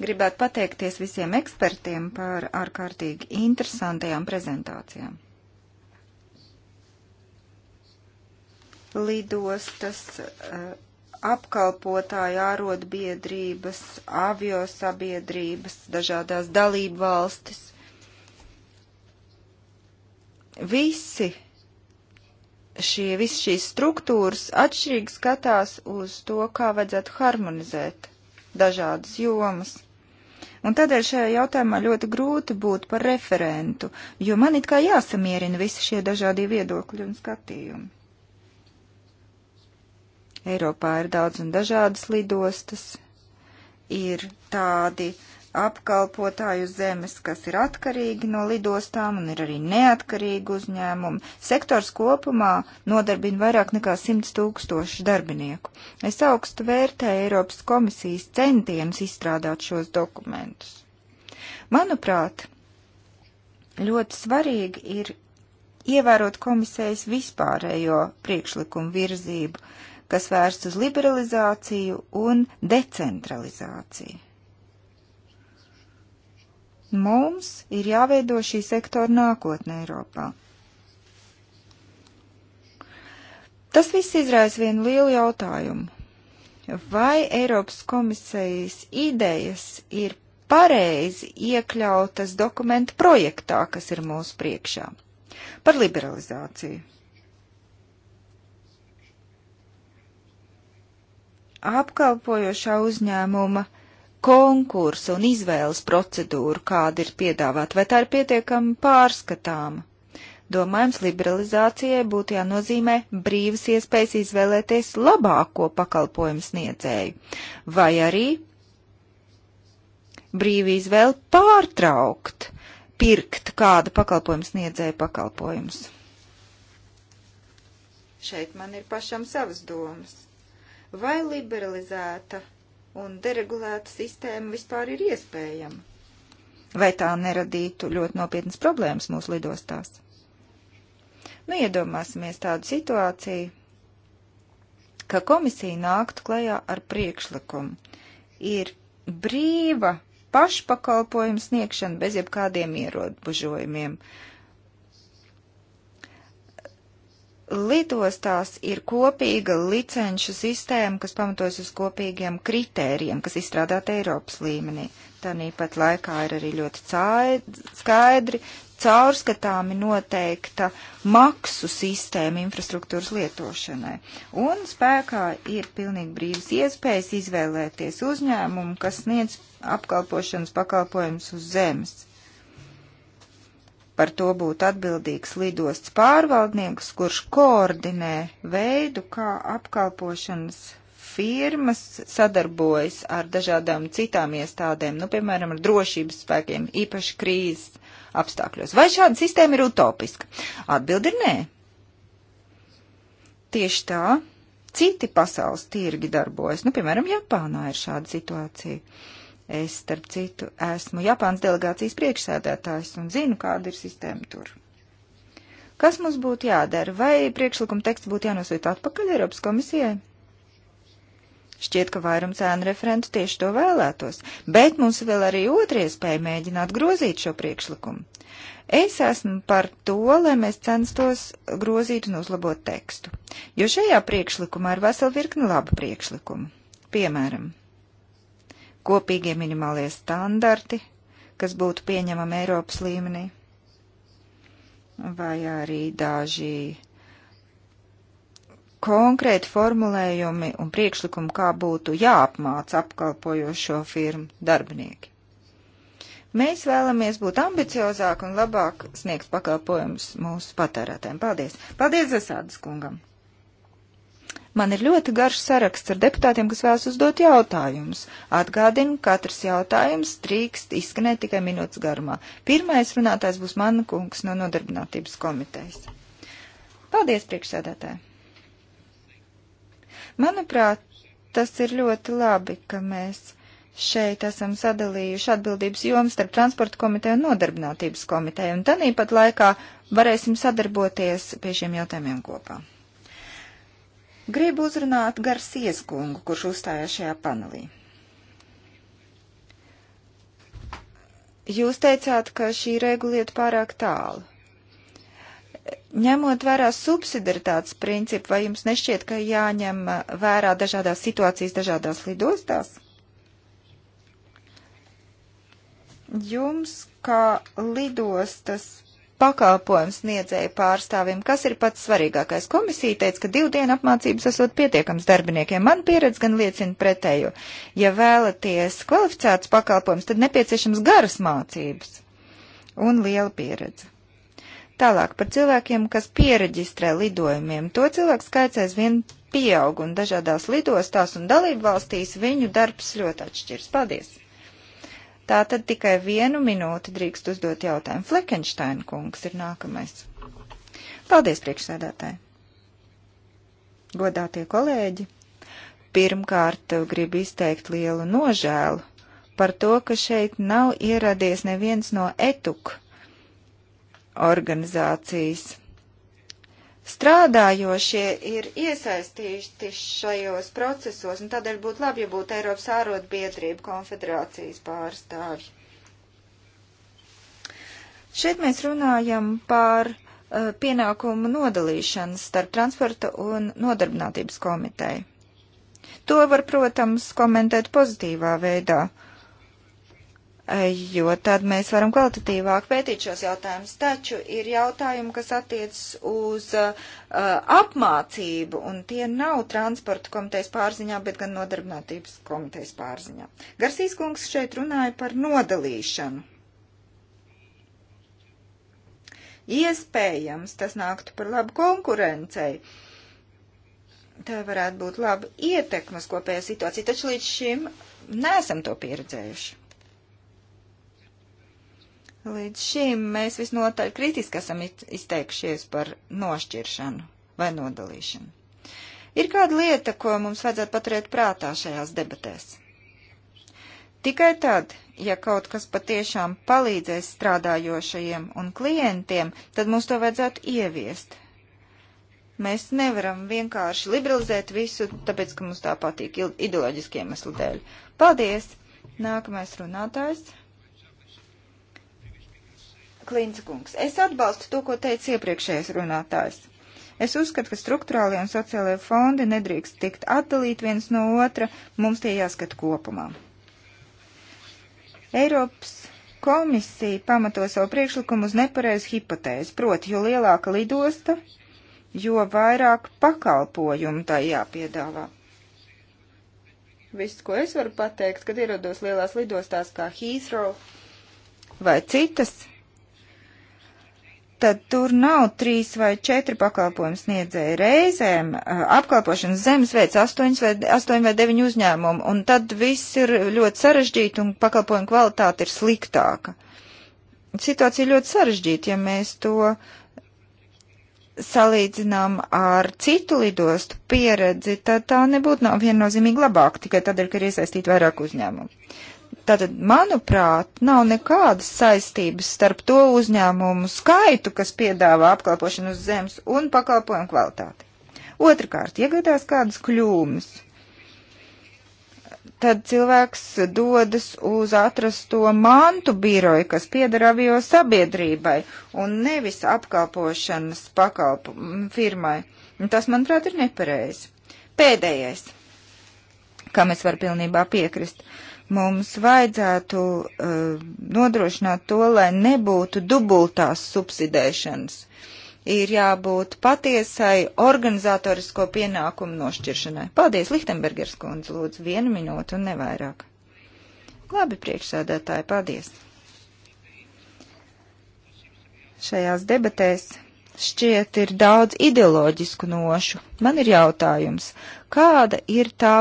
gribētu pateikties visiem ekspertiem par ārkārtīgi interesantajām prezentācijām. Lidostas e, apkalpotāju ārotbiedrības, aviosabiedrības, dažādās dalību valstis. Visi šie, viss šīs struktūras atšķirīgi skatās uz to, kā vajadzētu harmonizēt dažādas jomas. Un tādēļ šajā jautājumā ļoti grūti būt par referentu, jo man it kā jāsamierina visi šie dažādie viedokļi un skatījumi. Eiropā ir daudz un dažādas lidostas, ir tādi uh, apkalpotāju zemes, kas ir atkarīgi no lidostām un ir arī neatkarīgi uzņēmumi. Sektors kopumā nodarbina vairāk nekā 100 tūkstoši darbinieku. Es augstu vērtēju Eiropas komisijas centienus izstrādāt šos dokumentus. Manuprāt, ļoti svarīgi ir ievērot komisijas vispārējo priekšlikumu virzību, kas vērsts uz liberalizāciju un decentralizāciju. Mums ir jāveido šī sektora nākotne Eiropā. Tas viss izraisa vienu lielu jautājumu. Vai Eiropas komisijas idejas ir pareizi iekļautas dokumentu projektā, kas ir mūsu priekšā? Par liberalizāciju. Apkalpojošā uzņēmuma konkursa un izvēles procedūru, kāda ir piedāvāta, vai tā ir pietiekami pārskatāma? Domājams, liberalizācijai būtu jānozīmē brīvas iespējas izvēlēties labāko pakalpojumu sniedzēju, vai arī brīvi izvēli pārtraukt pirkt kāda pakalpojuma sniedzēja pakalpojumus. Šeit man ir pašam savas domas. Vai liberalizēta un deregulēta sistēma vispār ir iespējama? Vai tā neradītu ļoti nopietnas problēmas mūsu lidostās? Nu, iedomāsimies tādu situāciju, ka komisija nāktu klajā ar priekšlikumu. Ir brīva pašpakalpojumu sniegšana bez jebkādiem ierobežojumiem. Uh, Lidostās ir kopīga licenšu sistēma, kas pamatojas uz kopīgiem kritērijiem, kas izstrādāta Eiropas līmenī. Tāpat laikā ir arī ļoti caidri, skaidri, caurskatāmi noteikta maksu sistēma infrastruktūras lietošanai. Un spēkā ir pilnīgi brīvas iespējas izvēlēties uzņēmumu, kas sniedz apkalpošanas pakalpojumus uz zemes. Par to būtu atbildīgs lidosts pārvaldnieks, kurš koordinē veidu, kā apkalpošanas firmas sadarbojas ar dažādām citām iestādēm, nu, piemēram, ar drošības spēkiem, īpaši krīzes apstākļos. Vai šāda sistēma ir utopiska? Atbildi ir nē. Tieši tā, citi pasaules tirgi darbojas, nu, piemēram, Japānā ir šāda situācija. Es, starp citu, esmu Japānas delegācijas priekšsēdētājs un zinu, kāda ir sistēma tur. Kas mums būtu jādara? Vai priekšlikuma teksts būtu jānosūta atpakaļ Eiropas komisijai? Šķiet, ka vairums ēnu referentu tieši to vēlētos, bet mums vēl arī otra iespēja mēģināt grozīt šo priekšlikumu. Es esmu par to, lai mēs censtos grozīt un uzlabot tekstu, jo šajā priekšlikumā ir vesela virkni labu priekšlikumu. Piemēram, kopīgie minimālie standarti, kas būtu pieņemami Eiropas līmenī, vai arī daži konkrēti formulējumi un priekšlikumi, kā būtu jāapmāca apkalpojošo firmu darbinieki. Mēs vēlamies būt ambiciozāk un labāk sniegt pakalpojumus mūsu patērētājiem. Paldies! Paldies Zasādas kungam! Man ir ļoti garš saraksts ar deputātiem, kas vēlas uzdot jautājumus. Atgādinu, katrs jautājums drīkst izskanēt tikai minūtes garumā. Pirmais runātājs būs mana kungs no nodarbinātības komitejas. Paldies, priekšsēdētāji! Manuprāt, tas ir ļoti labi, ka mēs šeit esam sadalījuši atbildības jomu starp transporta komiteju un nodarbinātības komiteju, un tanīpat laikā varēsim sadarboties pie šiem jautājumiem kopā. Gribu uzrunāt Garsies kungu, kurš uzstājās šajā panelī. Jūs teicāt, ka šī regula iet pārāk tālu. Ņemot vērā subsidaritātes principu, vai jums nešķiet, ka jāņem vērā dažādās situācijas dažādās lidostās? Jums, kā lidostas pakalpojums sniedzēja pārstāvim, kas ir pats svarīgākais. Komisija teica, ka divu dienu apmācības esot pietiekams darbiniekiem. Man pieredze gan liecina pretējo. Ja vēlaties kvalificēts pakalpojums, tad nepieciešams garas mācības un liela pieredze. Tālāk par cilvēkiem, kas piereģistrē lidojumiem. To cilvēku skaits aizvien pieaug un dažādās lidostās un dalību valstīs viņu darbs ļoti atšķirs. Paldies! Tā tad tikai vienu minūti drīkst uzdot jautājumu. Fleckensteina kungs ir nākamais. Paldies, priekšsēdētāji! Godātie kolēģi! Pirmkārt, gribu izteikt lielu nožēlu par to, ka šeit nav ieradies neviens no etuk organizācijas strādājošie ir iesaistīti šajos procesos, un tādēļ būtu labi, ja būtu Eiropas ārotbiedrība konfederācijas pārstāvji. Šeit mēs runājam par uh, pienākumu nodalīšanu starp transporta un nodarbinātības komiteju. To var, protams, komentēt pozitīvā veidā. Uh, jo tad mēs varam kvalitatīvāk pētīt šos jautājumus. Taču ir jautājumi, kas attiecas uz uh, apmācību, un tie nav transporta komitejas pārziņā, bet gan nodarbinātības komitejas pārziņā. Garsīs kungs šeit runāja par nodalīšanu. Iespējams, tas nāktu par labu konkurencei. Tā varētu būt laba ietekmas kopējā situācija, taču līdz šim neesam to pieredzējuši. Līdz šim mēs visnotaļ kritiski esam izteikšies par nošķiršanu vai nodalīšanu. Ir kāda lieta, ko mums vajadzētu paturēt prātā šajās debatēs. Tikai tad, ja kaut kas patiešām palīdzēs strādājošajiem un klientiem, tad mums to vajadzētu ieviest. Mēs nevaram vienkārši liberalizēt visu, tāpēc, ka mums tā patīk ideoloģiskiem iemeslu dēļ. Paldies! Nākamais runātājs. Klinskungs, es atbalstu to, ko teica iepriekšējais runātājs. Es uzskatu, ka struktūrālie un sociālie fondi nedrīkst tikt atdalīti viens no otra, mums tie jāskata kopumā. Eiropas komisija pamato savu priekšlikumu uz nepareizu hipotēzi, proti, jo lielāka lidosta, jo vairāk pakalpojumu tai jāpiedāvā. Viss, ko es varu pateikt, kad ierados lielās lidostās kā Heathrow vai citas, tad tur nav trīs vai četri pakalpojumu sniedzēji. Reizēm eh, apkalpošanas zemes veids astoņas vai, astoņi vai deviņi uzņēmumi, un tad viss ir ļoti sarežģīti un pakalpojumu kvalitāte ir sliktāka. Situācija ļoti sarežģīta, ja mēs to salīdzinām ar citu lidostu pieredzi, tad tā nebūtu nav viennozīmīgi labāka, tikai tad, ka ir iesaistīti vairāk uzņēmumu. Tātad, manuprāt, nav nekādas saistības starp to uzņēmumu skaitu, kas piedāvā apkalpošanu uz zemes, un pakalpojumu kvalitāti. Otrakārt, ja gadās kādas kļūmes, tad cilvēks dodas uz atrasto mantu biroju, kas pieder avio sabiedrībai, un nevis apkalpošanas pakalpu mm, firmai. Tas, manuprāt, ir nepareizi. Pēdējais, kam es varu pilnībā piekrist. Uh, Mums vajadzētu uh, nodrošināt to, lai nebūtu dubultās subsidēšanas. Ir jābūt patiesai organizatorisko pienākumu nošķiršanai. Paldies, Lichtenbergers kundze, lūdzu, vienu minūtu un nevairāk. Labi, priekšsēdētāji, paldies. Šajās debatēs šķiet ir daudz ideoloģisku nošu. Man ir jautājums, kāda ir tā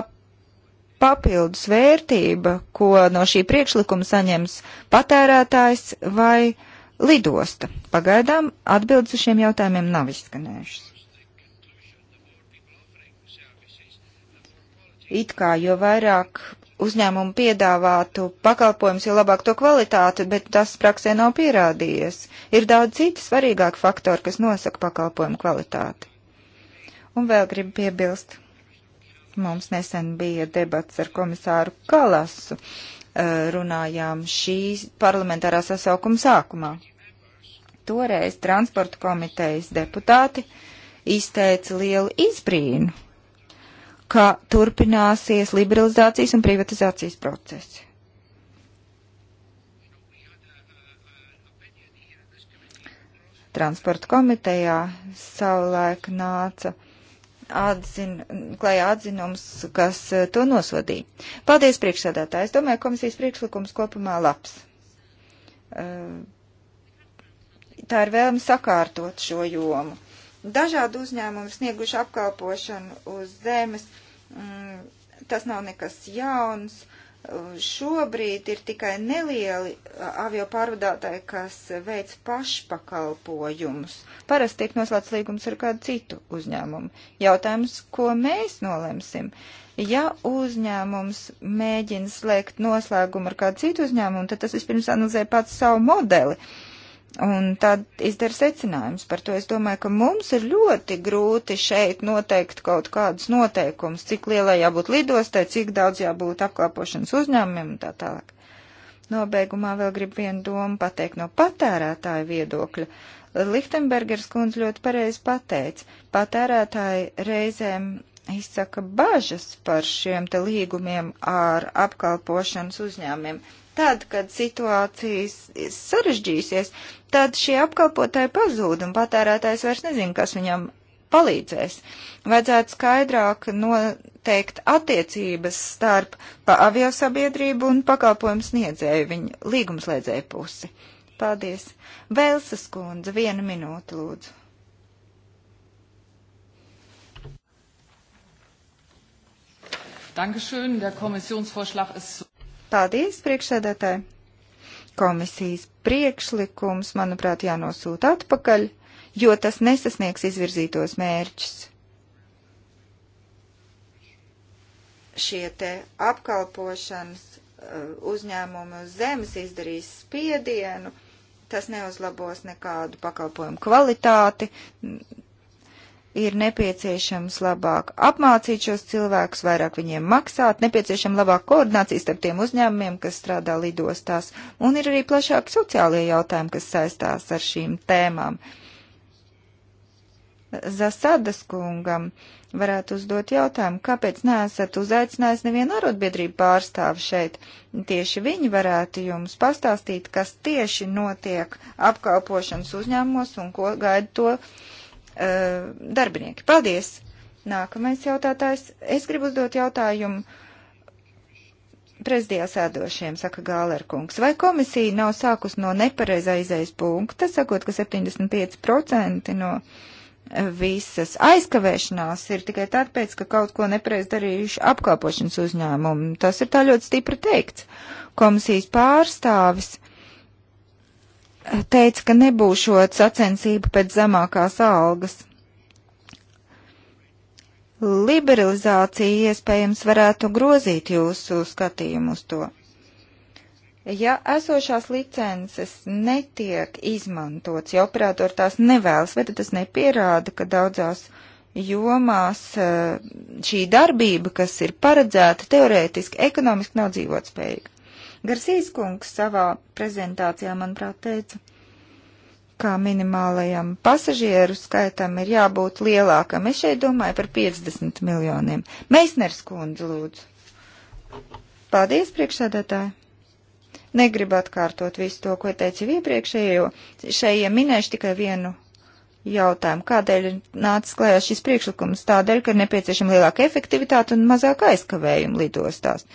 papildus vērtība, ko no šī priekšlikuma saņems patērētājs vai lidosta? Pagaidām atbildes uz šiem jautājumiem nav izskanējušas. It kā jo vairāk uzņēmumu piedāvātu pakalpojums, jo labāk to kvalitāti, bet tas praksē nav pierādījies. Ir daudz citu svarīgāku faktoru, kas nosaka pakalpojumu kvalitāti. Un vēl gribu piebilst, Mums nesen bija debats ar komisāru Kalasu. Eh, runājām šīs parlamentārā sasaukuma sākumā. Toreiz transporta komitejas deputāti izteica lielu izbrīnu, ka turpināsies liberalizācijas un privatizācijas procesi. transporta komitejā savulaik nāca atzin, klajā atzinums, kas e, to nosodīja. Paldies priekšsēdētāji. Es domāju, komisijas priekšlikums kopumā labs. E, tā ir vēlme sakārtot šo jomu. Dažādi uzņēmumi snieguši apkalpošanu uz zemes, mm, tas nav nekas jauns Šobrīd ir tikai nelieli avio pārvadātāji, kas veic pašpakalpojumus. Parasti tiek noslēgts līgums ar kādu citu uzņēmumu. Jautājums, ko mēs nolemsim? Ja uzņēmums mēģina slēgt noslēgumu ar kādu citu uzņēmumu, tad tas vispirms analizē pats savu modeli. Uh, Un tad izdara secinājums par to. Es domāju, ka mums ir ļoti grūti šeit noteikt kaut kādus noteikumus, cik lielai jābūt lidostai, cik daudz jābūt apkalpošanas uzņēmumiem un tā tālāk. Nobeigumā vēl gribu vienu domu pateikt no patērētāja viedokļa. Lichtenbergers kundze ļoti pareizi pateica, patērētāji reizēm izsaka bažas par šiem te līgumiem ar apkalpošanas uzņēmumiem. Tad, kad situācija sarežģīsies, tad šie apkalpotāji pazūd un patērētājs vairs nezin, kas viņam palīdzēs. Vajadzētu skaidrāk noteikt attiecības starp pa aviosabiedrību un pakalpojumu sniedzēju viņu līgumslēdzēju pusi. Paldies. Velsas kundze, viena minūte lūdzu. Dankeschön, der Kommissionsvorschlag ist. Paldies, priekšsēdētāji! Komisijas priekšlikums, manuprāt, jānosūta atpakaļ, jo tas nesasniegs izvirzītos mērķus. Šie te apkalpošanas uh, uzņēmumu uz zemes izdarīs spiedienu, tas neuzlabos nekādu pakalpojumu kvalitāti, ir nepieciešams labāk apmācīt šos cilvēkus, vairāk viņiem maksāt, nepieciešama labāk koordinācija starp tiem uzņēmumiem, kas strādā lidostās, un ir arī plašāki sociālie jautājumi, kas saistās ar šīm tēmām. Zasadas kungam varētu uzdot jautājumu, kāpēc neesat uzaicinājis nevienu arotbiedrību pārstāvu šeit? Tieši viņi varētu jums pastāstīt, kas tieši notiek apkalpošanas uzņēmumos un ko gaida to uh, Eh, darbinieki. Paldies! Nākamais jautātājs. Es gribu uzdot jautājumu prezidijā sēdošiem, saka Gālerkungs. Vai komisija nav sākus no nepareizā izējas punkta, sakot, ka 75% no eh, visas aizkavēšanās ir tikai tāpēc, ka kaut ko nepareiz darījuši apkalpošanas uzņēmumi? Tas ir tā ļoti stipri teikts. Komisijas pārstāvis teica, ka nebūšot sacensību pēc zemākās algas. Liberalizācija iespējams varētu grozīt jūsu skatījumu uz to. Ja esošās licences netiek izmantots, ja operatori tās nevēlas, vai tad tas nepierāda, ka daudzās jomās eh, šī darbība, kas ir paredzēta teorētiski, ekonomiski nav dzīvotspējīga? Garsīs kungs savā prezentācijā, manuprāt, teica, kā minimālajam pasažieru skaitam ir jābūt lielākam. Es šeit domāju par 50 miljoniem. Meisners kundze, lūdzu. Paldies, priekšsēdētāji. Negribu atkārtot visu to, ko teicu iepriekšējo. Šeit minēšu tikai vienu jautājumu. Kādēļ ir nācis klajā šis priekšlikums? Tādēļ, ka ir nepieciešama lielāka efektivitāte un mazāk aizkavējumu lidostās.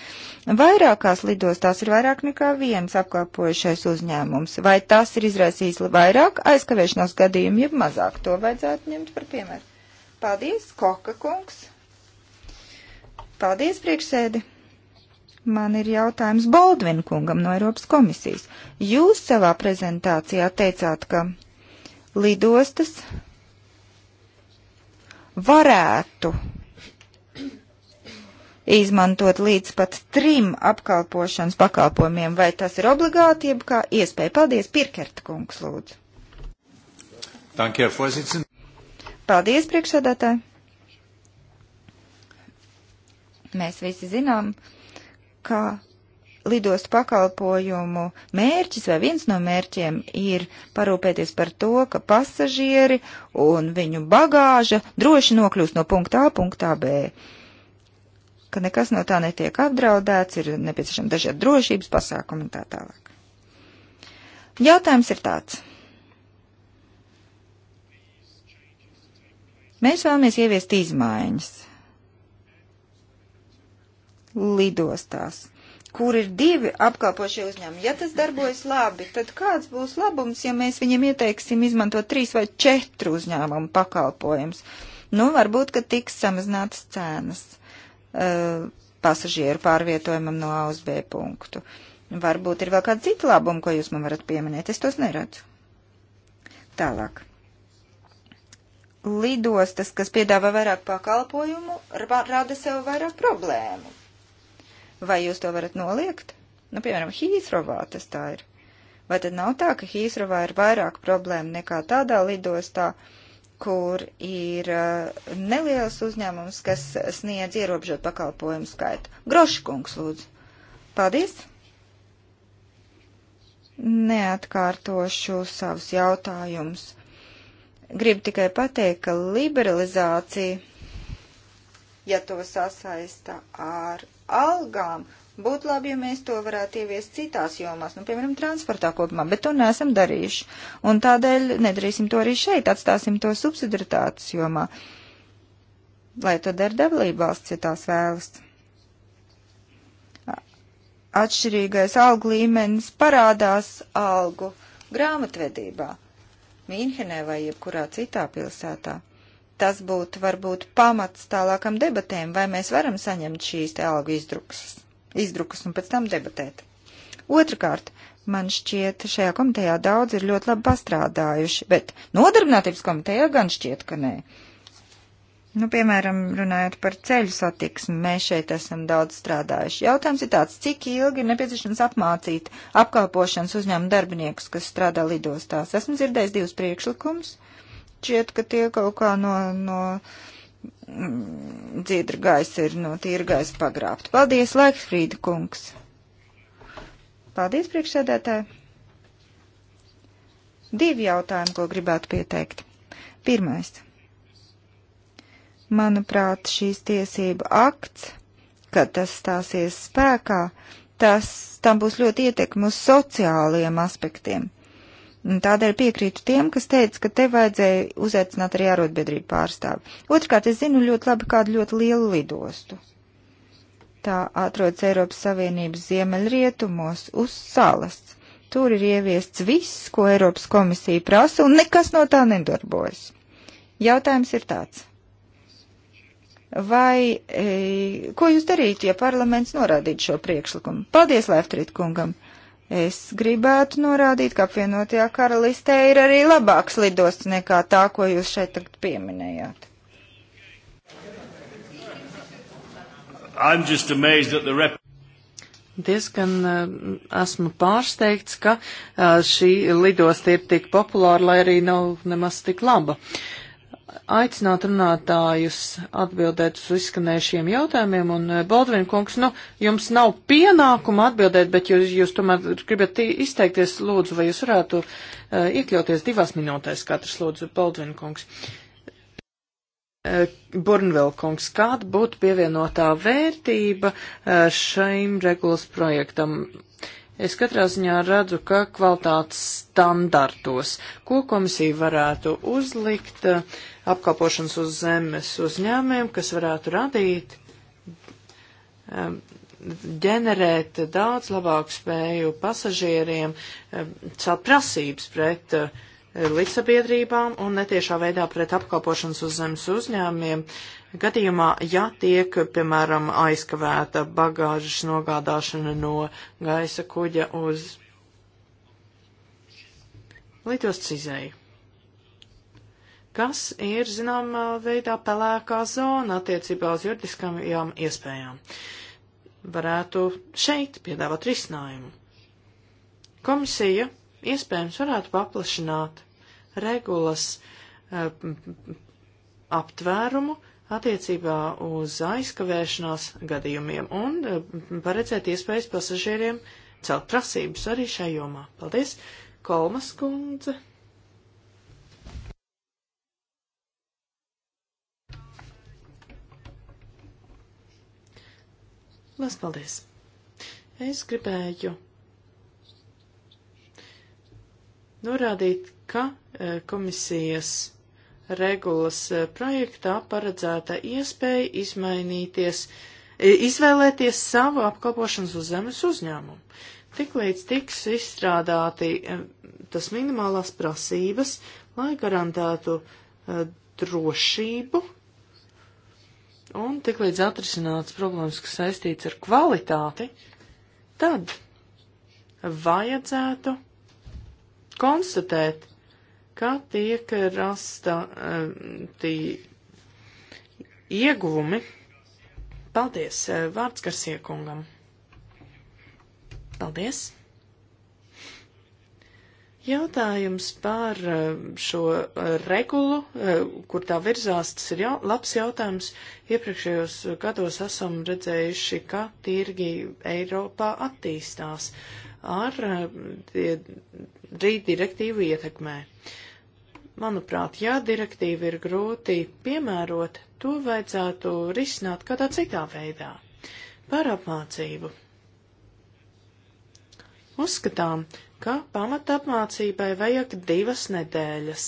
Vairākās lidostās ir vairāk nekā viens apkalpojušais uzņēmums. Vai tas ir izraisījis vairāk aizkavēšanās gadījumu, ja mazāk to vajadzētu ņemt par piemēru? Paldies, Koka kungs! Paldies, priekšsēdi! Man ir jautājums Baldvin kungam no Eiropas komisijas. Jūs savā prezentācijā teicāt, ka lidostas varētu izmantot līdz pat trim apkalpošanas pakalpojumiem, vai tas ir obligāti, jeb kā iespēja. Paldies, Pirkerta kungs, lūdzu. Paldies, priekšsēdētāji. Mēs visi zinām, ka lidostu pakalpojumu mērķis vai viens no mērķiem ir parūpēties par to, ka pasažieri un viņu bagāža droši nokļūst no punktā A punktā B ka nekas no tā netiek apdraudēts, ir nepieciešami dažādi drošības pasākumi un tā tālāk. Jautājums ir tāds. Mēs vēlamies ieviest izmaiņas lidostās kur ir divi apkalpošie uzņēmumi. Ja tas darbojas labi, tad kāds būs labums, ja mēs viņiem ieteiksim izmantot trīs vai četru uzņēmumu pakalpojumus? Nu, varbūt, ka tiks samazinātas cenas uh, pasažieru pārvietojumam no A uz B punktu. Varbūt ir vēl kāda cita labuma, ko jūs man varat pieminēt. Es tos neredzu. Tālāk lidostas, kas piedāvā vairāk pakalpojumu, rada sev vairāk problēmu. Vai jūs to varat noliegt? Nu, piemēram, Hīsrovā tas tā ir. Vai tad nav tā, ka Hīsrovā ir vairāk problēma nekā tādā lidostā, kur ir uh, neliels uzņēmums, kas sniedz ierobežot pakalpojumu skaitu? Groškungs, lūdzu. Paldies! Neatkārtošu savus jautājumus. Gribu tikai pateikt, ka liberalizācija, ja to sasaista ar algām, būtu labi, ja mēs to varētu ieviest citās jomās, nu, piemēram, transportā kopumā, bet to neesam darījuši. Un tādēļ nedarīsim to arī šeit, atstāsim to subsidaritātes jomā, lai to dara devlība valsts, ja tās vēlas. Atšķirīgais algu līmenis parādās algu grāmatvedībā, Mīnhenē vai jebkurā citā pilsētā tas būtu varbūt pamats tālākam debatēm, vai mēs varam saņemt šīs te algu izdrukas, izdrukas un pēc tam debatēt. Otrakārt, man šķiet, šajā komitejā daudz ir ļoti labi pastrādājuši, bet nodarbinātības komitejā gan šķiet, ka nē. Nu, piemēram, runājot par ceļu satiksmi, mēs šeit esam daudz strādājuši. Jautājums ir tāds, cik ilgi ir nepieciešams apmācīt apkalpošanas uzņēmumu darbiniekus, kas strādā lidostās. Esmu dzirdējis divus priekšlikumus. Uh, šķiet, ka tie kaut kā no, no mm, dziedra gaisa ir no tīra gaisa pagrābti. Paldies, Laiksfrīda kungs! Paldies, priekšsēdētāji! Divi jautājumi, ko gribētu pieteikt. Pirmais. Manuprāt, šīs tiesība akts, kad tas stāsies spēkā, tas tam būs ļoti ietekmi uz sociālajiem aspektiem. Tādēļ piekrītu tiem, kas teica, ka te vajadzēja uzaicināt arī arotbiedrību pārstāvi. Otrkārt, es zinu ļoti labi kādu ļoti lielu lidostu. Tā atrodas Eiropas Savienības ziemeļrietumos uz salas. Tur ir ieviests viss, ko Eiropas komisija prasa, un nekas no tā nedarbojas. Jautājums ir tāds. Vai, e, ko jūs darītu, ja parlaments norādītu šo priekšlikumu? Paldies, Leftrīt kungam! Es gribētu norādīt, ka apvienotajā karalistē ir arī labāks lidosts nekā tā, ko jūs šeit tagad pieminējāt. Rep... Diezgan uh, esmu pārsteigts, ka uh, šī lidosta ir tik populāra, lai arī nav nemaz tik laba. Uh, aicināt runātājus atbildēt uz izskanējušiem jautājumiem, un eh, Baldvin kungs, nu, jums nav pienākuma atbildēt, bet jūs, jūs tomēr gribat izteikties, lūdzu, vai jūs varētu uh, iekļauties divās minūtēs katrs, lūdzu, Baldvin kungs. Uh, eh, Burnvel kungs, kāda būtu pievienotā vērtība uh, šaim regulas projektam? Es katrā ziņā redzu, ka kvalitātes standartos, ko komisija varētu uzlikt, uh, apkalpošanas uz zemes uzņēmumiem, kas varētu radīt, um, ģenerēt daudz labāku spēju pasažieriem um, celt prasības pret uh, līdzsabiedrībām un netiešā veidā pret apkalpošanas uz zemes uzņēmumiem. Gadījumā, ja tiek, piemēram, aizkavēta bagāžas nogādāšana no gaisa kuģa uz lidostas izēju kas ir, zināmā veidā, pelēkā zona attiecībā uz juridiskajām iespējām. Varētu šeit piedāvāt risinājumu. Komisija iespējams varētu paplašināt regulas uh, aptvērumu attiecībā uz aizkavēšanās gadījumiem un uh, paredzēt iespējas pasažieriem celt prasības arī šajā jomā. Paldies, Kolmas kundze! Lielas paldies! Es gribēju norādīt, ka e, komisijas regulas e, projektā paredzēta iespēja izmainīties, e, izvēlēties savu apkalpošanas uz zemes uzņēmumu. Tiklīdz tiks izstrādāti tas minimālās prasības, lai garantētu drošību Un tik līdz atrisināts problēmas, kas saistīts ar kvalitāti, tad vajadzētu konstatēt, ka tiek rasta eh, tī ieguvumi. Paldies, eh, vārds Garsiekungam. Paldies! Jautājums par eh, šo eh, regulu, eh, kur tā virzās, tas ir jau, labs jautājums. Iepriekšējos gados esam redzējuši, ka tirgi Eiropā attīstās ar rīt direktīvu ietekmē. Manuprāt, jā, direktīva ir grūti piemērot, to vajadzētu risināt kādā citā veidā. Par apmācību. Uzskatām, ka pamatapmācībai vajag divas nedēļas.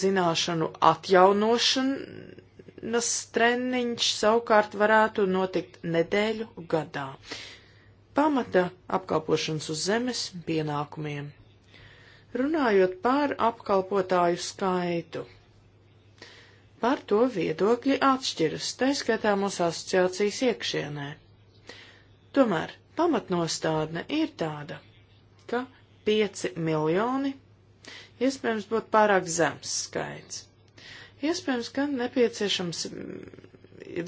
Zināšanu atjaunošanas treniņš savukārt varētu notikt nedēļu gadā. Pamata apkalpošanas uz zemes pienākumiem. Runājot par apkalpotāju skaitu. Par to viedokļi atšķiras, taiskaitā mūsu asociācijas iekšienē. Tomēr pamatnostādne ir tāda ka 5 miljoni iespējams būtu pārāk zems skaits. Iespējams, ka nepieciešams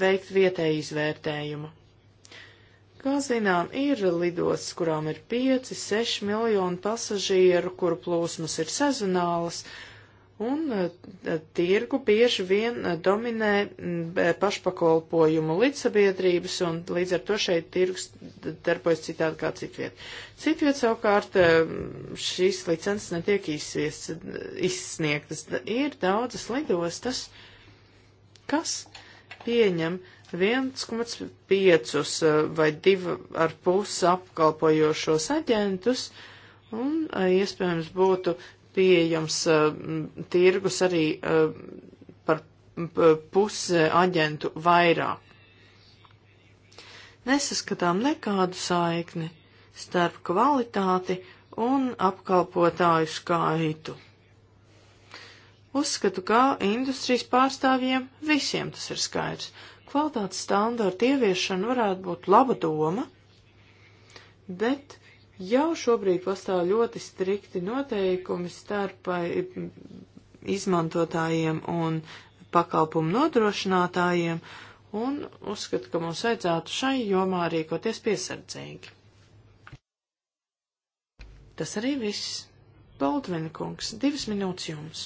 veikt vietēju izvērtējumu. Kā zinām, ir lidostas, kurām ir 5-6 miljoni pasažieru, kuru plūsmas ir sezonālas, Un e, tirgu bieži vien e, dominē pašpakalpojumu līdzsabiedrības, un līdz ar to šeit tirgus darbojas citādi kā citviet. Citviet savukārt e, šīs licences netiek izsniegtas. Ir daudzas lidostas, kas pieņem 1,5 vai 2,5 apkalpojošos aģentus, un iespējams būtu pieejams eh, tirgus arī eh, par pusi aģentu vairāk. Nesaskatām nekādu saikni starp kvalitāti un apkalpotāju skaitu. Uzskatu, ka industrijas pārstāvjiem visiem tas ir skaidrs. Kvalitātes standarta ieviešana varētu būt laba doma, bet Jau šobrīd pastāv ļoti strikti noteikumi starp eh, izmantotājiem un pakalpumu nodrošinātājiem, un uzskatu, ka mums vajadzētu šai jomā rīkoties piesardzīgi. Tas arī viss. Baldvina kungs, divas minūtes jums.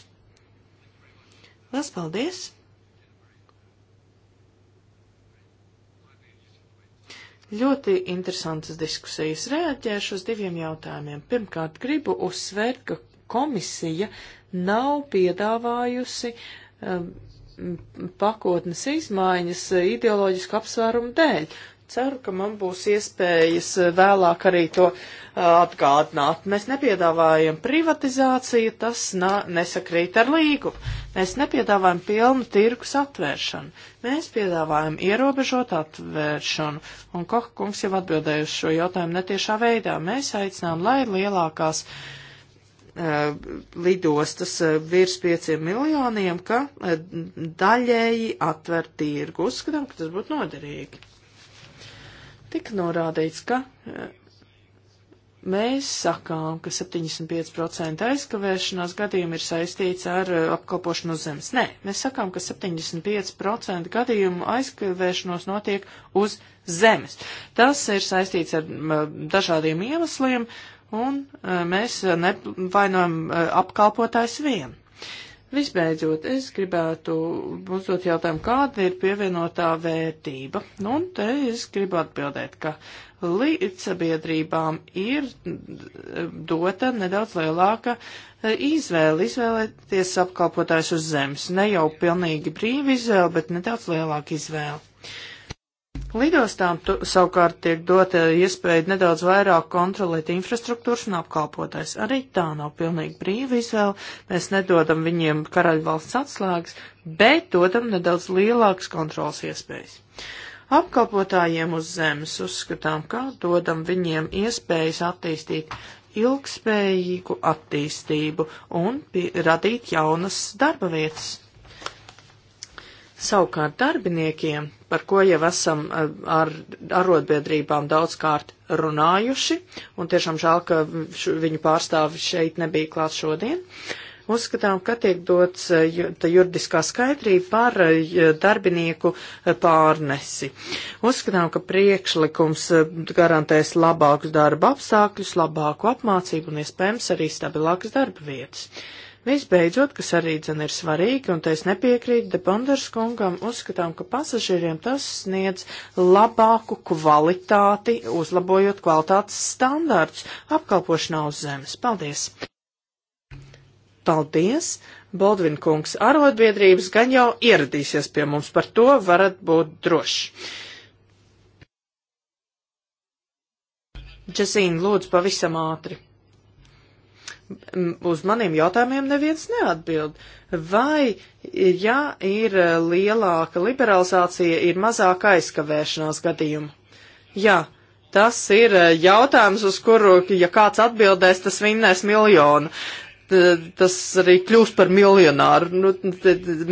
Lielas paldies! Ļoti interesantas diskusijas. Reaģēšu uz diviem jautājumiem. Pirmkārt, gribu uzsvērt, ka komisija nav piedāvājusi um, pakotnes izmaiņas ideoloģisku apsvērumu dēļ ceru, ka man būs iespējas eh, vēlāk arī to eh, atgādināt. Mēs nepiedāvājam privatizāciju, tas na, nesakrīt ar līgu. Mēs nepiedāvājam pilnu tirgus atvēršanu. Mēs piedāvājam ierobežot atvēršanu. Un Koha kungs jau atbildēja uz šo jautājumu netiešā veidā. Mēs aicinām, lai lielākās uh, lidostas uh, virs pieciem miljoniem, ka uh, daļēji atver tirgu. Uzskatām, ka tas būtu noderīgi. Tik norādīts, ka e, Mēs sakām, ka 75% aizkavēšanās gadījumu ir saistīts ar e, apkalpošanu uz zemes. Nē, mēs sakām, ka 75% gadījumu aizkavēšanos notiek uz zemes. Tas ir saistīts ar dažādiem iemesliem, un e, mēs nevainojam apkalpotājs vien. Visbeidzot, es gribētu uzdot jautājumu, kāda ir pievienotā vērtība. Nu, un te es gribu atbildēt, ka līdzsabiedrībām ir dota nedaudz lielāka e, izvēle izvēlēties apkalpotājs uz zemes. Ne jau pilnīgi brīva izvēle, bet nedaudz lielāka izvēle. Lidostām tu, savukārt tiek dota iespēja nedaudz vairāk kontrolēt infrastruktūras un apkalpotais. Arī tā nav pilnīgi brīva izvēle. Mēs nedodam viņiem karaļvalsts atslēgas, bet dodam nedaudz lielākas kontrolas iespējas. Apkalpotājiem uz zemes uzskatām, ka dodam viņiem iespējas attīstīt ilgspējīgu attīstību un radīt jaunas darba vietas. Savukārt darbiniekiem, par ko jau esam eh, ar arotbiedrībām daudzkārt runājuši, un tiešām žēl, ka viņu pārstāvi šeit nebija klāt šodien, uzskatām, ka tiek dots eh, juridiskā skaidrība par eh, darbinieku pārnesi. Uzskatām, ka priekšlikums garantēs labākus darba apstākļus, labāku apmācību un iespējams arī stabilākas darba vietas. Visbeidzot, kas arī dzen ir svarīgi, un te es nepiekrītu Deponders kungam, uzskatām, ka pasažieriem tas sniedz labāku kvalitāti, uzlabojot kvalitātes standārts apkalpošanā uz zemes. Paldies! Paldies! Baldvin kungs, arotbiedrības gan jau ieradīsies pie mums, par to varat būt droši. Džesīna, lūdzu, pavisam ātri uz maniem jautājumiem neviens neatbild. Vai, ja ir e, lielāka liberalizācija, ir mazāk aizkavēšanās gadījumu? Jā, tas ir e, jautājums, uz kuru, ja kāds atbildēs, tas vinnēs miljonu. Tas arī kļūst par miljonāru. Nu,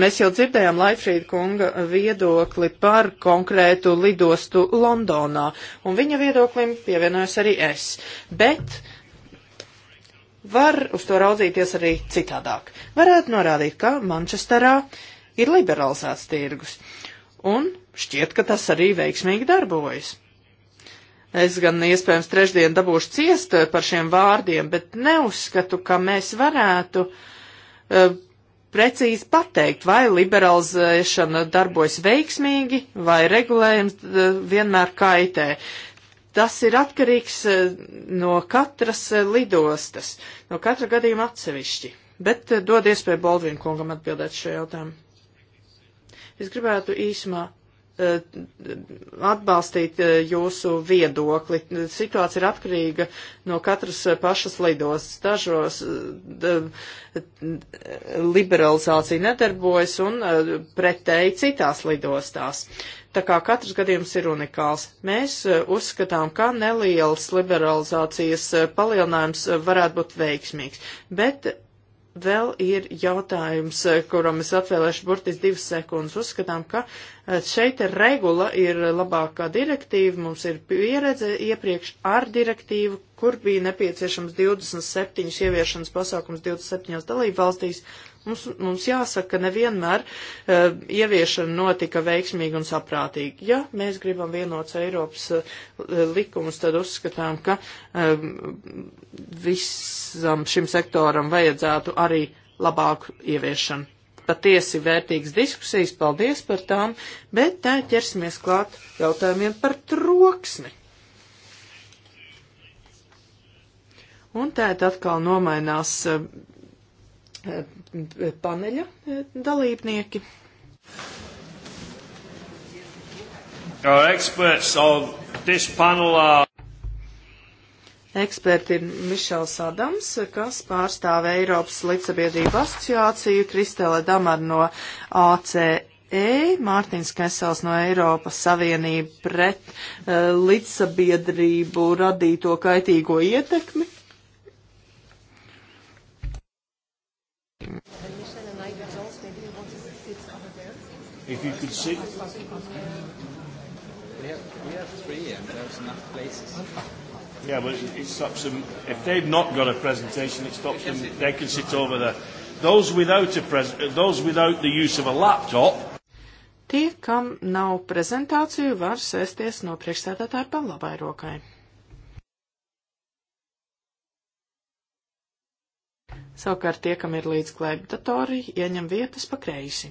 mēs jau dzirdējām Laifrīda kunga viedokli par konkrētu lidostu Londonā, un viņa viedoklim pievienojas arī es. Bet uh, var uz to raudzīties arī citādāk. Varētu norādīt, ka Mančesterā ir liberalizēts tirgus, un šķiet, ka tas arī veiksmīgi darbojas. Es gan iespējams trešdien dabūšu ciest par šiem vārdiem, bet neuzskatu, ka mēs varētu uh, precīzi pateikt, vai liberalizēšana darbojas veiksmīgi, vai regulējums uh, vienmēr kaitē tas ir atkarīgs eh, no katras eh, lidostas, no katra gadījuma atsevišķi. Bet eh, dod iespēju Baldvinu kungam atbildēt šo jautājumu. Es gribētu īsumā atbalstīt jūsu viedokli. Situācija ir atkarīga no katras pašas lidostas. Dažos liberalizācija nedarbojas un pretēji citās lidostās tā kā katrs gadījums ir unikāls. Mēs e, uzskatām, ka nelielas liberalizācijas e, palielinājums e, varētu būt veiksmīgs, bet vēl ir jautājums, kuram es atvēlēšu burtiski divas sekundes. Uzskatām, ka šeit regula ir labākā direktīva, mums ir pieredze iepriekš ar direktīvu, kur bija nepieciešams 27 ieviešanas pasākums 27 dalību valstīs, Mums, mums jāsaka, ka nevienmēr uh, ieviešana notika veiksmīgi un saprātīgi. Ja mēs gribam vienots Eiropas uh, eh, likumus, tad uzskatām, ka uh, visam šim sektoram vajadzētu arī labāku ieviešanu. Patiesi vērtīgas diskusijas, paldies par tām, bet tā ķersimies klāt jautājumiem par troksni. Un tēt atkal nomainās. Uh, paneļa e, dalībnieki. Eksperti ir Mišels Adams, kas pārstāv Eiropas līdzsabiedrību asociāciju, Kristēle Damar no ACE, Mārtiņš Kesels no Eiropas Savienība pret uh, līdzsabiedrību radīto kaitīgo ietekmi If you could sit. We have, we have three and there's enough places. Yeah, but it stops them. If they've not got a presentation, it stops them. They can sit over there. Those without, a pres those without the use of a laptop. Tie, kam nav prezentāciju, var sēsties no priekšsēdētāja pa labai rokai. Savukārt tie, kam ir līdz klēpdatori, ieņem vietas pa kreisi.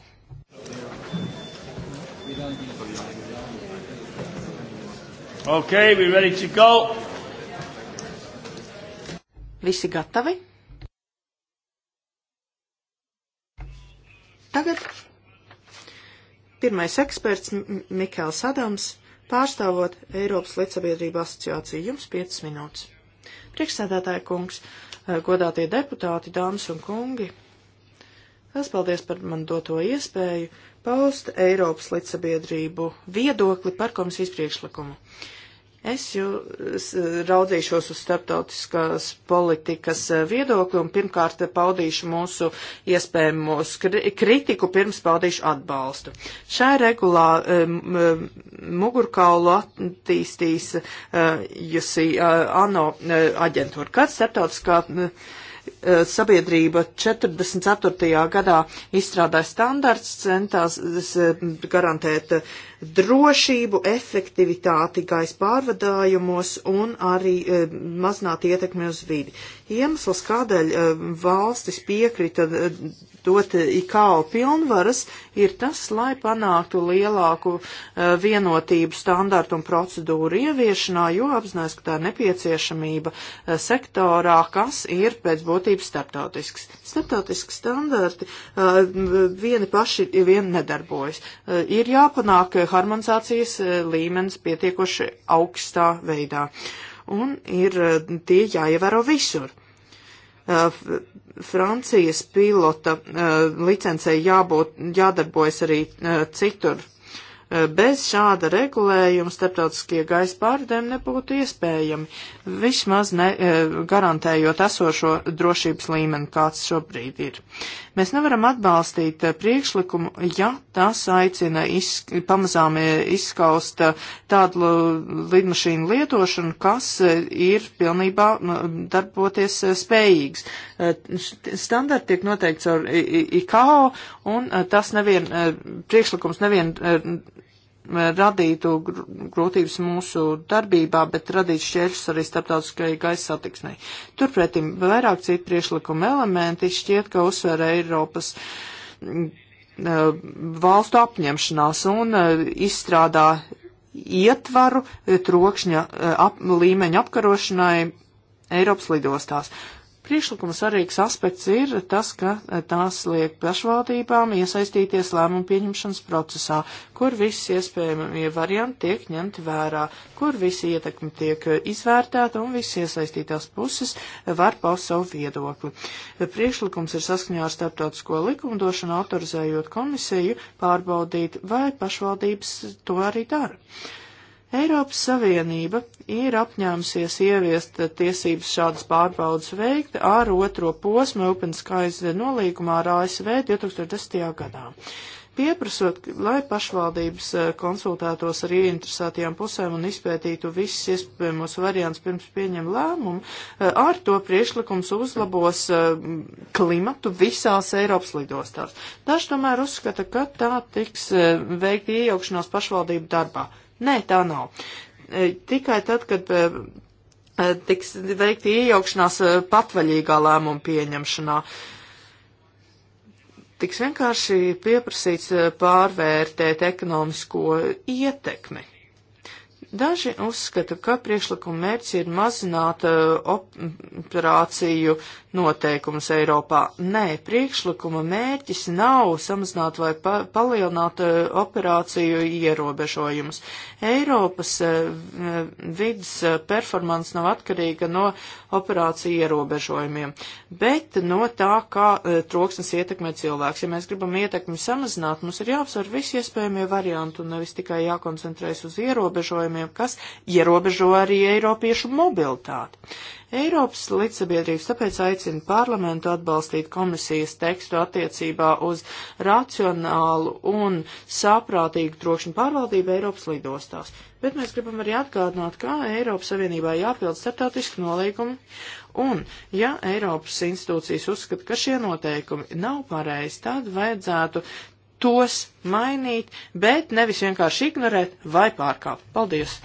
Okay, we ready to go. Visi gatavi? Tagad pirmais eksperts Mikēls Adams pārstāvot Eiropas Līdzsabiedrību asociāciju. Jums 5 minūtes. Priekšsēdētāja kungs, Eh, godātie deputāti, dāmas un kungi. Es paldies par man doto iespēju paust Eiropas līdzsabiedrību viedokli par komisijas priekšlikumu. Uh, Es jūs raudzīšos uz starptautiskās politikas eh, viedokli un pirmkārt paudīšu mūsu iespējamos kritiku, pirms paudīšu atbalstu. Šai regulā eh, mugurkaulu attīstīs, eh, jūs, ANO aģentūra. Kad starptautiskā Eh, sabiedrība 44. gadā izstrādāja standarts, centās eh, garantēt drošību, efektivitāti gaisa pārvadājumos un arī eh, mazināt ietekmi uz vidi. Iemesls, kādēļ valstis piekrita dot IKO pilnvaras, ir tas, lai panāktu lielāku eh, vienotību standartu un procedūru ieviešanā, jo apzinās, ka tā ir nepieciešamība eh, sektorā, kas ir pēc būtības starptautisks. Starptautiski standarti eh, vieni paši vien nedarbojas. Ir jāpanāk harmonizācijas līmenis pietiekoši augstā veidā. Un ir tie jāievēro visur. Francijas pilota licencei jābūt, jādarbojas arī citur. Bez šāda regulējuma starptautiskie gaisa pārdēm nebūtu iespējami, vismaz ne, garantējot esošo drošības līmeni, kāds šobrīd ir. Mēs nevaram atbalstīt eh, priekšlikumu, ja tas aicina izsk pamazām eh, izskaust eh, tādu lidmašīnu lietošanu, kas ir pilnībā darboties spējīgs. Standarti tiek noteikts ar IKO, un tas nevien, priekšlikums nevien radītu grūtības mūsu darbībā, bet radīt šķēršus arī starptautiskai gaisa satiksmei. Turpretim vairāk citu priešlikumu elementi šķiet, ka uzsver Eiropas mm, e, valstu apņemšanās un e, izstrādā ietvaru trokšņa e, ap, līmeņa apkarošanai Eiropas lidostās. Priekšlikuma svarīgs aspekts ir tas, ka eh, tās liek pašvaldībām iesaistīties lēmumu pieņemšanas procesā, kur visi iespējamie varianti tiek ņemti vērā, kur visi ietekmi tiek eh, izvērtēta un visi iesaistītās puses eh, var paust savu viedokli. Priekšlikums ir saskaņā ar starptautisko likumdošanu autorizējot komisiju pārbaudīt, vai pašvaldības to arī dara. Eiropas Savienība ir apņēmusies ieviest tiesības šādas pārbaudas veikt ar otro posmu Open Skies nolīgumā ar ASV 2010. gadā. Pieprasot, lai pašvaldības eh, konsultētos ar ieinteresētajām pusēm un izpētītu visus iespējamos variants pirms pieņem lēmumu, eh, ar to priešlikums uzlabos eh, klimatu visās Eiropas lidostās. Daži tomēr uzskata, ka tā tiks veikt iejaukšanās pašvaldību darbā. Nē, tā nav. E, tikai tad, kad e, e, tiks veikti iejaukšanās patvaļīgā lēmuma pieņemšanā. Tiks vienkārši pieprasīts pārvērtēt ekonomisko ietekmi. Daži uzskata, ka priekšlikuma mērķis ir mazināt operāciju noteikumus Eiropā. Nē, priekšlikuma mērķis nav samazināt vai pa palielināt uh, operāciju ierobežojumus. Eiropas uh, vidas e, performance nav atkarīga no operāciju ierobežojumiem, bet no tā, kā uh, troksnis ietekmē cilvēks. Ja mēs gribam ietekmi samazināt, mums ir jāapsver visi iespējamie varianti un nevis tikai jākoncentrējas uz ierobežojumiem, kas ierobežo arī Eiropiešu mobilitāti. Eiropas līdzsabiedrības, tāpēc aicina parlamentu atbalstīt komisijas tekstu attiecībā uz racionālu un saprātīgu trokšņu pārvaldību Eiropas lidostās. Bet mēs gribam arī atgādināt, ka Eiropas Savienībā jāpild starptautiski nolīgumi, un ja Eiropas institūcijas uzskata, ka šie noteikumi nav pareizi, tad vajadzētu tos mainīt, bet nevis vienkārši ignorēt vai pārkāpt. Paldies!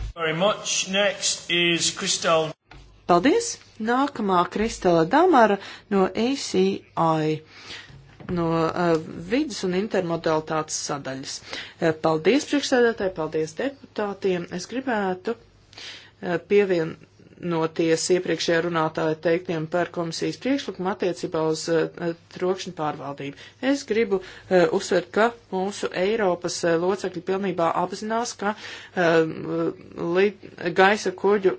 Paldies! Nākamā Kristela Damara no ACI, no uh, vidas un intermodalitātes sadaļas. Uh, paldies priekšsēdētāji, paldies deputātiem. Es gribētu uh, pievien, pievienoties iepriekšējā runātāja teiktiem par komisijas priekšlikumu attiecībā uz uh, trokšņu pārvaldību. Es gribu uh, uzsvert, ka mūsu Eiropas uh, locekļi pilnībā apzinās, ka gaisa kuģu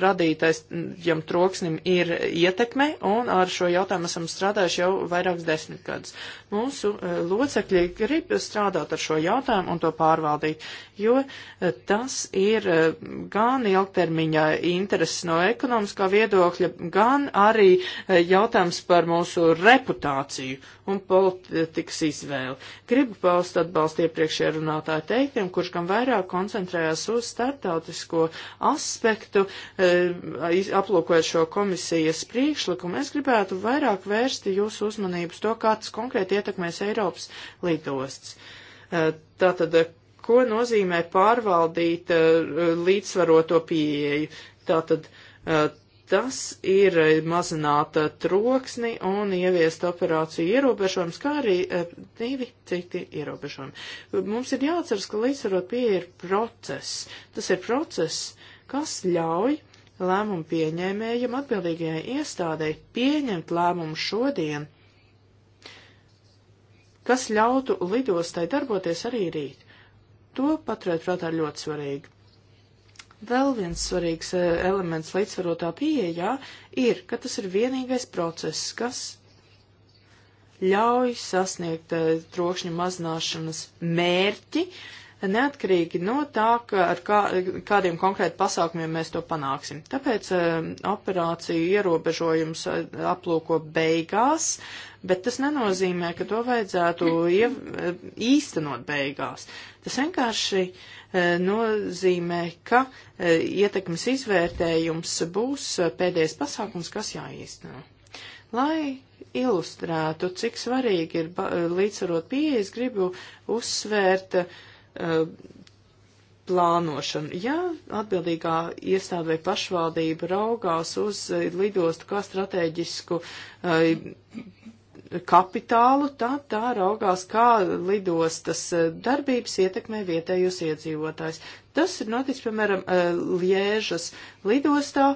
radītais mm, jam troksnim ir ietekme, un ar šo jautājumu esam strādājuši jau vairākus desmitgadus. Mūsu e, locekļi grib strādāt ar šo jautājumu un to pārvaldīt, jo e, tas ir e, gan ilgtermiņa intereses no ekonomiskā viedokļa, gan arī jautājums par mūsu reputāciju un politikas izvēli. Gribu paust atbalstu iepriekšējā runātāja teiktiem, kurš gan vairāk koncentrējās uz startautisko aspektu, aplūkojot šo komisijas priekšlikumu. Es gribētu vairāk vērsti jūsu uzmanību uz to, kā tas konkrēti ietekmēs Eiropas lidosts. Eh, tātad, ko nozīmē pārvaldīt eh, līdzsvaroto pieeju? Tātad, eh, tas ir mazināt troksni un ieviest operāciju ierobežojums, kā arī divi citi ierobežojumi. Mums ir jāatceras, ka līdzsvarot pieeja ir process. Tas ir process, kas ļauj lēmumu pieņēmējiem atbildīgajai iestādēji pieņemt lēmumu šodien kas ļautu lidostai darboties arī rīt. To paturēt prātā ir ļoti svarīgi. Vēl viens svarīgs eh, elements līdzsvarotā pieejā ir, ka tas ir vienīgais process, kas ļauj sasniegt eh, trokšņa mazināšanas mērķi, uh, neatkarīgi no tā, ka ar kā, kādiem konkrēti pasākumiem mēs to panāksim. Tāpēc um, operāciju ierobežojums uh, aplūko beigās, bet tas nenozīmē, ka to vajadzētu iev, uh, īstenot beigās. Tas vienkārši uh, nozīmē, ka uh, ietekmes izvērtējums būs uh, pēdējais pasākums, kas jāīsteno. Lai ilustrētu, cik svarīgi ir līdzsvarot pieejas, gribu uzsvērt uh, Uh, plānošanu. Ja atbildīgā iestāde vai pašvaldība raugās uz lidostu kā strateģisku uh, kapitālu, tad tā raugās, kā lidostas uh, darbības ietekmē vietējos iedzīvotājs. Tas ir noticis, piemēram, Liežas lidostā,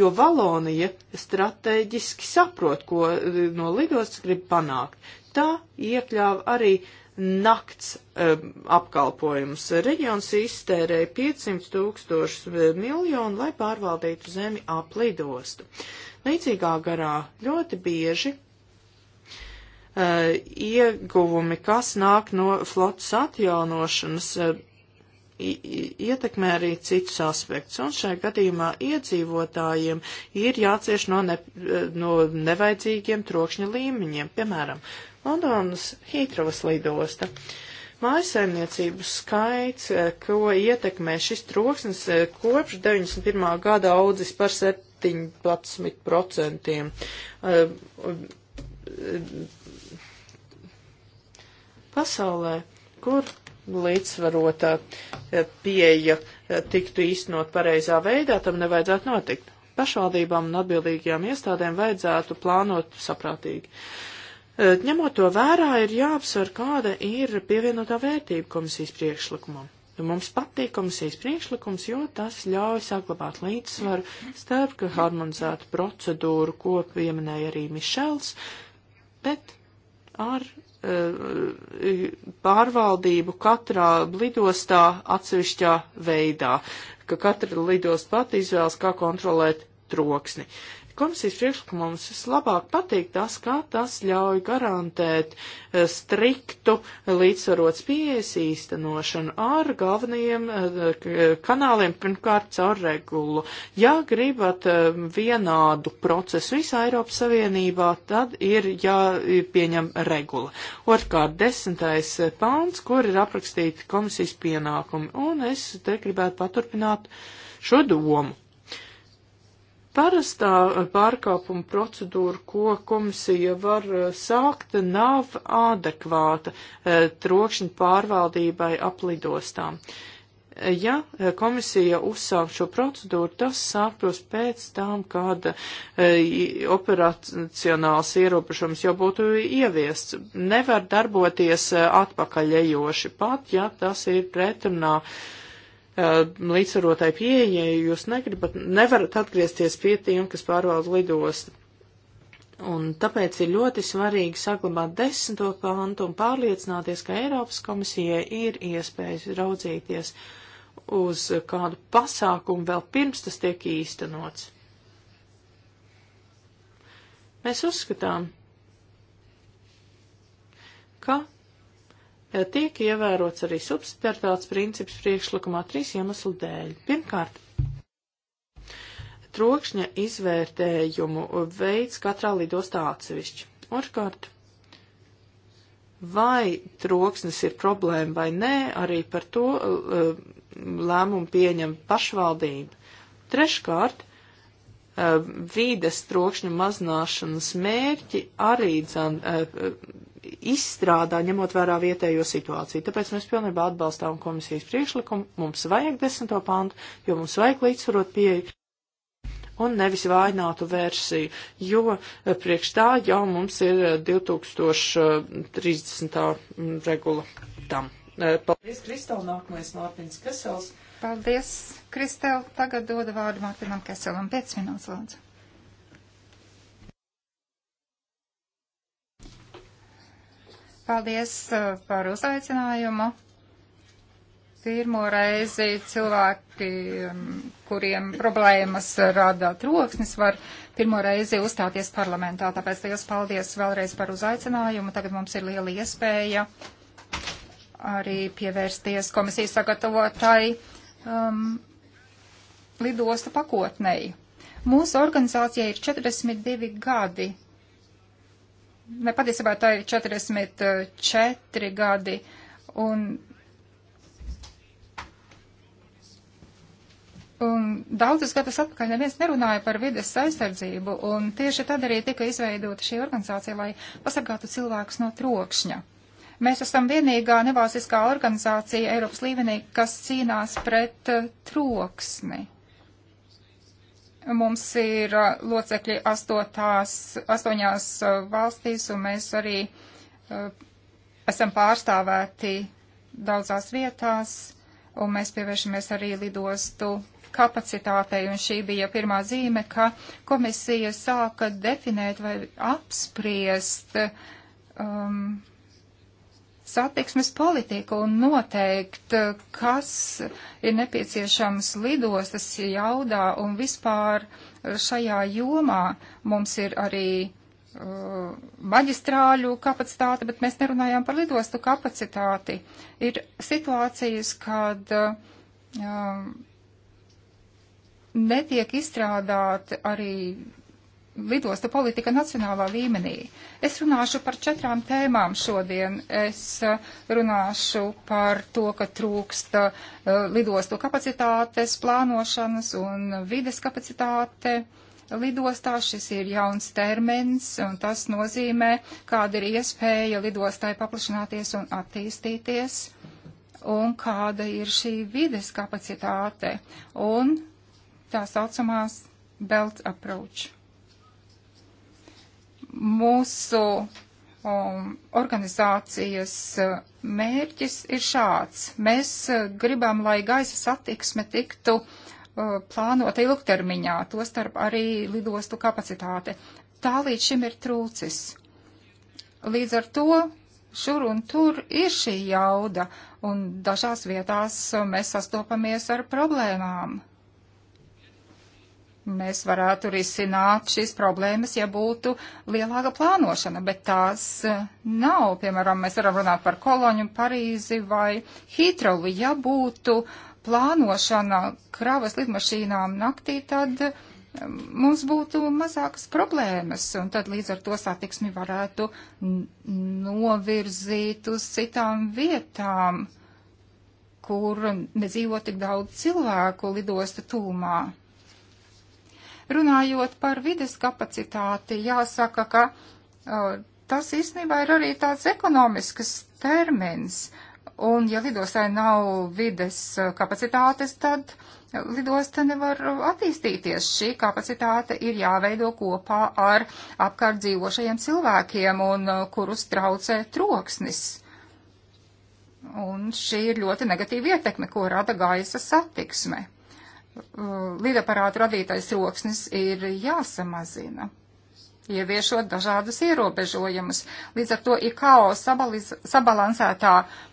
jo Valonija strateģiski saprot, ko no lidostas grib panākt. Tā iekļāva arī uh, nakts e, apkalpojums. Reģions iztērēja 500 tūkstošus eh, miljonu, lai pārvaldītu zemi ap lidostu. Līdzīgā garā ļoti bieži e, ieguvumi, kas nāk no flotas atjaunošanas, e, ietekmē arī citus aspektus, un šajā gadījumā iedzīvotājiem ir jācieš no, ne, no nevajadzīgiem trokšņa līmeņiem. Piemēram, uh, Londonas Hītrovas lidosta. Mājasaimniecības skaits, eh, ko ietekmē šis troksnis, eh, kopš 91. gada audzis par 17%. Eh, pasaulē, kur līdzsvarotā pieeja tiktu īstenot pareizā veidā, tam nevajadzētu notikt. Pašvaldībām un atbildīgajām iestādēm vajadzētu plānot saprātīgi. Uh, Ņemot to vērā, ir jāapsver, kāda ir pievienotā vērtība komisijas priekšlikumam. Mums patīk komisijas priekšlikums, jo tas ļauj saglabāt līdzsvaru starp harmonizētu procedūru, ko pieminēja arī Mišels, bet ar e, pārvaldību katrā lidostā atsevišķā veidā, ka katra lidost pat izvēlas, kā kontrolēt troksni. Uh, Komisijas priekšlikumā mums vislabāk patīk tas, kā tas ļauj garantēt eh, striktu līdzsvarots pieejas īstenošanu ar galvenajiem eh, eh, kanāliem, pirmkārt caur regulu. Ja gribat vienādu procesu visā Eiropas Savienībā, tad ir jāpieņem ja regula. Otkārt, desmitais pāns, kur ir aprakstīti komisijas pienākumi, un es te gribētu paturpināt šo domu. Parastā pārkāpuma procedūra, ko komisija var eh, sākt, nav adekvāta eh, trokšņa pārvaldībai aplidostām. Ja eh, komisija uzsākt šo procedūru, tas sāktos pēc tam, kad operacionāls ierobežums jau būtu ieviests. Nevar darboties atpakaļejoši, pat ja tas ir pretrunā. No Uh, līdzsvarotai pieejai, jūs negribat, nevarat atgriezties pie tiem, kas pārvalda lidostu. Un tāpēc ir ļoti svarīgi saglabāt desmito pantu un pārliecināties, ka Eiropas komisijai ir iespējas raudzīties uz kādu pasākumu vēl pirms tas tiek īstenots. Mēs uzskatām, ka Eh, tiek ievērots arī subsidiaritātes princips priekšlikumā trīs iemeslu dēļ. Pirmkārt, trokšņa izvērtējumu veids katrā lidostā atsevišķi. Otrkārt, vai troksnis ir problēma vai nē, arī par to eh, lēmumu pieņem pašvaldība. Treškārt, eh, vīdes trokšņa mazināšanas mērķi arī dzan, izstrādā, ņemot vērā vietējo situāciju. Tāpēc mēs pilnībā atbalstām komisijas priekšlikumu, mums vajag desmito pantu, jo mums vajag līdzsvarot pieeju un nevis vājinātu versiju, jo eh, priekš tā jau mums ir 2030. Eh, mm, regula tam. Eh, Paldies, Kristel, nākamais Mārtiņš Kesels. Paldies, Kristel. Tagad dodu vārdu Mārtiņam Keselam. 5 minūtes, lūdzu. Paldies uh, par uzaicinājumu. Pirmo reizi cilvēki, um, kuriem problēmas rada troksnis, var pirmo reizi uzstāties parlamentā. Tāpēc liels paldies vēlreiz par uzaicinājumu. Tagad mums ir liela iespēja arī pievērsties komisijas sagatavotai um, lidosta pakotnei. Mūsu organizācijai ir 42 gadi vai patiesībā tā ir 44 gadi, un, un daudzas gadus atpakaļ neviens nerunāja par vides aizsardzību, un tieši tad arī tika izveidota šī organizācija, lai pasargātu cilvēkus no trokšņa. Mēs esam vienīgā nevalstiskā organizācija Eiropas līmenī, kas cīnās pret eh, troksni. Uh, Mums ir uh, locekļi astotās, astoņās uh, valstīs, un mēs arī uh, esam pārstāvēti daudzās vietās, un mēs pievēršamies arī lidostu kapacitātei, un šī bija pirmā zīme, ka komisija sāka definēt vai apspriest um, satiksmes politiku un noteikt, eh, kas ir nepieciešams lidostas jaudā un vispār eh, šajā jomā. Mums ir arī uh, maģistrāļu kapacitāte, bet mēs nerunājām par lidostu kapacitāti. Ir situācijas, kad uh, netiek izstrādāti arī lidostu politika nacionālā līmenī. Es runāšu par četrām tēmām šodien. Es eh, runāšu par to, ka trūkst eh, lidostu kapacitātes, plānošanas un vides kapacitāte. Lidostā šis ir jauns termins, un tas nozīmē, kāda ir iespēja lidostai paplašināties un attīstīties, un kāda ir šī vides kapacitāte, un tā saucamās belt approach. Mūsu um, organizācijas uh, mērķis ir šāds. Mēs uh, gribam, lai gaisa satiksme tiktu uh, plānota ilgtermiņā, to starp arī lidostu kapacitāte. Tā līdz šim ir trūcis. Līdz ar to šur un tur ir šī jauda, un dažās vietās uh, mēs sastopamies ar problēmām mēs varētu risināt šīs problēmas, ja būtu lielāka plānošana, bet tās eh, nav. Piemēram, mēs varam runāt par Koloņu, Parīzi vai Hitrovu. Ja būtu plānošana kravas lidmašīnām naktī, tad eh, mums būtu mazākas problēmas, un tad līdz ar to satiksmi varētu novirzīt uz citām vietām kur nedzīvo tik daudz cilvēku lidosta tūmā. Runājot par vides kapacitāti, jāsaka, ka uh, tas īstenībā ir arī tāds ekonomisks termins. Un ja lidostai nav vides kapacitātes, tad lidosta nevar attīstīties. Šī kapacitāte ir jāveido kopā ar apkārt dzīvošajiem cilvēkiem un kurus traucē troksnis. Un šī ir ļoti negatīva ietekme, ko rada gaisa satiksme lidaparāta radītais troksnis ir jāsamazina, ieviešot dažādus ierobežojumus. Līdz ar to IKO sabaliz, sabalansētā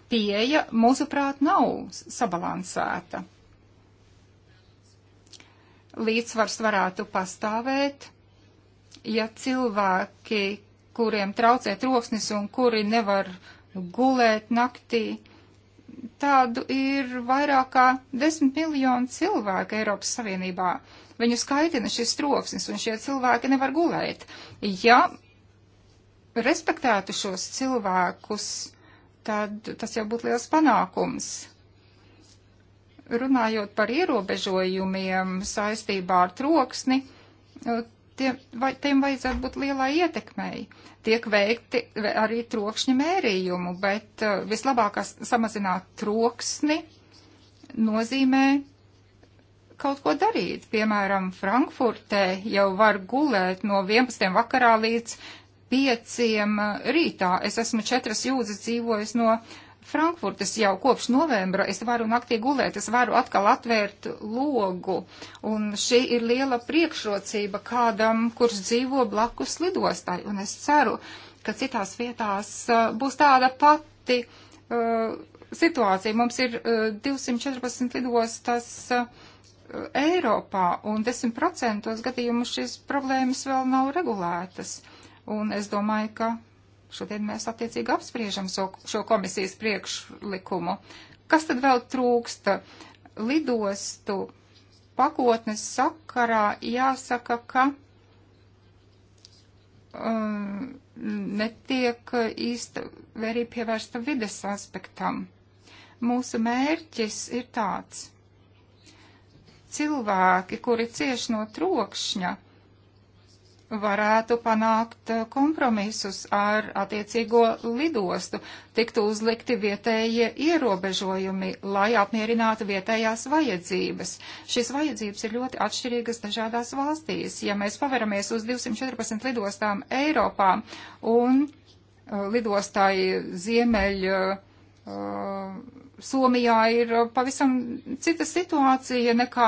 pieeja, mūsuprāt, nav sabalansēta. Līdzsvars varētu pastāvēt, ja cilvēki, kuriem traucē troksnis un kuri nevar gulēt naktī, tādu ir vairāk kā desmit miljonu cilvēku Eiropas Savienībā. Viņu skaitina šis troksnis, un šie cilvēki nevar gulēt. Ja respektētu šos cilvēkus, tad tas jau būtu liels panākums. Runājot par ierobežojumiem saistībā ar troksni, tie, vai, tiem vajadzētu būt lielai ietekmei. Tiek veikti arī trokšņa mērījumu, bet uh, vislabākās samazināt troksni nozīmē kaut ko darīt. Piemēram, Frankfurtē jau var gulēt no 11. vakarā līdz 5. Uh, rītā. Es esmu četras jūdzes dzīvojis no uh, Frankfurtes jau kopš novembra es varu naktī gulēt, es varu atkal atvērt logu, un šī ir liela priekšrocība kādam, kurš dzīvo blakus lidostai, un es ceru, ka citās vietās uh, būs tāda pati uh, situācija. Mums ir uh, 214 lidostas. Uh, Eiropā, un 10% gadījumu šīs problēmas vēl nav regulētas. Un es domāju, ka Šodien mēs attiecīgi apspriežam so, šo komisijas priekšlikumu. Kas tad vēl trūksta? Lidostu pakotnes sakarā jāsaka, ka um, netiek īsta vērība pievērsta vides aspektam. Mūsu mērķis ir tāds. Cilvēki, kuri cieš no trokšņa, varētu panākt eh, kompromisus ar attiecīgo lidostu, tiktu uzlikti vietējie ierobežojumi, lai apmierinātu vietējās vajadzības. Šīs vajadzības ir ļoti atšķirīgas dažādās valstīs. Ja mēs paveramies uz 214 lidostām Eiropā un uh, eh, lidostāji ziemeļu uh, eh, Somijā ir pavisam cita situācija nekā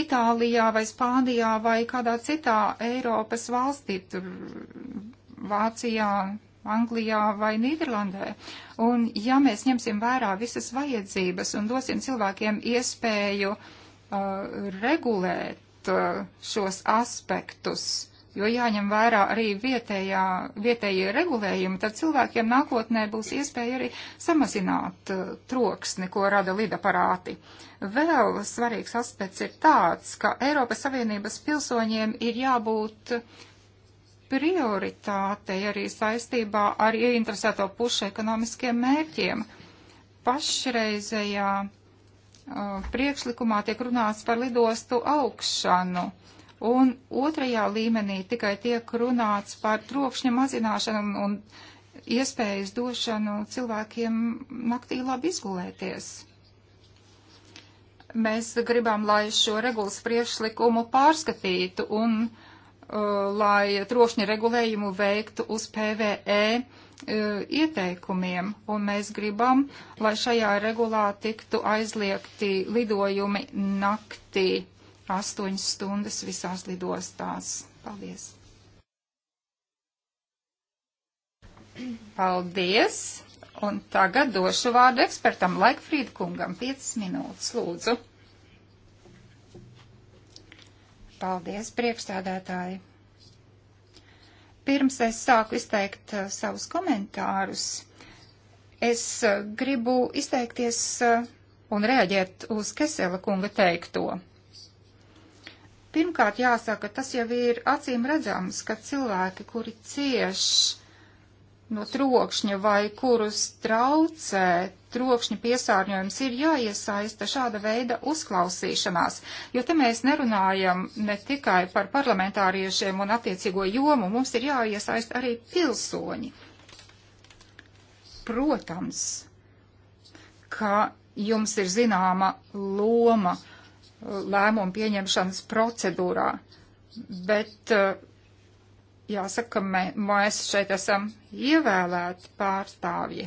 Itālijā vai Spānijā vai kādā citā Eiropas valstī, tur Vācijā, Anglijā vai Nīderlandē. Un ja mēs ņemsim vērā visas vajadzības un dosim cilvēkiem iespēju uh, regulēt uh, šos aspektus, jo jāņem vērā arī vietējā, vietējie regulējumi, tad cilvēkiem nākotnē būs iespēja arī samazināt uh, troksni, ko rada lidaparāti. Vēl svarīgs aspekts ir tāds, ka Eiropas Savienības pilsoņiem ir jābūt prioritātei arī saistībā ar ieinteresēto pušu ekonomiskiem mērķiem. Pašreizējā uh, priekšlikumā tiek runāts par lidostu augšanu. Uh, Un otrajā līmenī tikai tiek runāts par trokšņa mazināšanu un iespējas došanu cilvēkiem naktī labi izgulēties. Mēs gribam, lai šo regulas priekšlikumu pārskatītu un uh, lai trokšņa regulējumu veiktu uz PVE uh, ieteikumiem, un mēs gribam, lai šajā regulā tiktu aizliegti lidojumi naktī astoņas stundas visās lidostās. Paldies! Paldies! Un tagad došu vārdu ekspertam Laikfrīd kungam. 5 minūtes, lūdzu. Paldies, priekšstādātāji! Pirms es sāku izteikt uh, savus komentārus, es uh, gribu izteikties uh, un reaģēt uz Kesela kunga teikto. Pirmkārt jāsaka, tas jau ir acīm redzams, ka cilvēki, kuri cieš no trokšņa vai kurus traucē trokšņa piesārņojums, ir jāiesaista šāda veida uzklausīšanās, jo te mēs nerunājam ne tikai par parlamentāriešiem un attiecīgo jomu, mums ir jāiesaista arī pilsoņi. Protams, ka jums ir zināma loma lēmumu pieņemšanas procedūrā. Bet eh, jāsaka, ka mē, mēs šeit esam ievēlēti pārstāvji.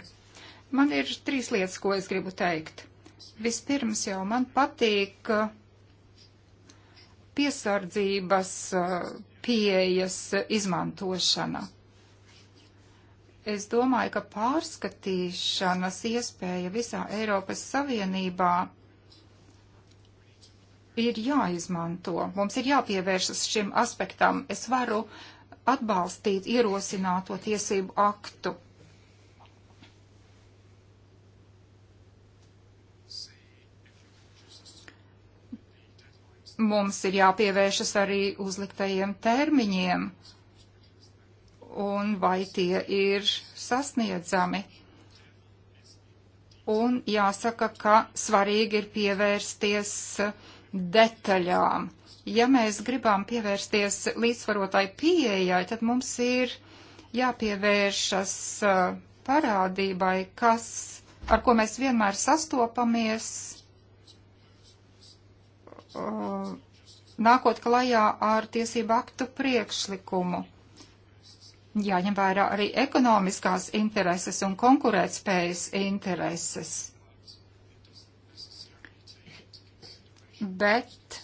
Man ir trīs lietas, ko es gribu teikt. Vispirms jau man patīk eh, piesardzības eh, pieejas izmantošana. Es domāju, ka pārskatīšanas iespēja visā Eiropas Savienībā ir jāizmanto. Mums ir jāpievēršas šim aspektam. Es varu atbalstīt ierosināto tiesību aktu. Mums ir jāpievēršas arī uzliktajiem termiņiem un vai tie ir sasniedzami. Un jāsaka, ka svarīgi ir pievērsties uh, detaļām. Ja mēs gribam pievērsties līdzsvarotai pieejai, tad mums ir jāpievēršas uh, parādībai, kas, ar ko mēs vienmēr sastopamies, uh, nākot klajā ar tiesību aktu priekšlikumu. Jāņem vērā arī ekonomiskās intereses un konkurētspējas intereses. bet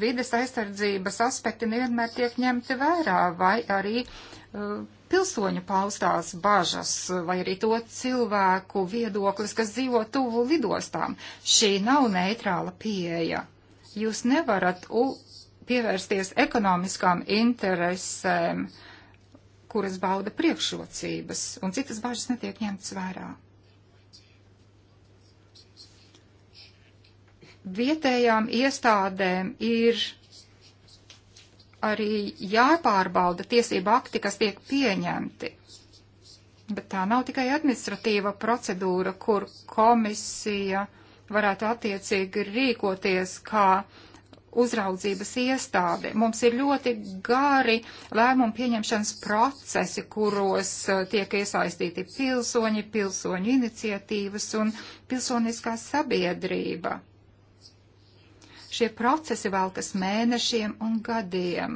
vides aizsardzības aspekti nevienmēr tiek ņemti vērā, vai arī uh, pilsoņu paustās bažas, vai arī to cilvēku viedoklis, kas dzīvo tuvu lidostām. Šī nav neitrāla pieeja. Jūs nevarat pievērsties ekonomiskām interesēm, kuras bauda priekšrocības, un citas bažas netiek ņemtas vērā. vietējām iestādēm ir arī jāpārbauda tiesība akti, kas tiek pieņemti. Bet tā nav tikai administratīva procedūra, kur komisija varētu attiecīgi rīkoties kā uzraudzības iestāde. Mums ir ļoti gari lēmumu pieņemšanas procesi, kuros eh, tiek iesaistīti pilsoņi, pilsoņu iniciatīvas un pilsoniskā sabiedrība. Šie procesi velkas mēnešiem un gadiem.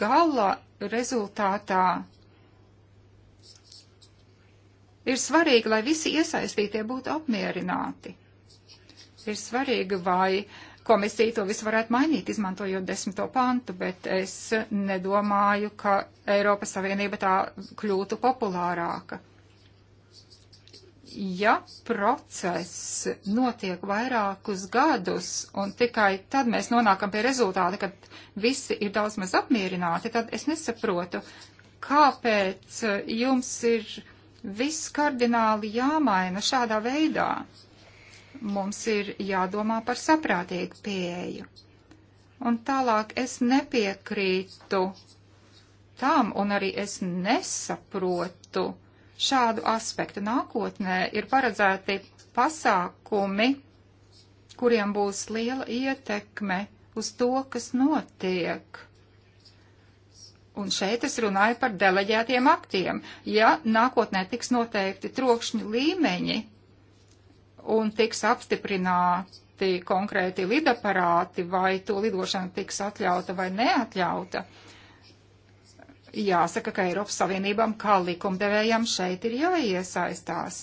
Gala rezultātā ir svarīgi, lai visi iesaistītie būtu apmierināti. Ir svarīgi, vai komisija to visu varētu mainīt, izmantojot desmito pantu, bet es nedomāju, ka Eiropas Savienība tā kļūtu populārāka ja process notiek vairākus gadus un tikai tad mēs nonākam pie rezultāta, kad visi ir daudz maz apmierināti, tad es nesaprotu, kāpēc eh, jums ir viss kardināli jāmaina šādā veidā. Mums ir jādomā par saprātīgu pieeju. Un tālāk es nepiekrītu tam, un arī es nesaprotu, uh, šādu aspektu. Nākotnē ir paredzēti pasākumi, kuriem būs liela ietekme uz to, kas notiek. Un šeit es runāju par deleģētiem aktiem. Ja nākotnē tiks noteikti trokšņu līmeņi un tiks apstiprināti konkrēti lidaparāti, vai to lidošana tiks atļauta vai neatļauta, jāsaka, ka Eiropas Savienībām kā likumdevējām šeit ir jāiesaistās.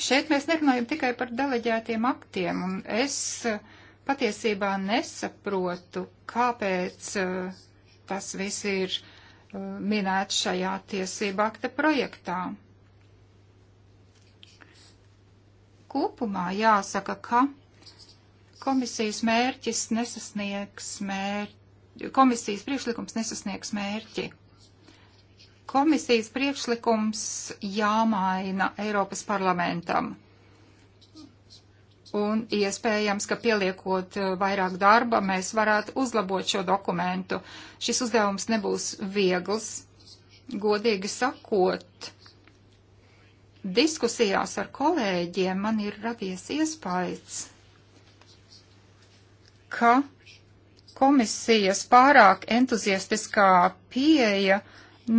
Šeit mēs nerunājam tikai par deleģētiem aktiem, un es eh, patiesībā nesaprotu, kāpēc eh, tas viss ir eh, minēts šajā tiesība akta projektā. Kopumā jāsaka, ka komisijas mērķis nesasniegs mērķi komisijas priekšlikums nesasniegs mērķi. Komisijas priekšlikums jāmaina Eiropas parlamentam. Un iespējams, ka pieliekot eh, vairāk darba, mēs varētu uzlabot šo dokumentu. Šis uzdevums nebūs viegls, godīgi sakot. Diskusijās ar kolēģiem man ir radies iespējas, ka komisijas pārāk entuziastiskā pieeja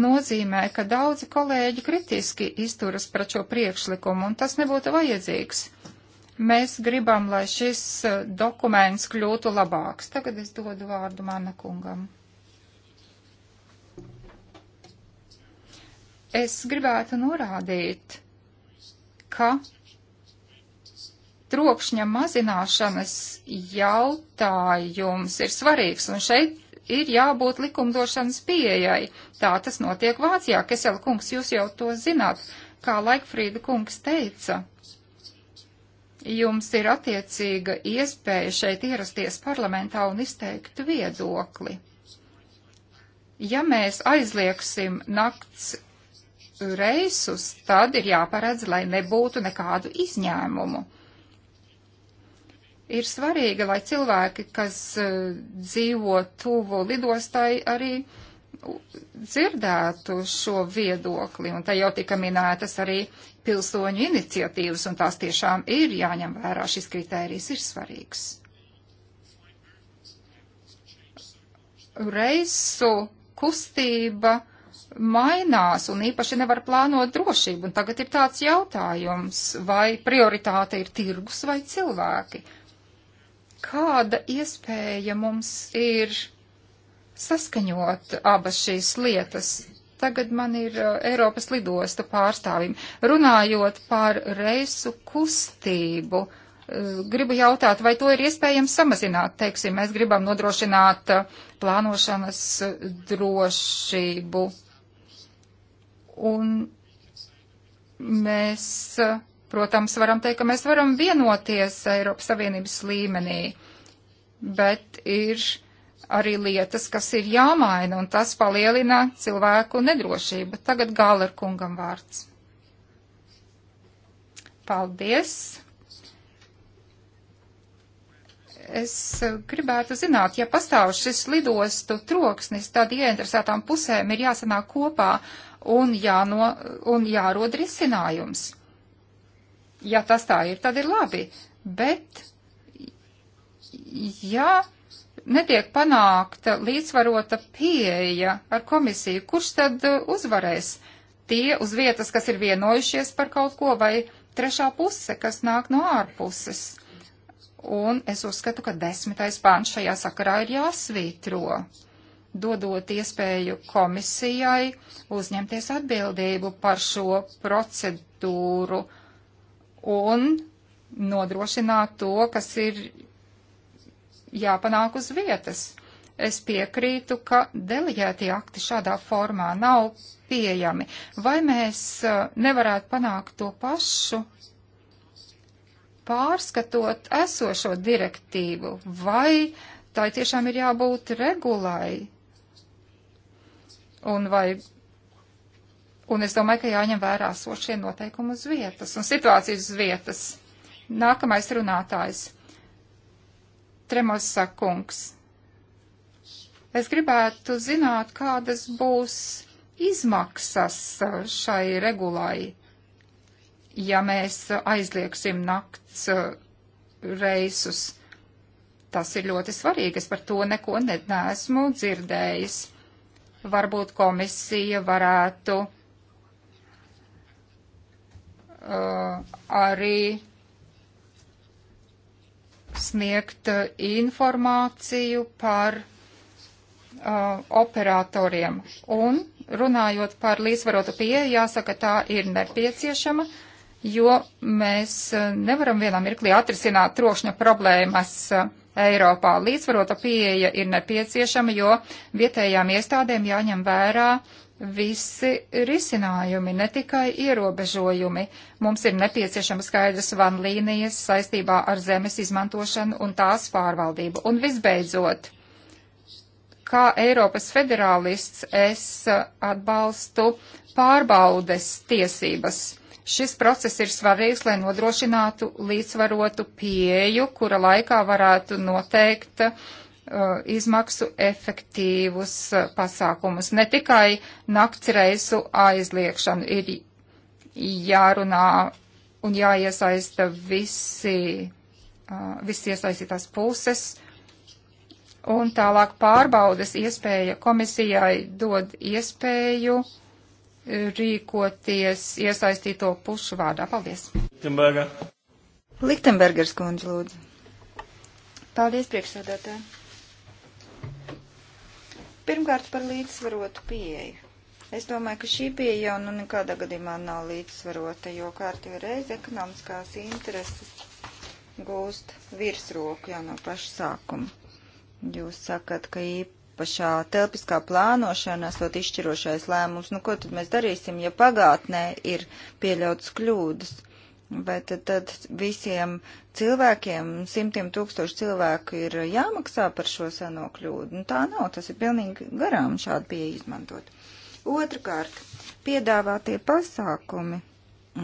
nozīmē, ka daudzi kolēģi kritiski izturas pret šo priekšlikumu, un tas nebūtu vajadzīgs. Mēs gribam, lai šis eh, dokuments kļūtu labāks. Tagad es dodu vārdu mana kungam. Es gribētu norādīt, ka trokšņa mazināšanas jautājums ir svarīgs, un šeit ir jābūt likumdošanas pieejai. Tā tas notiek Vācijā. Kesela kungs, jūs jau to zināt, kā Laikfrīda kungs teica. Jums ir attiecīga iespēja šeit ierasties parlamentā un izteikt viedokli. Ja mēs aizlieksim nakts reisus, tad ir jāparedz, lai nebūtu nekādu izņēmumu ir svarīga, lai cilvēki, kas e, dzīvo tuvu lidostai, arī dzirdētu šo viedokli. Un te jau tika minētas arī pilsoņu iniciatīvas, un tās tiešām ir jāņem vērā. Šis kritērijs ir svarīgs. Reisu kustība mainās un īpaši nevar plānot drošību. Un tagad ir tāds jautājums, vai prioritāte ir tirgus vai cilvēki kāda iespēja mums ir saskaņot abas šīs lietas. Tagad man ir uh, Eiropas lidostu pārstāvim. Runājot par reisu kustību, uh, gribu jautāt, vai to ir iespējams samazināt? Teiksim, mēs gribam nodrošināt uh, plānošanas drošību. Un mēs Protams, varam teikt, ka mēs varam vienoties Eiropas Savienības līmenī, bet ir arī lietas, kas ir jāmaina, un tas palielina cilvēku nedrošību. Tagad Gāler kungam vārds. Paldies! Es gribētu zināt, ja pastāv šis lidostu troksnis, tad ieinteresētām pusēm ir jāsanāk kopā un, jāno, un jārod risinājums ja tas tā ir, tad ir labi. Bet, ja netiek panākta līdzvarota pieeja ar komisiju, kurš tad uh, uzvarēs? Tie uz vietas, kas ir vienojušies par kaut ko, vai trešā puse, kas nāk no ārpuses. Un es uzskatu, ka desmitais pāns šajā sakarā ir jāsvītro, dodot iespēju komisijai uzņemties atbildību par šo procedūru un nodrošināt to, kas ir jāpanāk uz vietas. Es piekrītu, ka deleģētie akti šādā formā nav pieejami. Vai mēs uh, nevarētu panākt to pašu, pārskatot esošo direktīvu, vai tai tiešām ir jābūt regulai? Un vai Un es domāju, ka jāņem vērā sošie noteikumi uz vietas un situācijas uz vietas. Nākamais runātājs. Tremosa kungs. Es gribētu zināt, kādas būs izmaksas šai regulai, ja mēs aizliegsim nakts uh, reisus. Tas ir ļoti svarīgi, es par to neko neesmu dzirdējis. Varbūt komisija varētu Uh, arī sniegt uh, informāciju par uh, operatoriem. Un runājot par līdzvarotu pieeju, jāsaka, tā ir nepieciešama, jo mēs uh, nevaram vienā mirklī atrisināt trokšņa problēmas Eiropā. Līdzvarota pieeja ir nepieciešama, jo vietējām iestādēm jāņem vērā uh, visi risinājumi, ne tikai ierobežojumi. Mums ir nepieciešama skaidras vanlīnijas saistībā ar zemes izmantošanu un tās pārvaldību. Un visbeidzot, kā Eiropas federālists, es atbalstu pārbaudes tiesības. Šis process ir svarīgs, lai nodrošinātu līdzvarotu pieju, kura laikā varētu noteikt uh, Uh, izmaksu efektīvus uh, pasākumus. Ne tikai nakts reisu aizliekšanu ir jārunā un jāiesaista visi, uh, visi iesaistītās puses. Un tālāk pārbaudas iespēja komisijai dod iespēju rīkoties iesaistīto pušu vārdā. Paldies! Liktenberga. Liktenbergers kundze, lūdzu. Paldies, priekšsēdētāji! Pirmkārt par līdzsvarotu pieeju. Es domāju, ka šī pieeja jau nu nekādā gadījumā nav līdzsvarota, jo kārtīgi reiz ekonomiskās intereses gūst virsroku jau no paša sākuma. Jūs sakat, ka īpašā telpiskā plānošana esot izšķirošais lēmums. Nu, ko tad mēs darīsim, ja pagātnē ir pieļautas kļūdas? Bet tad, tad visiem cilvēkiem, simtiem tūkstošu cilvēku ir jāmaksā par šo seno kļūdu. Nu, tā nav, tas ir pilnīgi garām šādi pieeja izmantot. Otrakārt, piedāvātie pasākumi,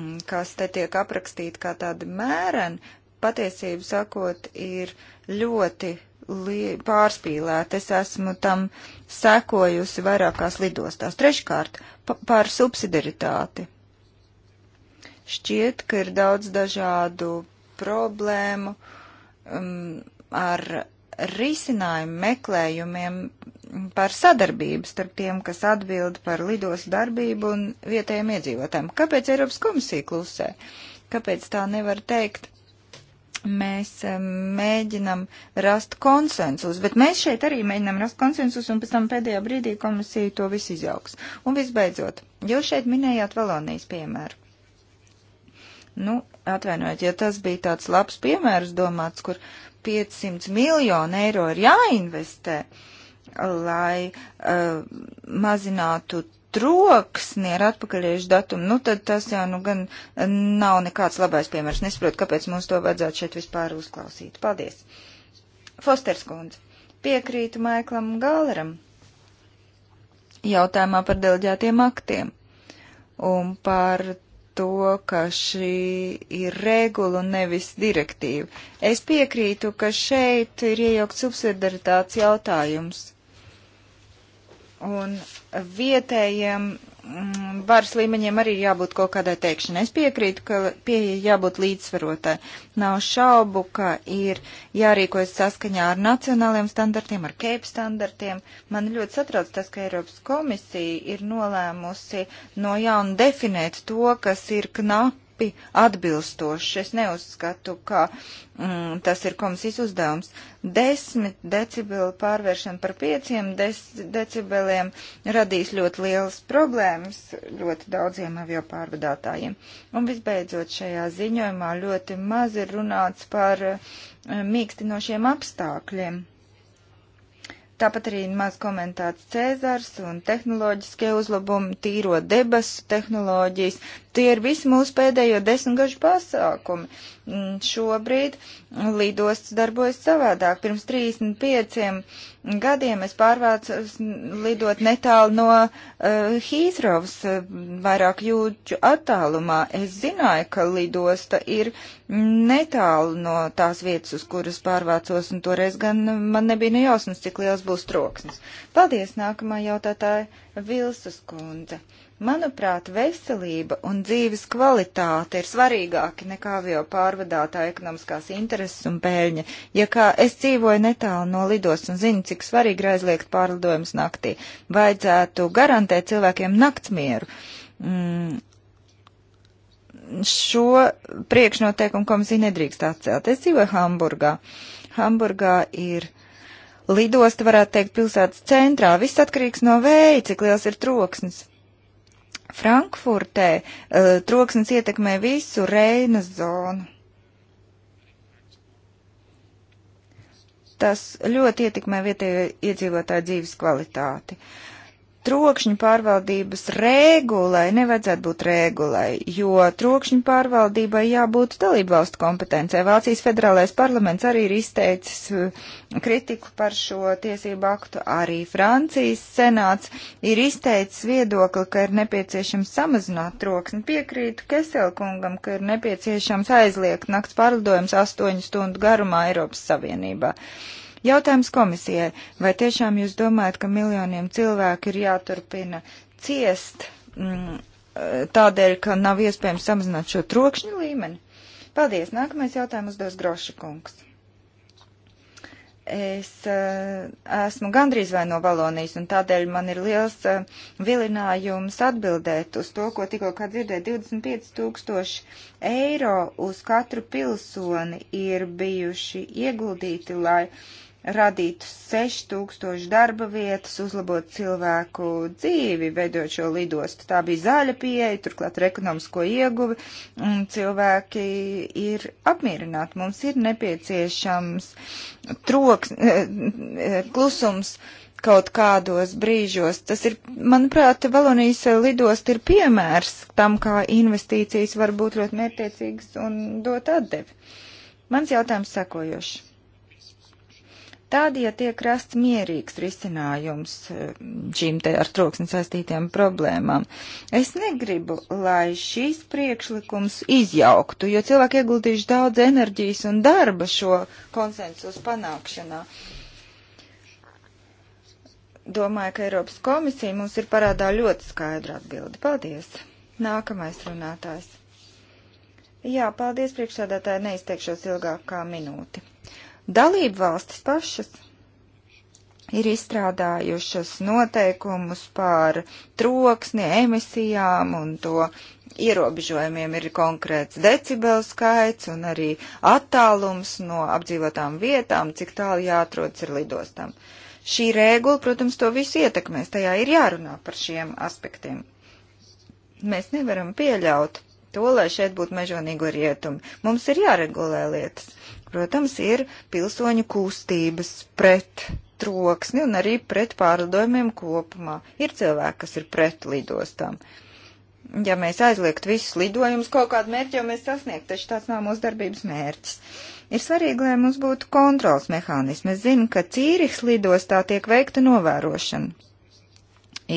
mm, kas te tiek aprakstīti kā tādi mēreni, patiesību sakot, ir ļoti pārspīlēti. Es esmu tam sekojusi vairākās lidostās. Treškārt, pa par subsidiaritāti Šķiet, ka ir daudz dažādu problēmu um, ar risinājumu meklējumiem par sadarbību starp tiem, kas atbild par lidostu darbību un vietējiem iedzīvotājiem. Kāpēc Eiropas komisija klusē? Kāpēc tā nevar teikt? Mēs um, mēģinam rast konsensus, bet mēs šeit arī mēģinam rast konsensus, un pēc tam pēdējā brīdī komisija to visu izjauks. Un visbeidzot, jūs šeit minējāt Valonijas piemēru. Nu, atvainojiet, ja tas bija tāds labs piemērs domāts, kur 500 miljonu eiro ir jāinvestē, lai uh, mazinātu troksni ar atpakaļiešu datumu, nu tad tas jau nu gan nav nekāds labais piemērs. Nesaprotu, kāpēc mums to vajadzētu šeit vispār uzklausīt. Paldies. Fosters kundze. Piekrītu Maiklam Galeram jautājumā par deleģētiem aktiem un par to, ka šī ir regula un nevis direktīva. Es piekrītu, ka šeit ir iejaukt subsidaritāts jautājums. Un vietējiem Mm, varas līmeņiem arī jābūt kaut kādai teikšanai. Es piekrītu, ka pieeja jābūt līdzsvarotai. Nav šaubu, ka ir jārīkojas saskaņā ar nacionāliem standartiem, ar kēp standartiem. Man ļoti satrauc tas, ka Eiropas komisija ir nolēmusi no jauna definēt to, kas ir knap lapi atbilstošs. Es neuzskatu, ka mm, tas ir komisijas uzdevums. 10 decibeli pārvēršana par 5 decibeliem radīs ļoti lielas problēmas ļoti daudziem avio pārvadātājiem. Un visbeidzot šajā ziņojumā ļoti maz ir runāts par mm, mīkstinošiem apstākļiem. Tāpat arī maz komentēts Cēzars un tehnoloģiskie uzlabumi, tīro debesu tehnoloģijas. Tie ir visi mūsu pēdējo desmitgažu pasākumi. Mm, šobrīd lidosts darbojas savādāk. Pirms 35 gadiem es pārvācos lidot netālu no uh, eh, Hīzrovas, uh, eh, vairāk jūdžu attālumā. Es zināju, ka lidosta ir netālu no tās vietas, uz kuras pārvācos, un toreiz gan man nebija nejausmas, cik liels būs troksnis. Paldies, nākamā jautātāja Vilsas kundze. Uh, Manuprāt, veselība un dzīves kvalitāte ir svarīgāki nekā avio pārvadātāja ekonomiskās intereses un pēļņa. Ja kā es dzīvoju netālu no lidos un zinu, cik svarīgi ir aizliegt pārlidojumus naktī, vajadzētu garantēt cilvēkiem naktsmieru. Mm, šo priekšnoteikumu komisija nedrīkst atcelt. Es dzīvoju Hamburgā. Hamburgā ir lidosta, varētu teikt, pilsētas centrā. Viss atkarīgs no vēja, cik liels ir troksnis. Frankfurtē uh, troksnis ietekmē visu Reinas zonu. Tas ļoti ietekmē vietējo iedzīvotāju dzīves kvalitāti. Uh, trokšņu pārvaldības regulai nevajadzētu būt regulai, jo trokšņu pārvaldībai jābūt dalību valstu kompetencē. Vācijas federālais parlaments arī ir izteicis uh, kritiku par šo tiesību aktu. Arī Francijas senāts ir izteicis viedokli, ka ir nepieciešams samazināt troksni. Piekrītu Keselkungam, ka ir nepieciešams aizliegt nakts pārlidojums astoņu stundu garumā Eiropas Savienībā. Uh, Jautājums komisijai, vai tiešām jūs domājat, ka miljoniem cilvēku ir jāturpina ciest mm, tādēļ, ka nav iespējams samazināt šo trokšņu līmeni? Paldies. Nākamais jautājums uzdos Groša kungs. Es uh, esmu gandrīz vai no Valonijas, un tādēļ man ir liels uh, vilinājums atbildēt uz to, ko tikko kā dzirdēju, 25 tūkstoši eiro uz katru pilsoni ir bijuši ieguldīti, lai uh, radīt 6000 darba vietas, uzlabot cilvēku dzīvi, veidot šo lidostu. Tā bija zaļa pieeja, turklāt ar ekonomisko ieguvi, un cilvēki ir apmierināti. Mums ir nepieciešams troks, eh, eh, klusums kaut kādos brīžos. Tas ir, manuprāt, Valonijas lidost ir piemērs tam, kā investīcijas var būt ļoti mērtiecīgas un dot atdevi. Mans jautājums sekojošs. Tad, ja tiek rasts mierīgs risinājums eh, šīm te ar troksni saistītiem problēmām, es negribu, lai šīs priekšlikums izjauktu, jo cilvēki ieguldījuši daudz enerģijas un darba šo konsensus panākšanā. Domāju, ka Eiropas komisija mums ir parādā ļoti skaidra atbildi. Paldies! Nākamais runātājs. Jā, paldies priekšsādātāji, neizteikšos ilgāk kā minūti. Dalību valstis pašas ir izstrādājušas noteikumus par troksni, emisijām un to ierobežojumiem ir konkrēts decibelu skaits un arī attālums no apdzīvotām vietām, cik tālu jāatrodas ir lidostām. Šī regula, protams, to visu ietekmēs, tajā ir jārunā par šiem aspektiem. Mēs nevaram pieļaut to, lai šeit būtu mežonīgo rietumi. Mums ir jāregulē lietas protams, ir pilsoņu kustības pret troksni un arī pret pārlidojumiem kopumā. Ir cilvēki, kas ir pret lidostām. Ja mēs aizliegtu visus lidojumus, kaut kādu mērķi jau mēs sasniegtu, taču tāds nav mūsu darbības mērķis. Ir svarīgi, lai mums būtu kontrols mehānismi. Es zinu, ka Cīrihs lidostā tiek veikta novērošana.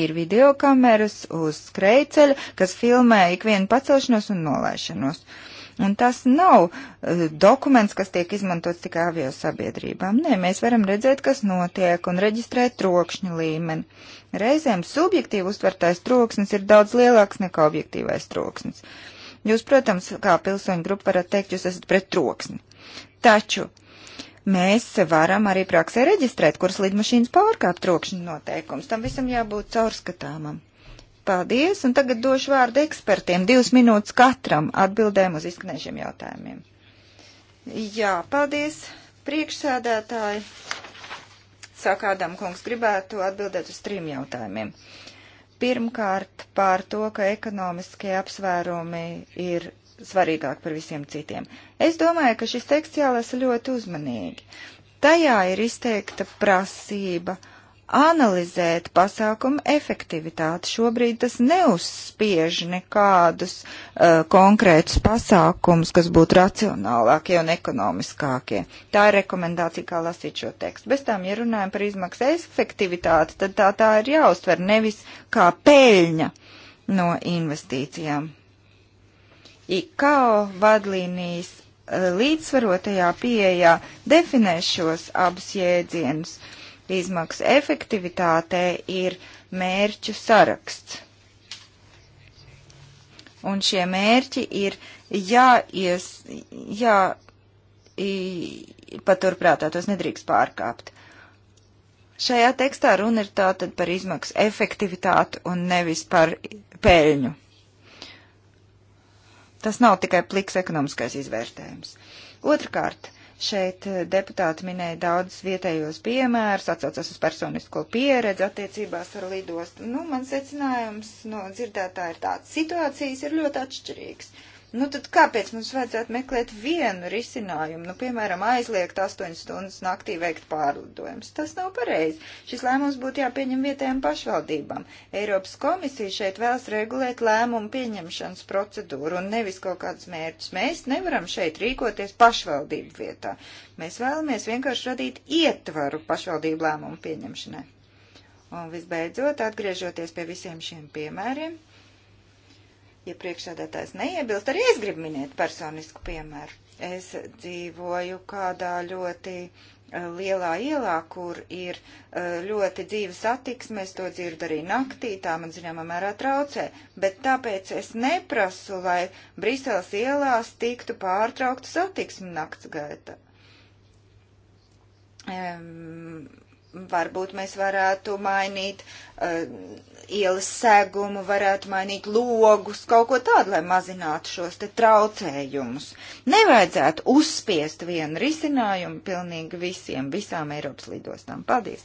Ir videokameras uz skrejceļa, kas filmē ikvienu pacelšanos un nolaišanos. Uh, Un tas nav uh, dokuments, kas tiek izmantots tikai avio sabiedrībām. Nē, mēs varam redzēt, kas notiek un reģistrēt trokšņa līmeni. Reizēm subjektīvi uztvertais troksnis ir daudz lielāks nekā objektīvais troksnis. Jūs, protams, kā pilsoņu grupa varat teikt, jūs esat pret troksni. Taču mēs varam arī praksē reģistrēt, kuras lidmašīnas pārkāp trokšņa noteikums. Tam visam jābūt caurskatāmam. Paldies, un tagad došu vārdu ekspertiem, divas minūtes katram atbildēm uz izskanējušiem jautājumiem. Jā, paldies, priekšsēdētāji. Sākādām kungs gribētu atbildēt uz trim jautājumiem. Pirmkārt, pār to, ka ekonomiskie apsvērumi ir svarīgāk par visiem citiem. Es domāju, ka šis teksts jālasa ļoti uzmanīgi. Tajā ir izteikta prasība uh, analizēt pasākumu efektivitāti. Šobrīd tas neuzspiež nekādus uh, konkrētus pasākumus, kas būtu racionālākie un ekonomiskākie. Tā ir rekomendācija, kā lasīt šo tekstu. Bez tām, ja runājam par izmaksu efektivitāti, tad tā tā ir jāuztver nevis kā peļņa no investīcijām. IKO vadlīnijas uh, līdzsvarotajā pieejā definē šos abus jēdzienus. Uh, izmaksu efektivitātē ir mērķu saraksts. Un šie mērķi ir jāies, jā, paturprātā tos nedrīkst pārkāpt. Šajā tekstā runa ir tātad par izmaksu efektivitāti un nevis par pēļņu. Tas nav tikai pliks ekonomiskais izvērtējums. Otrakārt, Šeit eh, deputāti minēja daudz vietējos piemērus, atsaucas uz personisko pieredzi attiecībās ar lidostu. Nu, man secinājums no dzirdētā ir tāds, situācijas ir ļoti atšķirīgas. Uh, Nu tad kāpēc mums vajadzētu meklēt vienu risinājumu? Nu, piemēram, aizliegt 8 stundas naktī veikt pārlidojumus. Tas nav pareizi. Šis lēmums būtu jāpieņem vietējām pašvaldībām. Eiropas komisija šeit vēlas regulēt lēmumu pieņemšanas procedūru un nevis kaut kādus mērķus. Mēs nevaram šeit rīkoties pašvaldību vietā. Mēs vēlamies vienkārši radīt ietvaru pašvaldību lēmumu pieņemšanai. Un visbeidzot, atgriežoties pie visiem šiem piemēriem, Ja priekšsēdētājs neiebilst, arī es gribu minēt personisku piemēru. Es dzīvoju kādā ļoti eh, lielā ielā, kur ir eh, ļoti dzīva satiksme, es to dzirdu arī naktī, tā man zināmā mērā traucē, bet tāpēc es neprasu, lai Briseles ielās tiktu pārtraukta satiksme nakts gaita. Um, varbūt mēs varētu mainīt uh, ielas segumu, varētu mainīt logus, kaut ko tādu, lai mazinātu šos te traucējumus. Nevajadzētu uzspiest vienu risinājumu pilnīgi visiem, visām Eiropas lidostām. Paldies!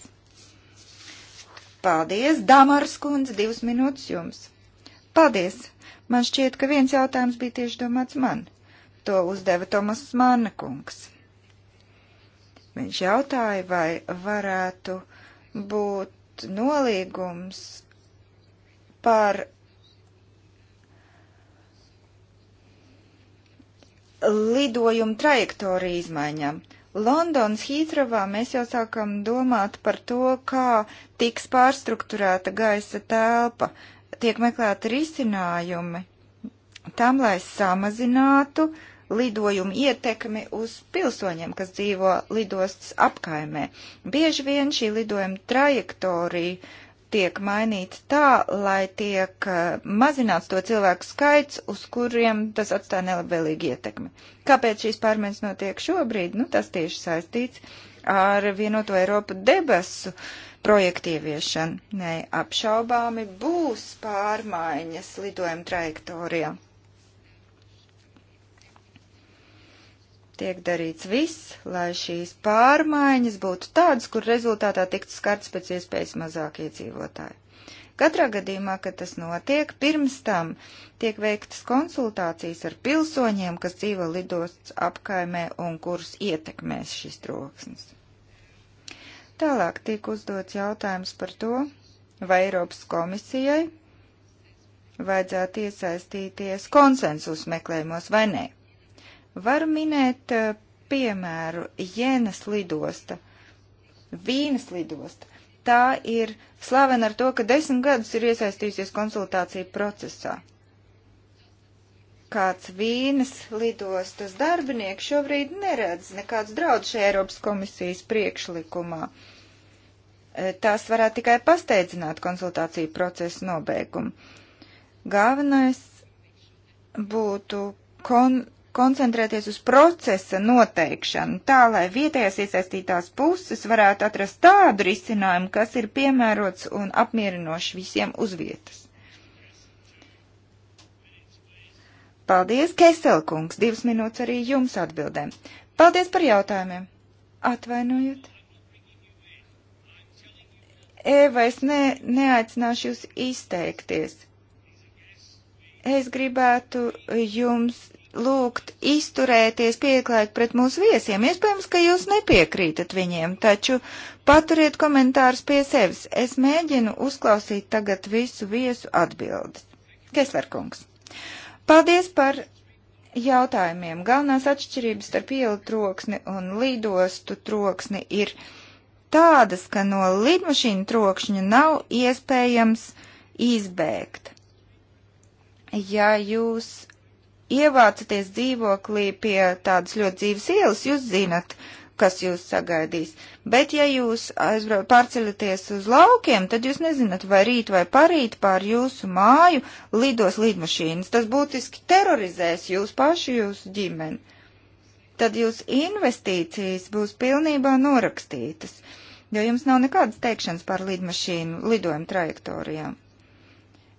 Paldies, Damars kundze, divas minūtes jums. Paldies! Man šķiet, ka viens jautājums bija tieši domāts man. To uzdeva Tomas Manna kungs. Viņš jautāja, vai varētu būt nolīgums par lidojumu trajektoriju izmaiņām. Londonas Hītravā mēs jau sākam domāt par to, kā tiks pārstruktūrēta gaisa telpa, tiek meklēti risinājumi tam, lai samazinātu lidojumu ietekmi uz pilsoņiem, kas dzīvo lidostas apkaimē. Bieži vien šī lidojuma trajektorija tiek mainīti tā, lai tiek eh, mazināts to cilvēku skaits, uz kuriem tas atstāja nelabvēlīgu ietekmi. Kāpēc šīs pārmaiņas notiek šobrīd? Nu, tas tieši saistīts ar vienoto Eiropu debesu projektu ieviešanu. Nē, apšaubāmi būs pārmaiņas lidojuma trajektorijā. tiek darīts viss, lai šīs pārmaiņas būtu tādas, kur rezultātā tiktu skarts pēc iespējas mazāk iedzīvotāji. Katrā gadījumā, kad tas notiek, pirms tam tiek veiktas konsultācijas ar pilsoņiem, kas dzīvo lidosts apkaimē un kurus ietekmēs šis troksnis. Tālāk tiek uzdots jautājums par to, vai Eiropas komisijai vajadzētu iesaistīties konsensus meklējumos vai nē. Varu minēt eh, piemēru Jēnas lidosta, Vīnas lidosta. Tā ir slavena ar to, ka desmit gadus ir iesaistījusies konsultāciju procesā. Kāds Vīnas lidostas darbinieks šobrīd neredz nekāds draudz šajā Eiropas komisijas priekšlikumā. Eh, tās varētu tikai pasteidzināt konsultāciju procesu nobeigumu. Galvenais būtu kon koncentrēties uz procesa noteikšanu, tā lai vietējās iesaistītās puses varētu atrast tādu risinājumu, kas ir piemērots un apmierinošs visiem uz vietas. Paldies, Keselkungs, divas minūtes arī jums atbildēm. Paldies par jautājumiem. Atvainojiet. Eva, es ne, neaicināšu jūs izteikties. Es gribētu jums lūgt izturēties pieklājīgi pret mūsu viesiem. Iespējams, ka jūs nepiekrītat viņiem, taču paturiet komentārus pie sevis. Es mēģinu uzklausīt tagad visu viesu atbildes. Keslerkungs. Paldies par jautājumiem. Galvenās atšķirības starp ielu troksni un lidostu troksni ir tādas, ka no lidmašīnu trokšņa nav iespējams izbēgt. Ja jūs ievācaties dzīvoklī pie tādas ļoti dzīves ielas, jūs zinat, kas jūs sagaidīs. Bet, ja jūs aizbrau, pārceļaties uz laukiem, tad jūs nezināt, vai rīt vai parīt pār jūsu māju lidos lidmašīnas. Tas būtiski terorizēs jūs pašu, jūsu ģimeni. Tad jūs investīcijas būs pilnībā norakstītas, jo jums nav nekādas teikšanas par lidmašīnu lidojumu trajektorijām.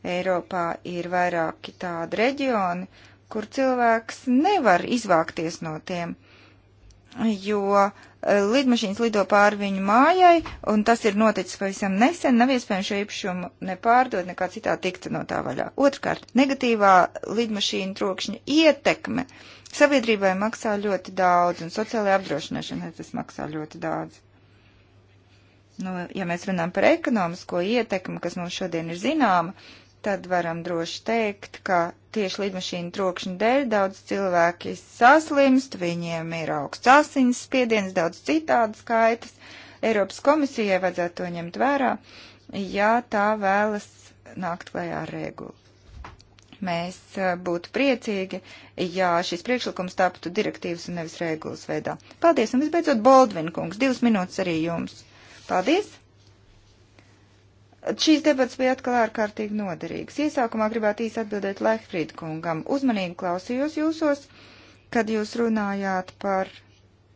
Eiropā ir vairāki tādi reģioni, kur cilvēks nevar izvākties no tiem, jo e, lidmašīnas lido pāri viņu mājai, un tas ir noticis pavisam nesen, nav iespējams šo īpašumu nepārdot, nekā citā tikt no tā vaļā. Otrkārt, negatīvā lidmašīna trokšņa ietekme sabiedrībai maksā ļoti daudz, un sociālajai apdrošināšanai tas maksā ļoti daudz. Nu, ja mēs runājam par ekonomisko ietekmi, kas mums šodien ir zināma, tad varam droši teikt, ka tieši lidmašīnu trokšņa dēļ daudz cilvēki saslimst, viņiem ir augsts asins spiediens, daudz citādas skaitas. Eiropas komisijai vajadzētu to ņemt vērā, ja tā vēlas nākt klajā ar regulu. Mēs būtu priecīgi, ja šis priekšlikums taptu direktīvas un nevis regulas veidā. Paldies, un visbeidzot, Boldvin kungs, divas minūtes arī jums. Paldies! Šīs debats bija atkal ārkārtīgi noderīgs. Iesākumā gribētu īsi atbildēt Leihfrīd kungam. Uzmanīgi klausījos jūsos, kad jūs runājāt par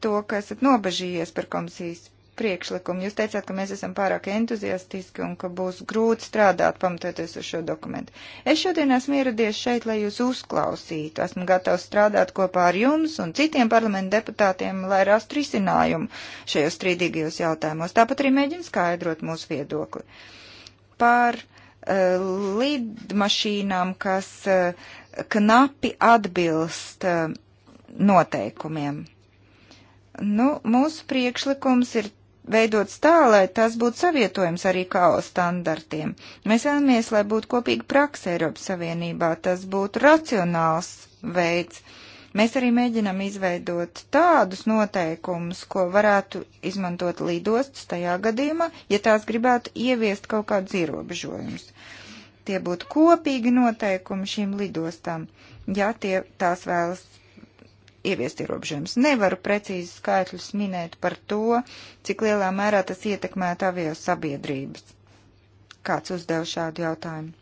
to, ka esat nobežījies par komisijas priekšlikumu. Jūs teicāt, ka mēs esam pārāk entuziastiski un ka būs grūti strādāt pamatoties uz šo dokumentu. Es šodien esmu ieradies šeit, lai jūs uzklausītu. Esmu gatavs strādāt kopā ar jums un citiem parlamentu deputātiem, lai rastu risinājumu šajos strīdīgajos jautājumos. Tāpat arī mēģinu skaidrot mūsu viedokli. Uh, par uh, lidmašīnām, kas uh, knapi atbilst uh, noteikumiem. Nu, mūsu priekšlikums ir veidots tā, lai tas būtu savietojams arī KO standartiem. Mēs vēlamies, lai būtu kopīga praksa Eiropas Savienībā, tas būtu racionāls veids. Uh, Mēs arī mēģinam izveidot tādus noteikumus, ko varētu izmantot lidostas tajā gadījumā, ja tās gribētu ieviest kaut kādus ierobežojumus. Tie būtu kopīgi noteikumi šīm lidostām, ja tie tās vēlas ieviest ierobežojumus. Nevaru precīzi skaitļus minēt par to, cik lielā mērā tas ietekmētu avio sabiedrības. Kāds uzdev šādu jautājumu?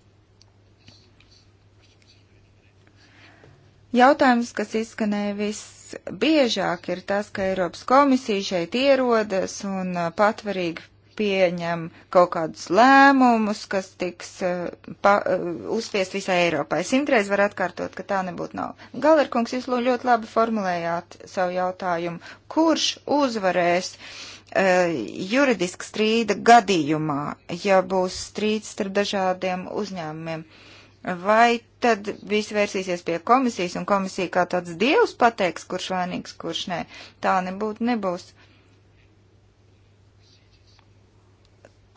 Jautājums, kas izskanēja visbiežāk, ir tas, ka Eiropas komisija šeit ierodas un uh, patvarīgi pieņem kaut kādus lēmumus, kas tiks uh, pa, uh, uzspiest visai Eiropai. Simtreiz var atkārtot, ka tā nebūtu nav. Galerkungs, jūs ļoti labi formulējāt savu jautājumu. Kurš uzvarēs? juridiska strīda gadījumā, ja būs strīds starp dažādiem uzņēmumiem. Uh, Vai tad viss vērsīsies pie komisijas un komisija kā tāds dievs pateiks, kurš vainīgs, kurš nē? Tā nebūtu, nebūs.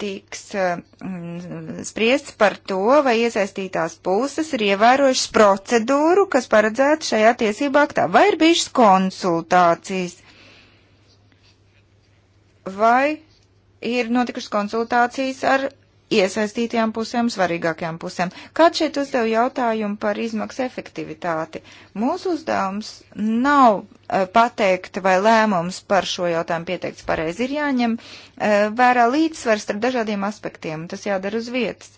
Tiks mm, spriests par to, vai iesaistītās puses ir ievērojušas procedūru, kas paredzēta šajā tiesībā aktā, vai ir bijušas konsultācijas, vai ir notikušas konsultācijas ar iesaistītajām pusēm, svarīgākajām pusēm. Kāds šeit uzdev jautājumu par izmaksu efektivitāti? Mūsu uzdevums nav uh, pateikt, vai lēmums par šo jautājumu pieteikts pareizi. Ir jāņem uh, vērā līdzsvars starp dažādiem aspektiem, un tas jādara uz vietas.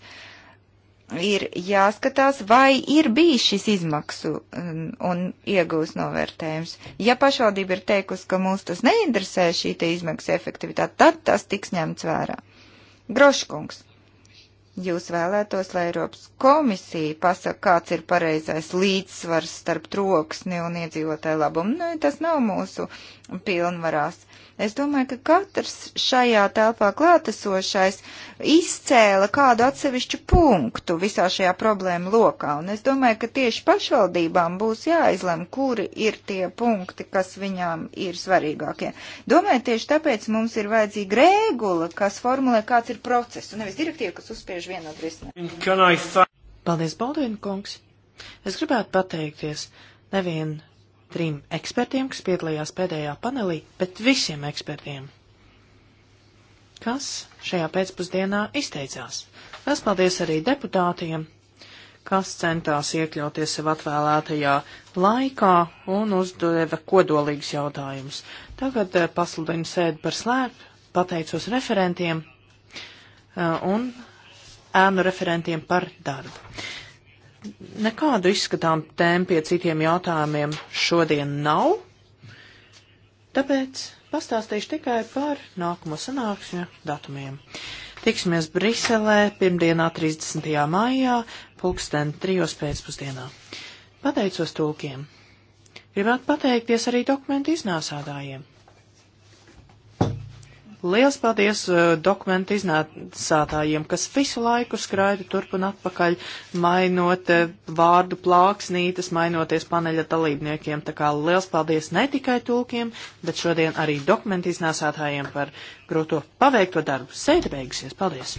Ir jāskatās, vai ir bijis šis izmaksu un, un iegūs novērtējums. Ja pašvaldība ir teikusi, ka mūs tas neinteresē šī te izmaksu efektivitāte, tad tas tiks ņemts vērā. Groškungs. Jūs vēlētos, lai Eiropas komisija pasaka, kāds ir pareizais līdzsvars starp troksni un iedzīvotāju labumu. Nē, nu, tas nav mūsu pilnvarās. Es domāju, ka katrs šajā telpā klātesošais izcēla kādu atsevišķu punktu visā šajā problēma lokā, un es domāju, ka tieši pašvaldībām būs jāizlem, kuri ir tie punkti, kas viņām ir svarīgākie. Domāju, tieši tāpēc mums ir vajadzīga regula, kas formulē, kāds ir process, un nevis direktīva, kas uzspiež vienot risinājumu. Paldies, Baldvin kungs! Es gribētu pateikties nevien trim ekspertiem, kas piedalījās pēdējā panelī, bet visiem ekspertiem, kas šajā pēcpusdienā izteicās. Es paldies arī deputātiem, kas centās iekļauties sev atvēlētajā laikā un uzdeva kodolīgus jautājumus. Tagad eh, pasludinu sēdi par slēpu, pateicos referentiem eh, un ēnu referentiem par darbu. Nekādu izskatām tēmu pie citiem jautājumiem šodien nav, tāpēc pastāstīšu tikai par nākamo sanāksmju datumiem. Tiksimies Briselē pirmdienā 30. maijā, pulksten trijos pēcpusdienā. Pateicos tulkiem. Gribētu pateikties arī dokumentu iznāsādājiem. Liels paldies uh, dokumentu iznācātājiem, kas visu laiku skraida turp un atpakaļ, mainot uh, vārdu plāksnītes, mainoties paneļa dalībniekiem. Tā kā liels paldies ne tikai tulkiem, bet šodien arī dokumentu iznācātājiem par groto paveikto darbu. Sēde beigusies. Paldies!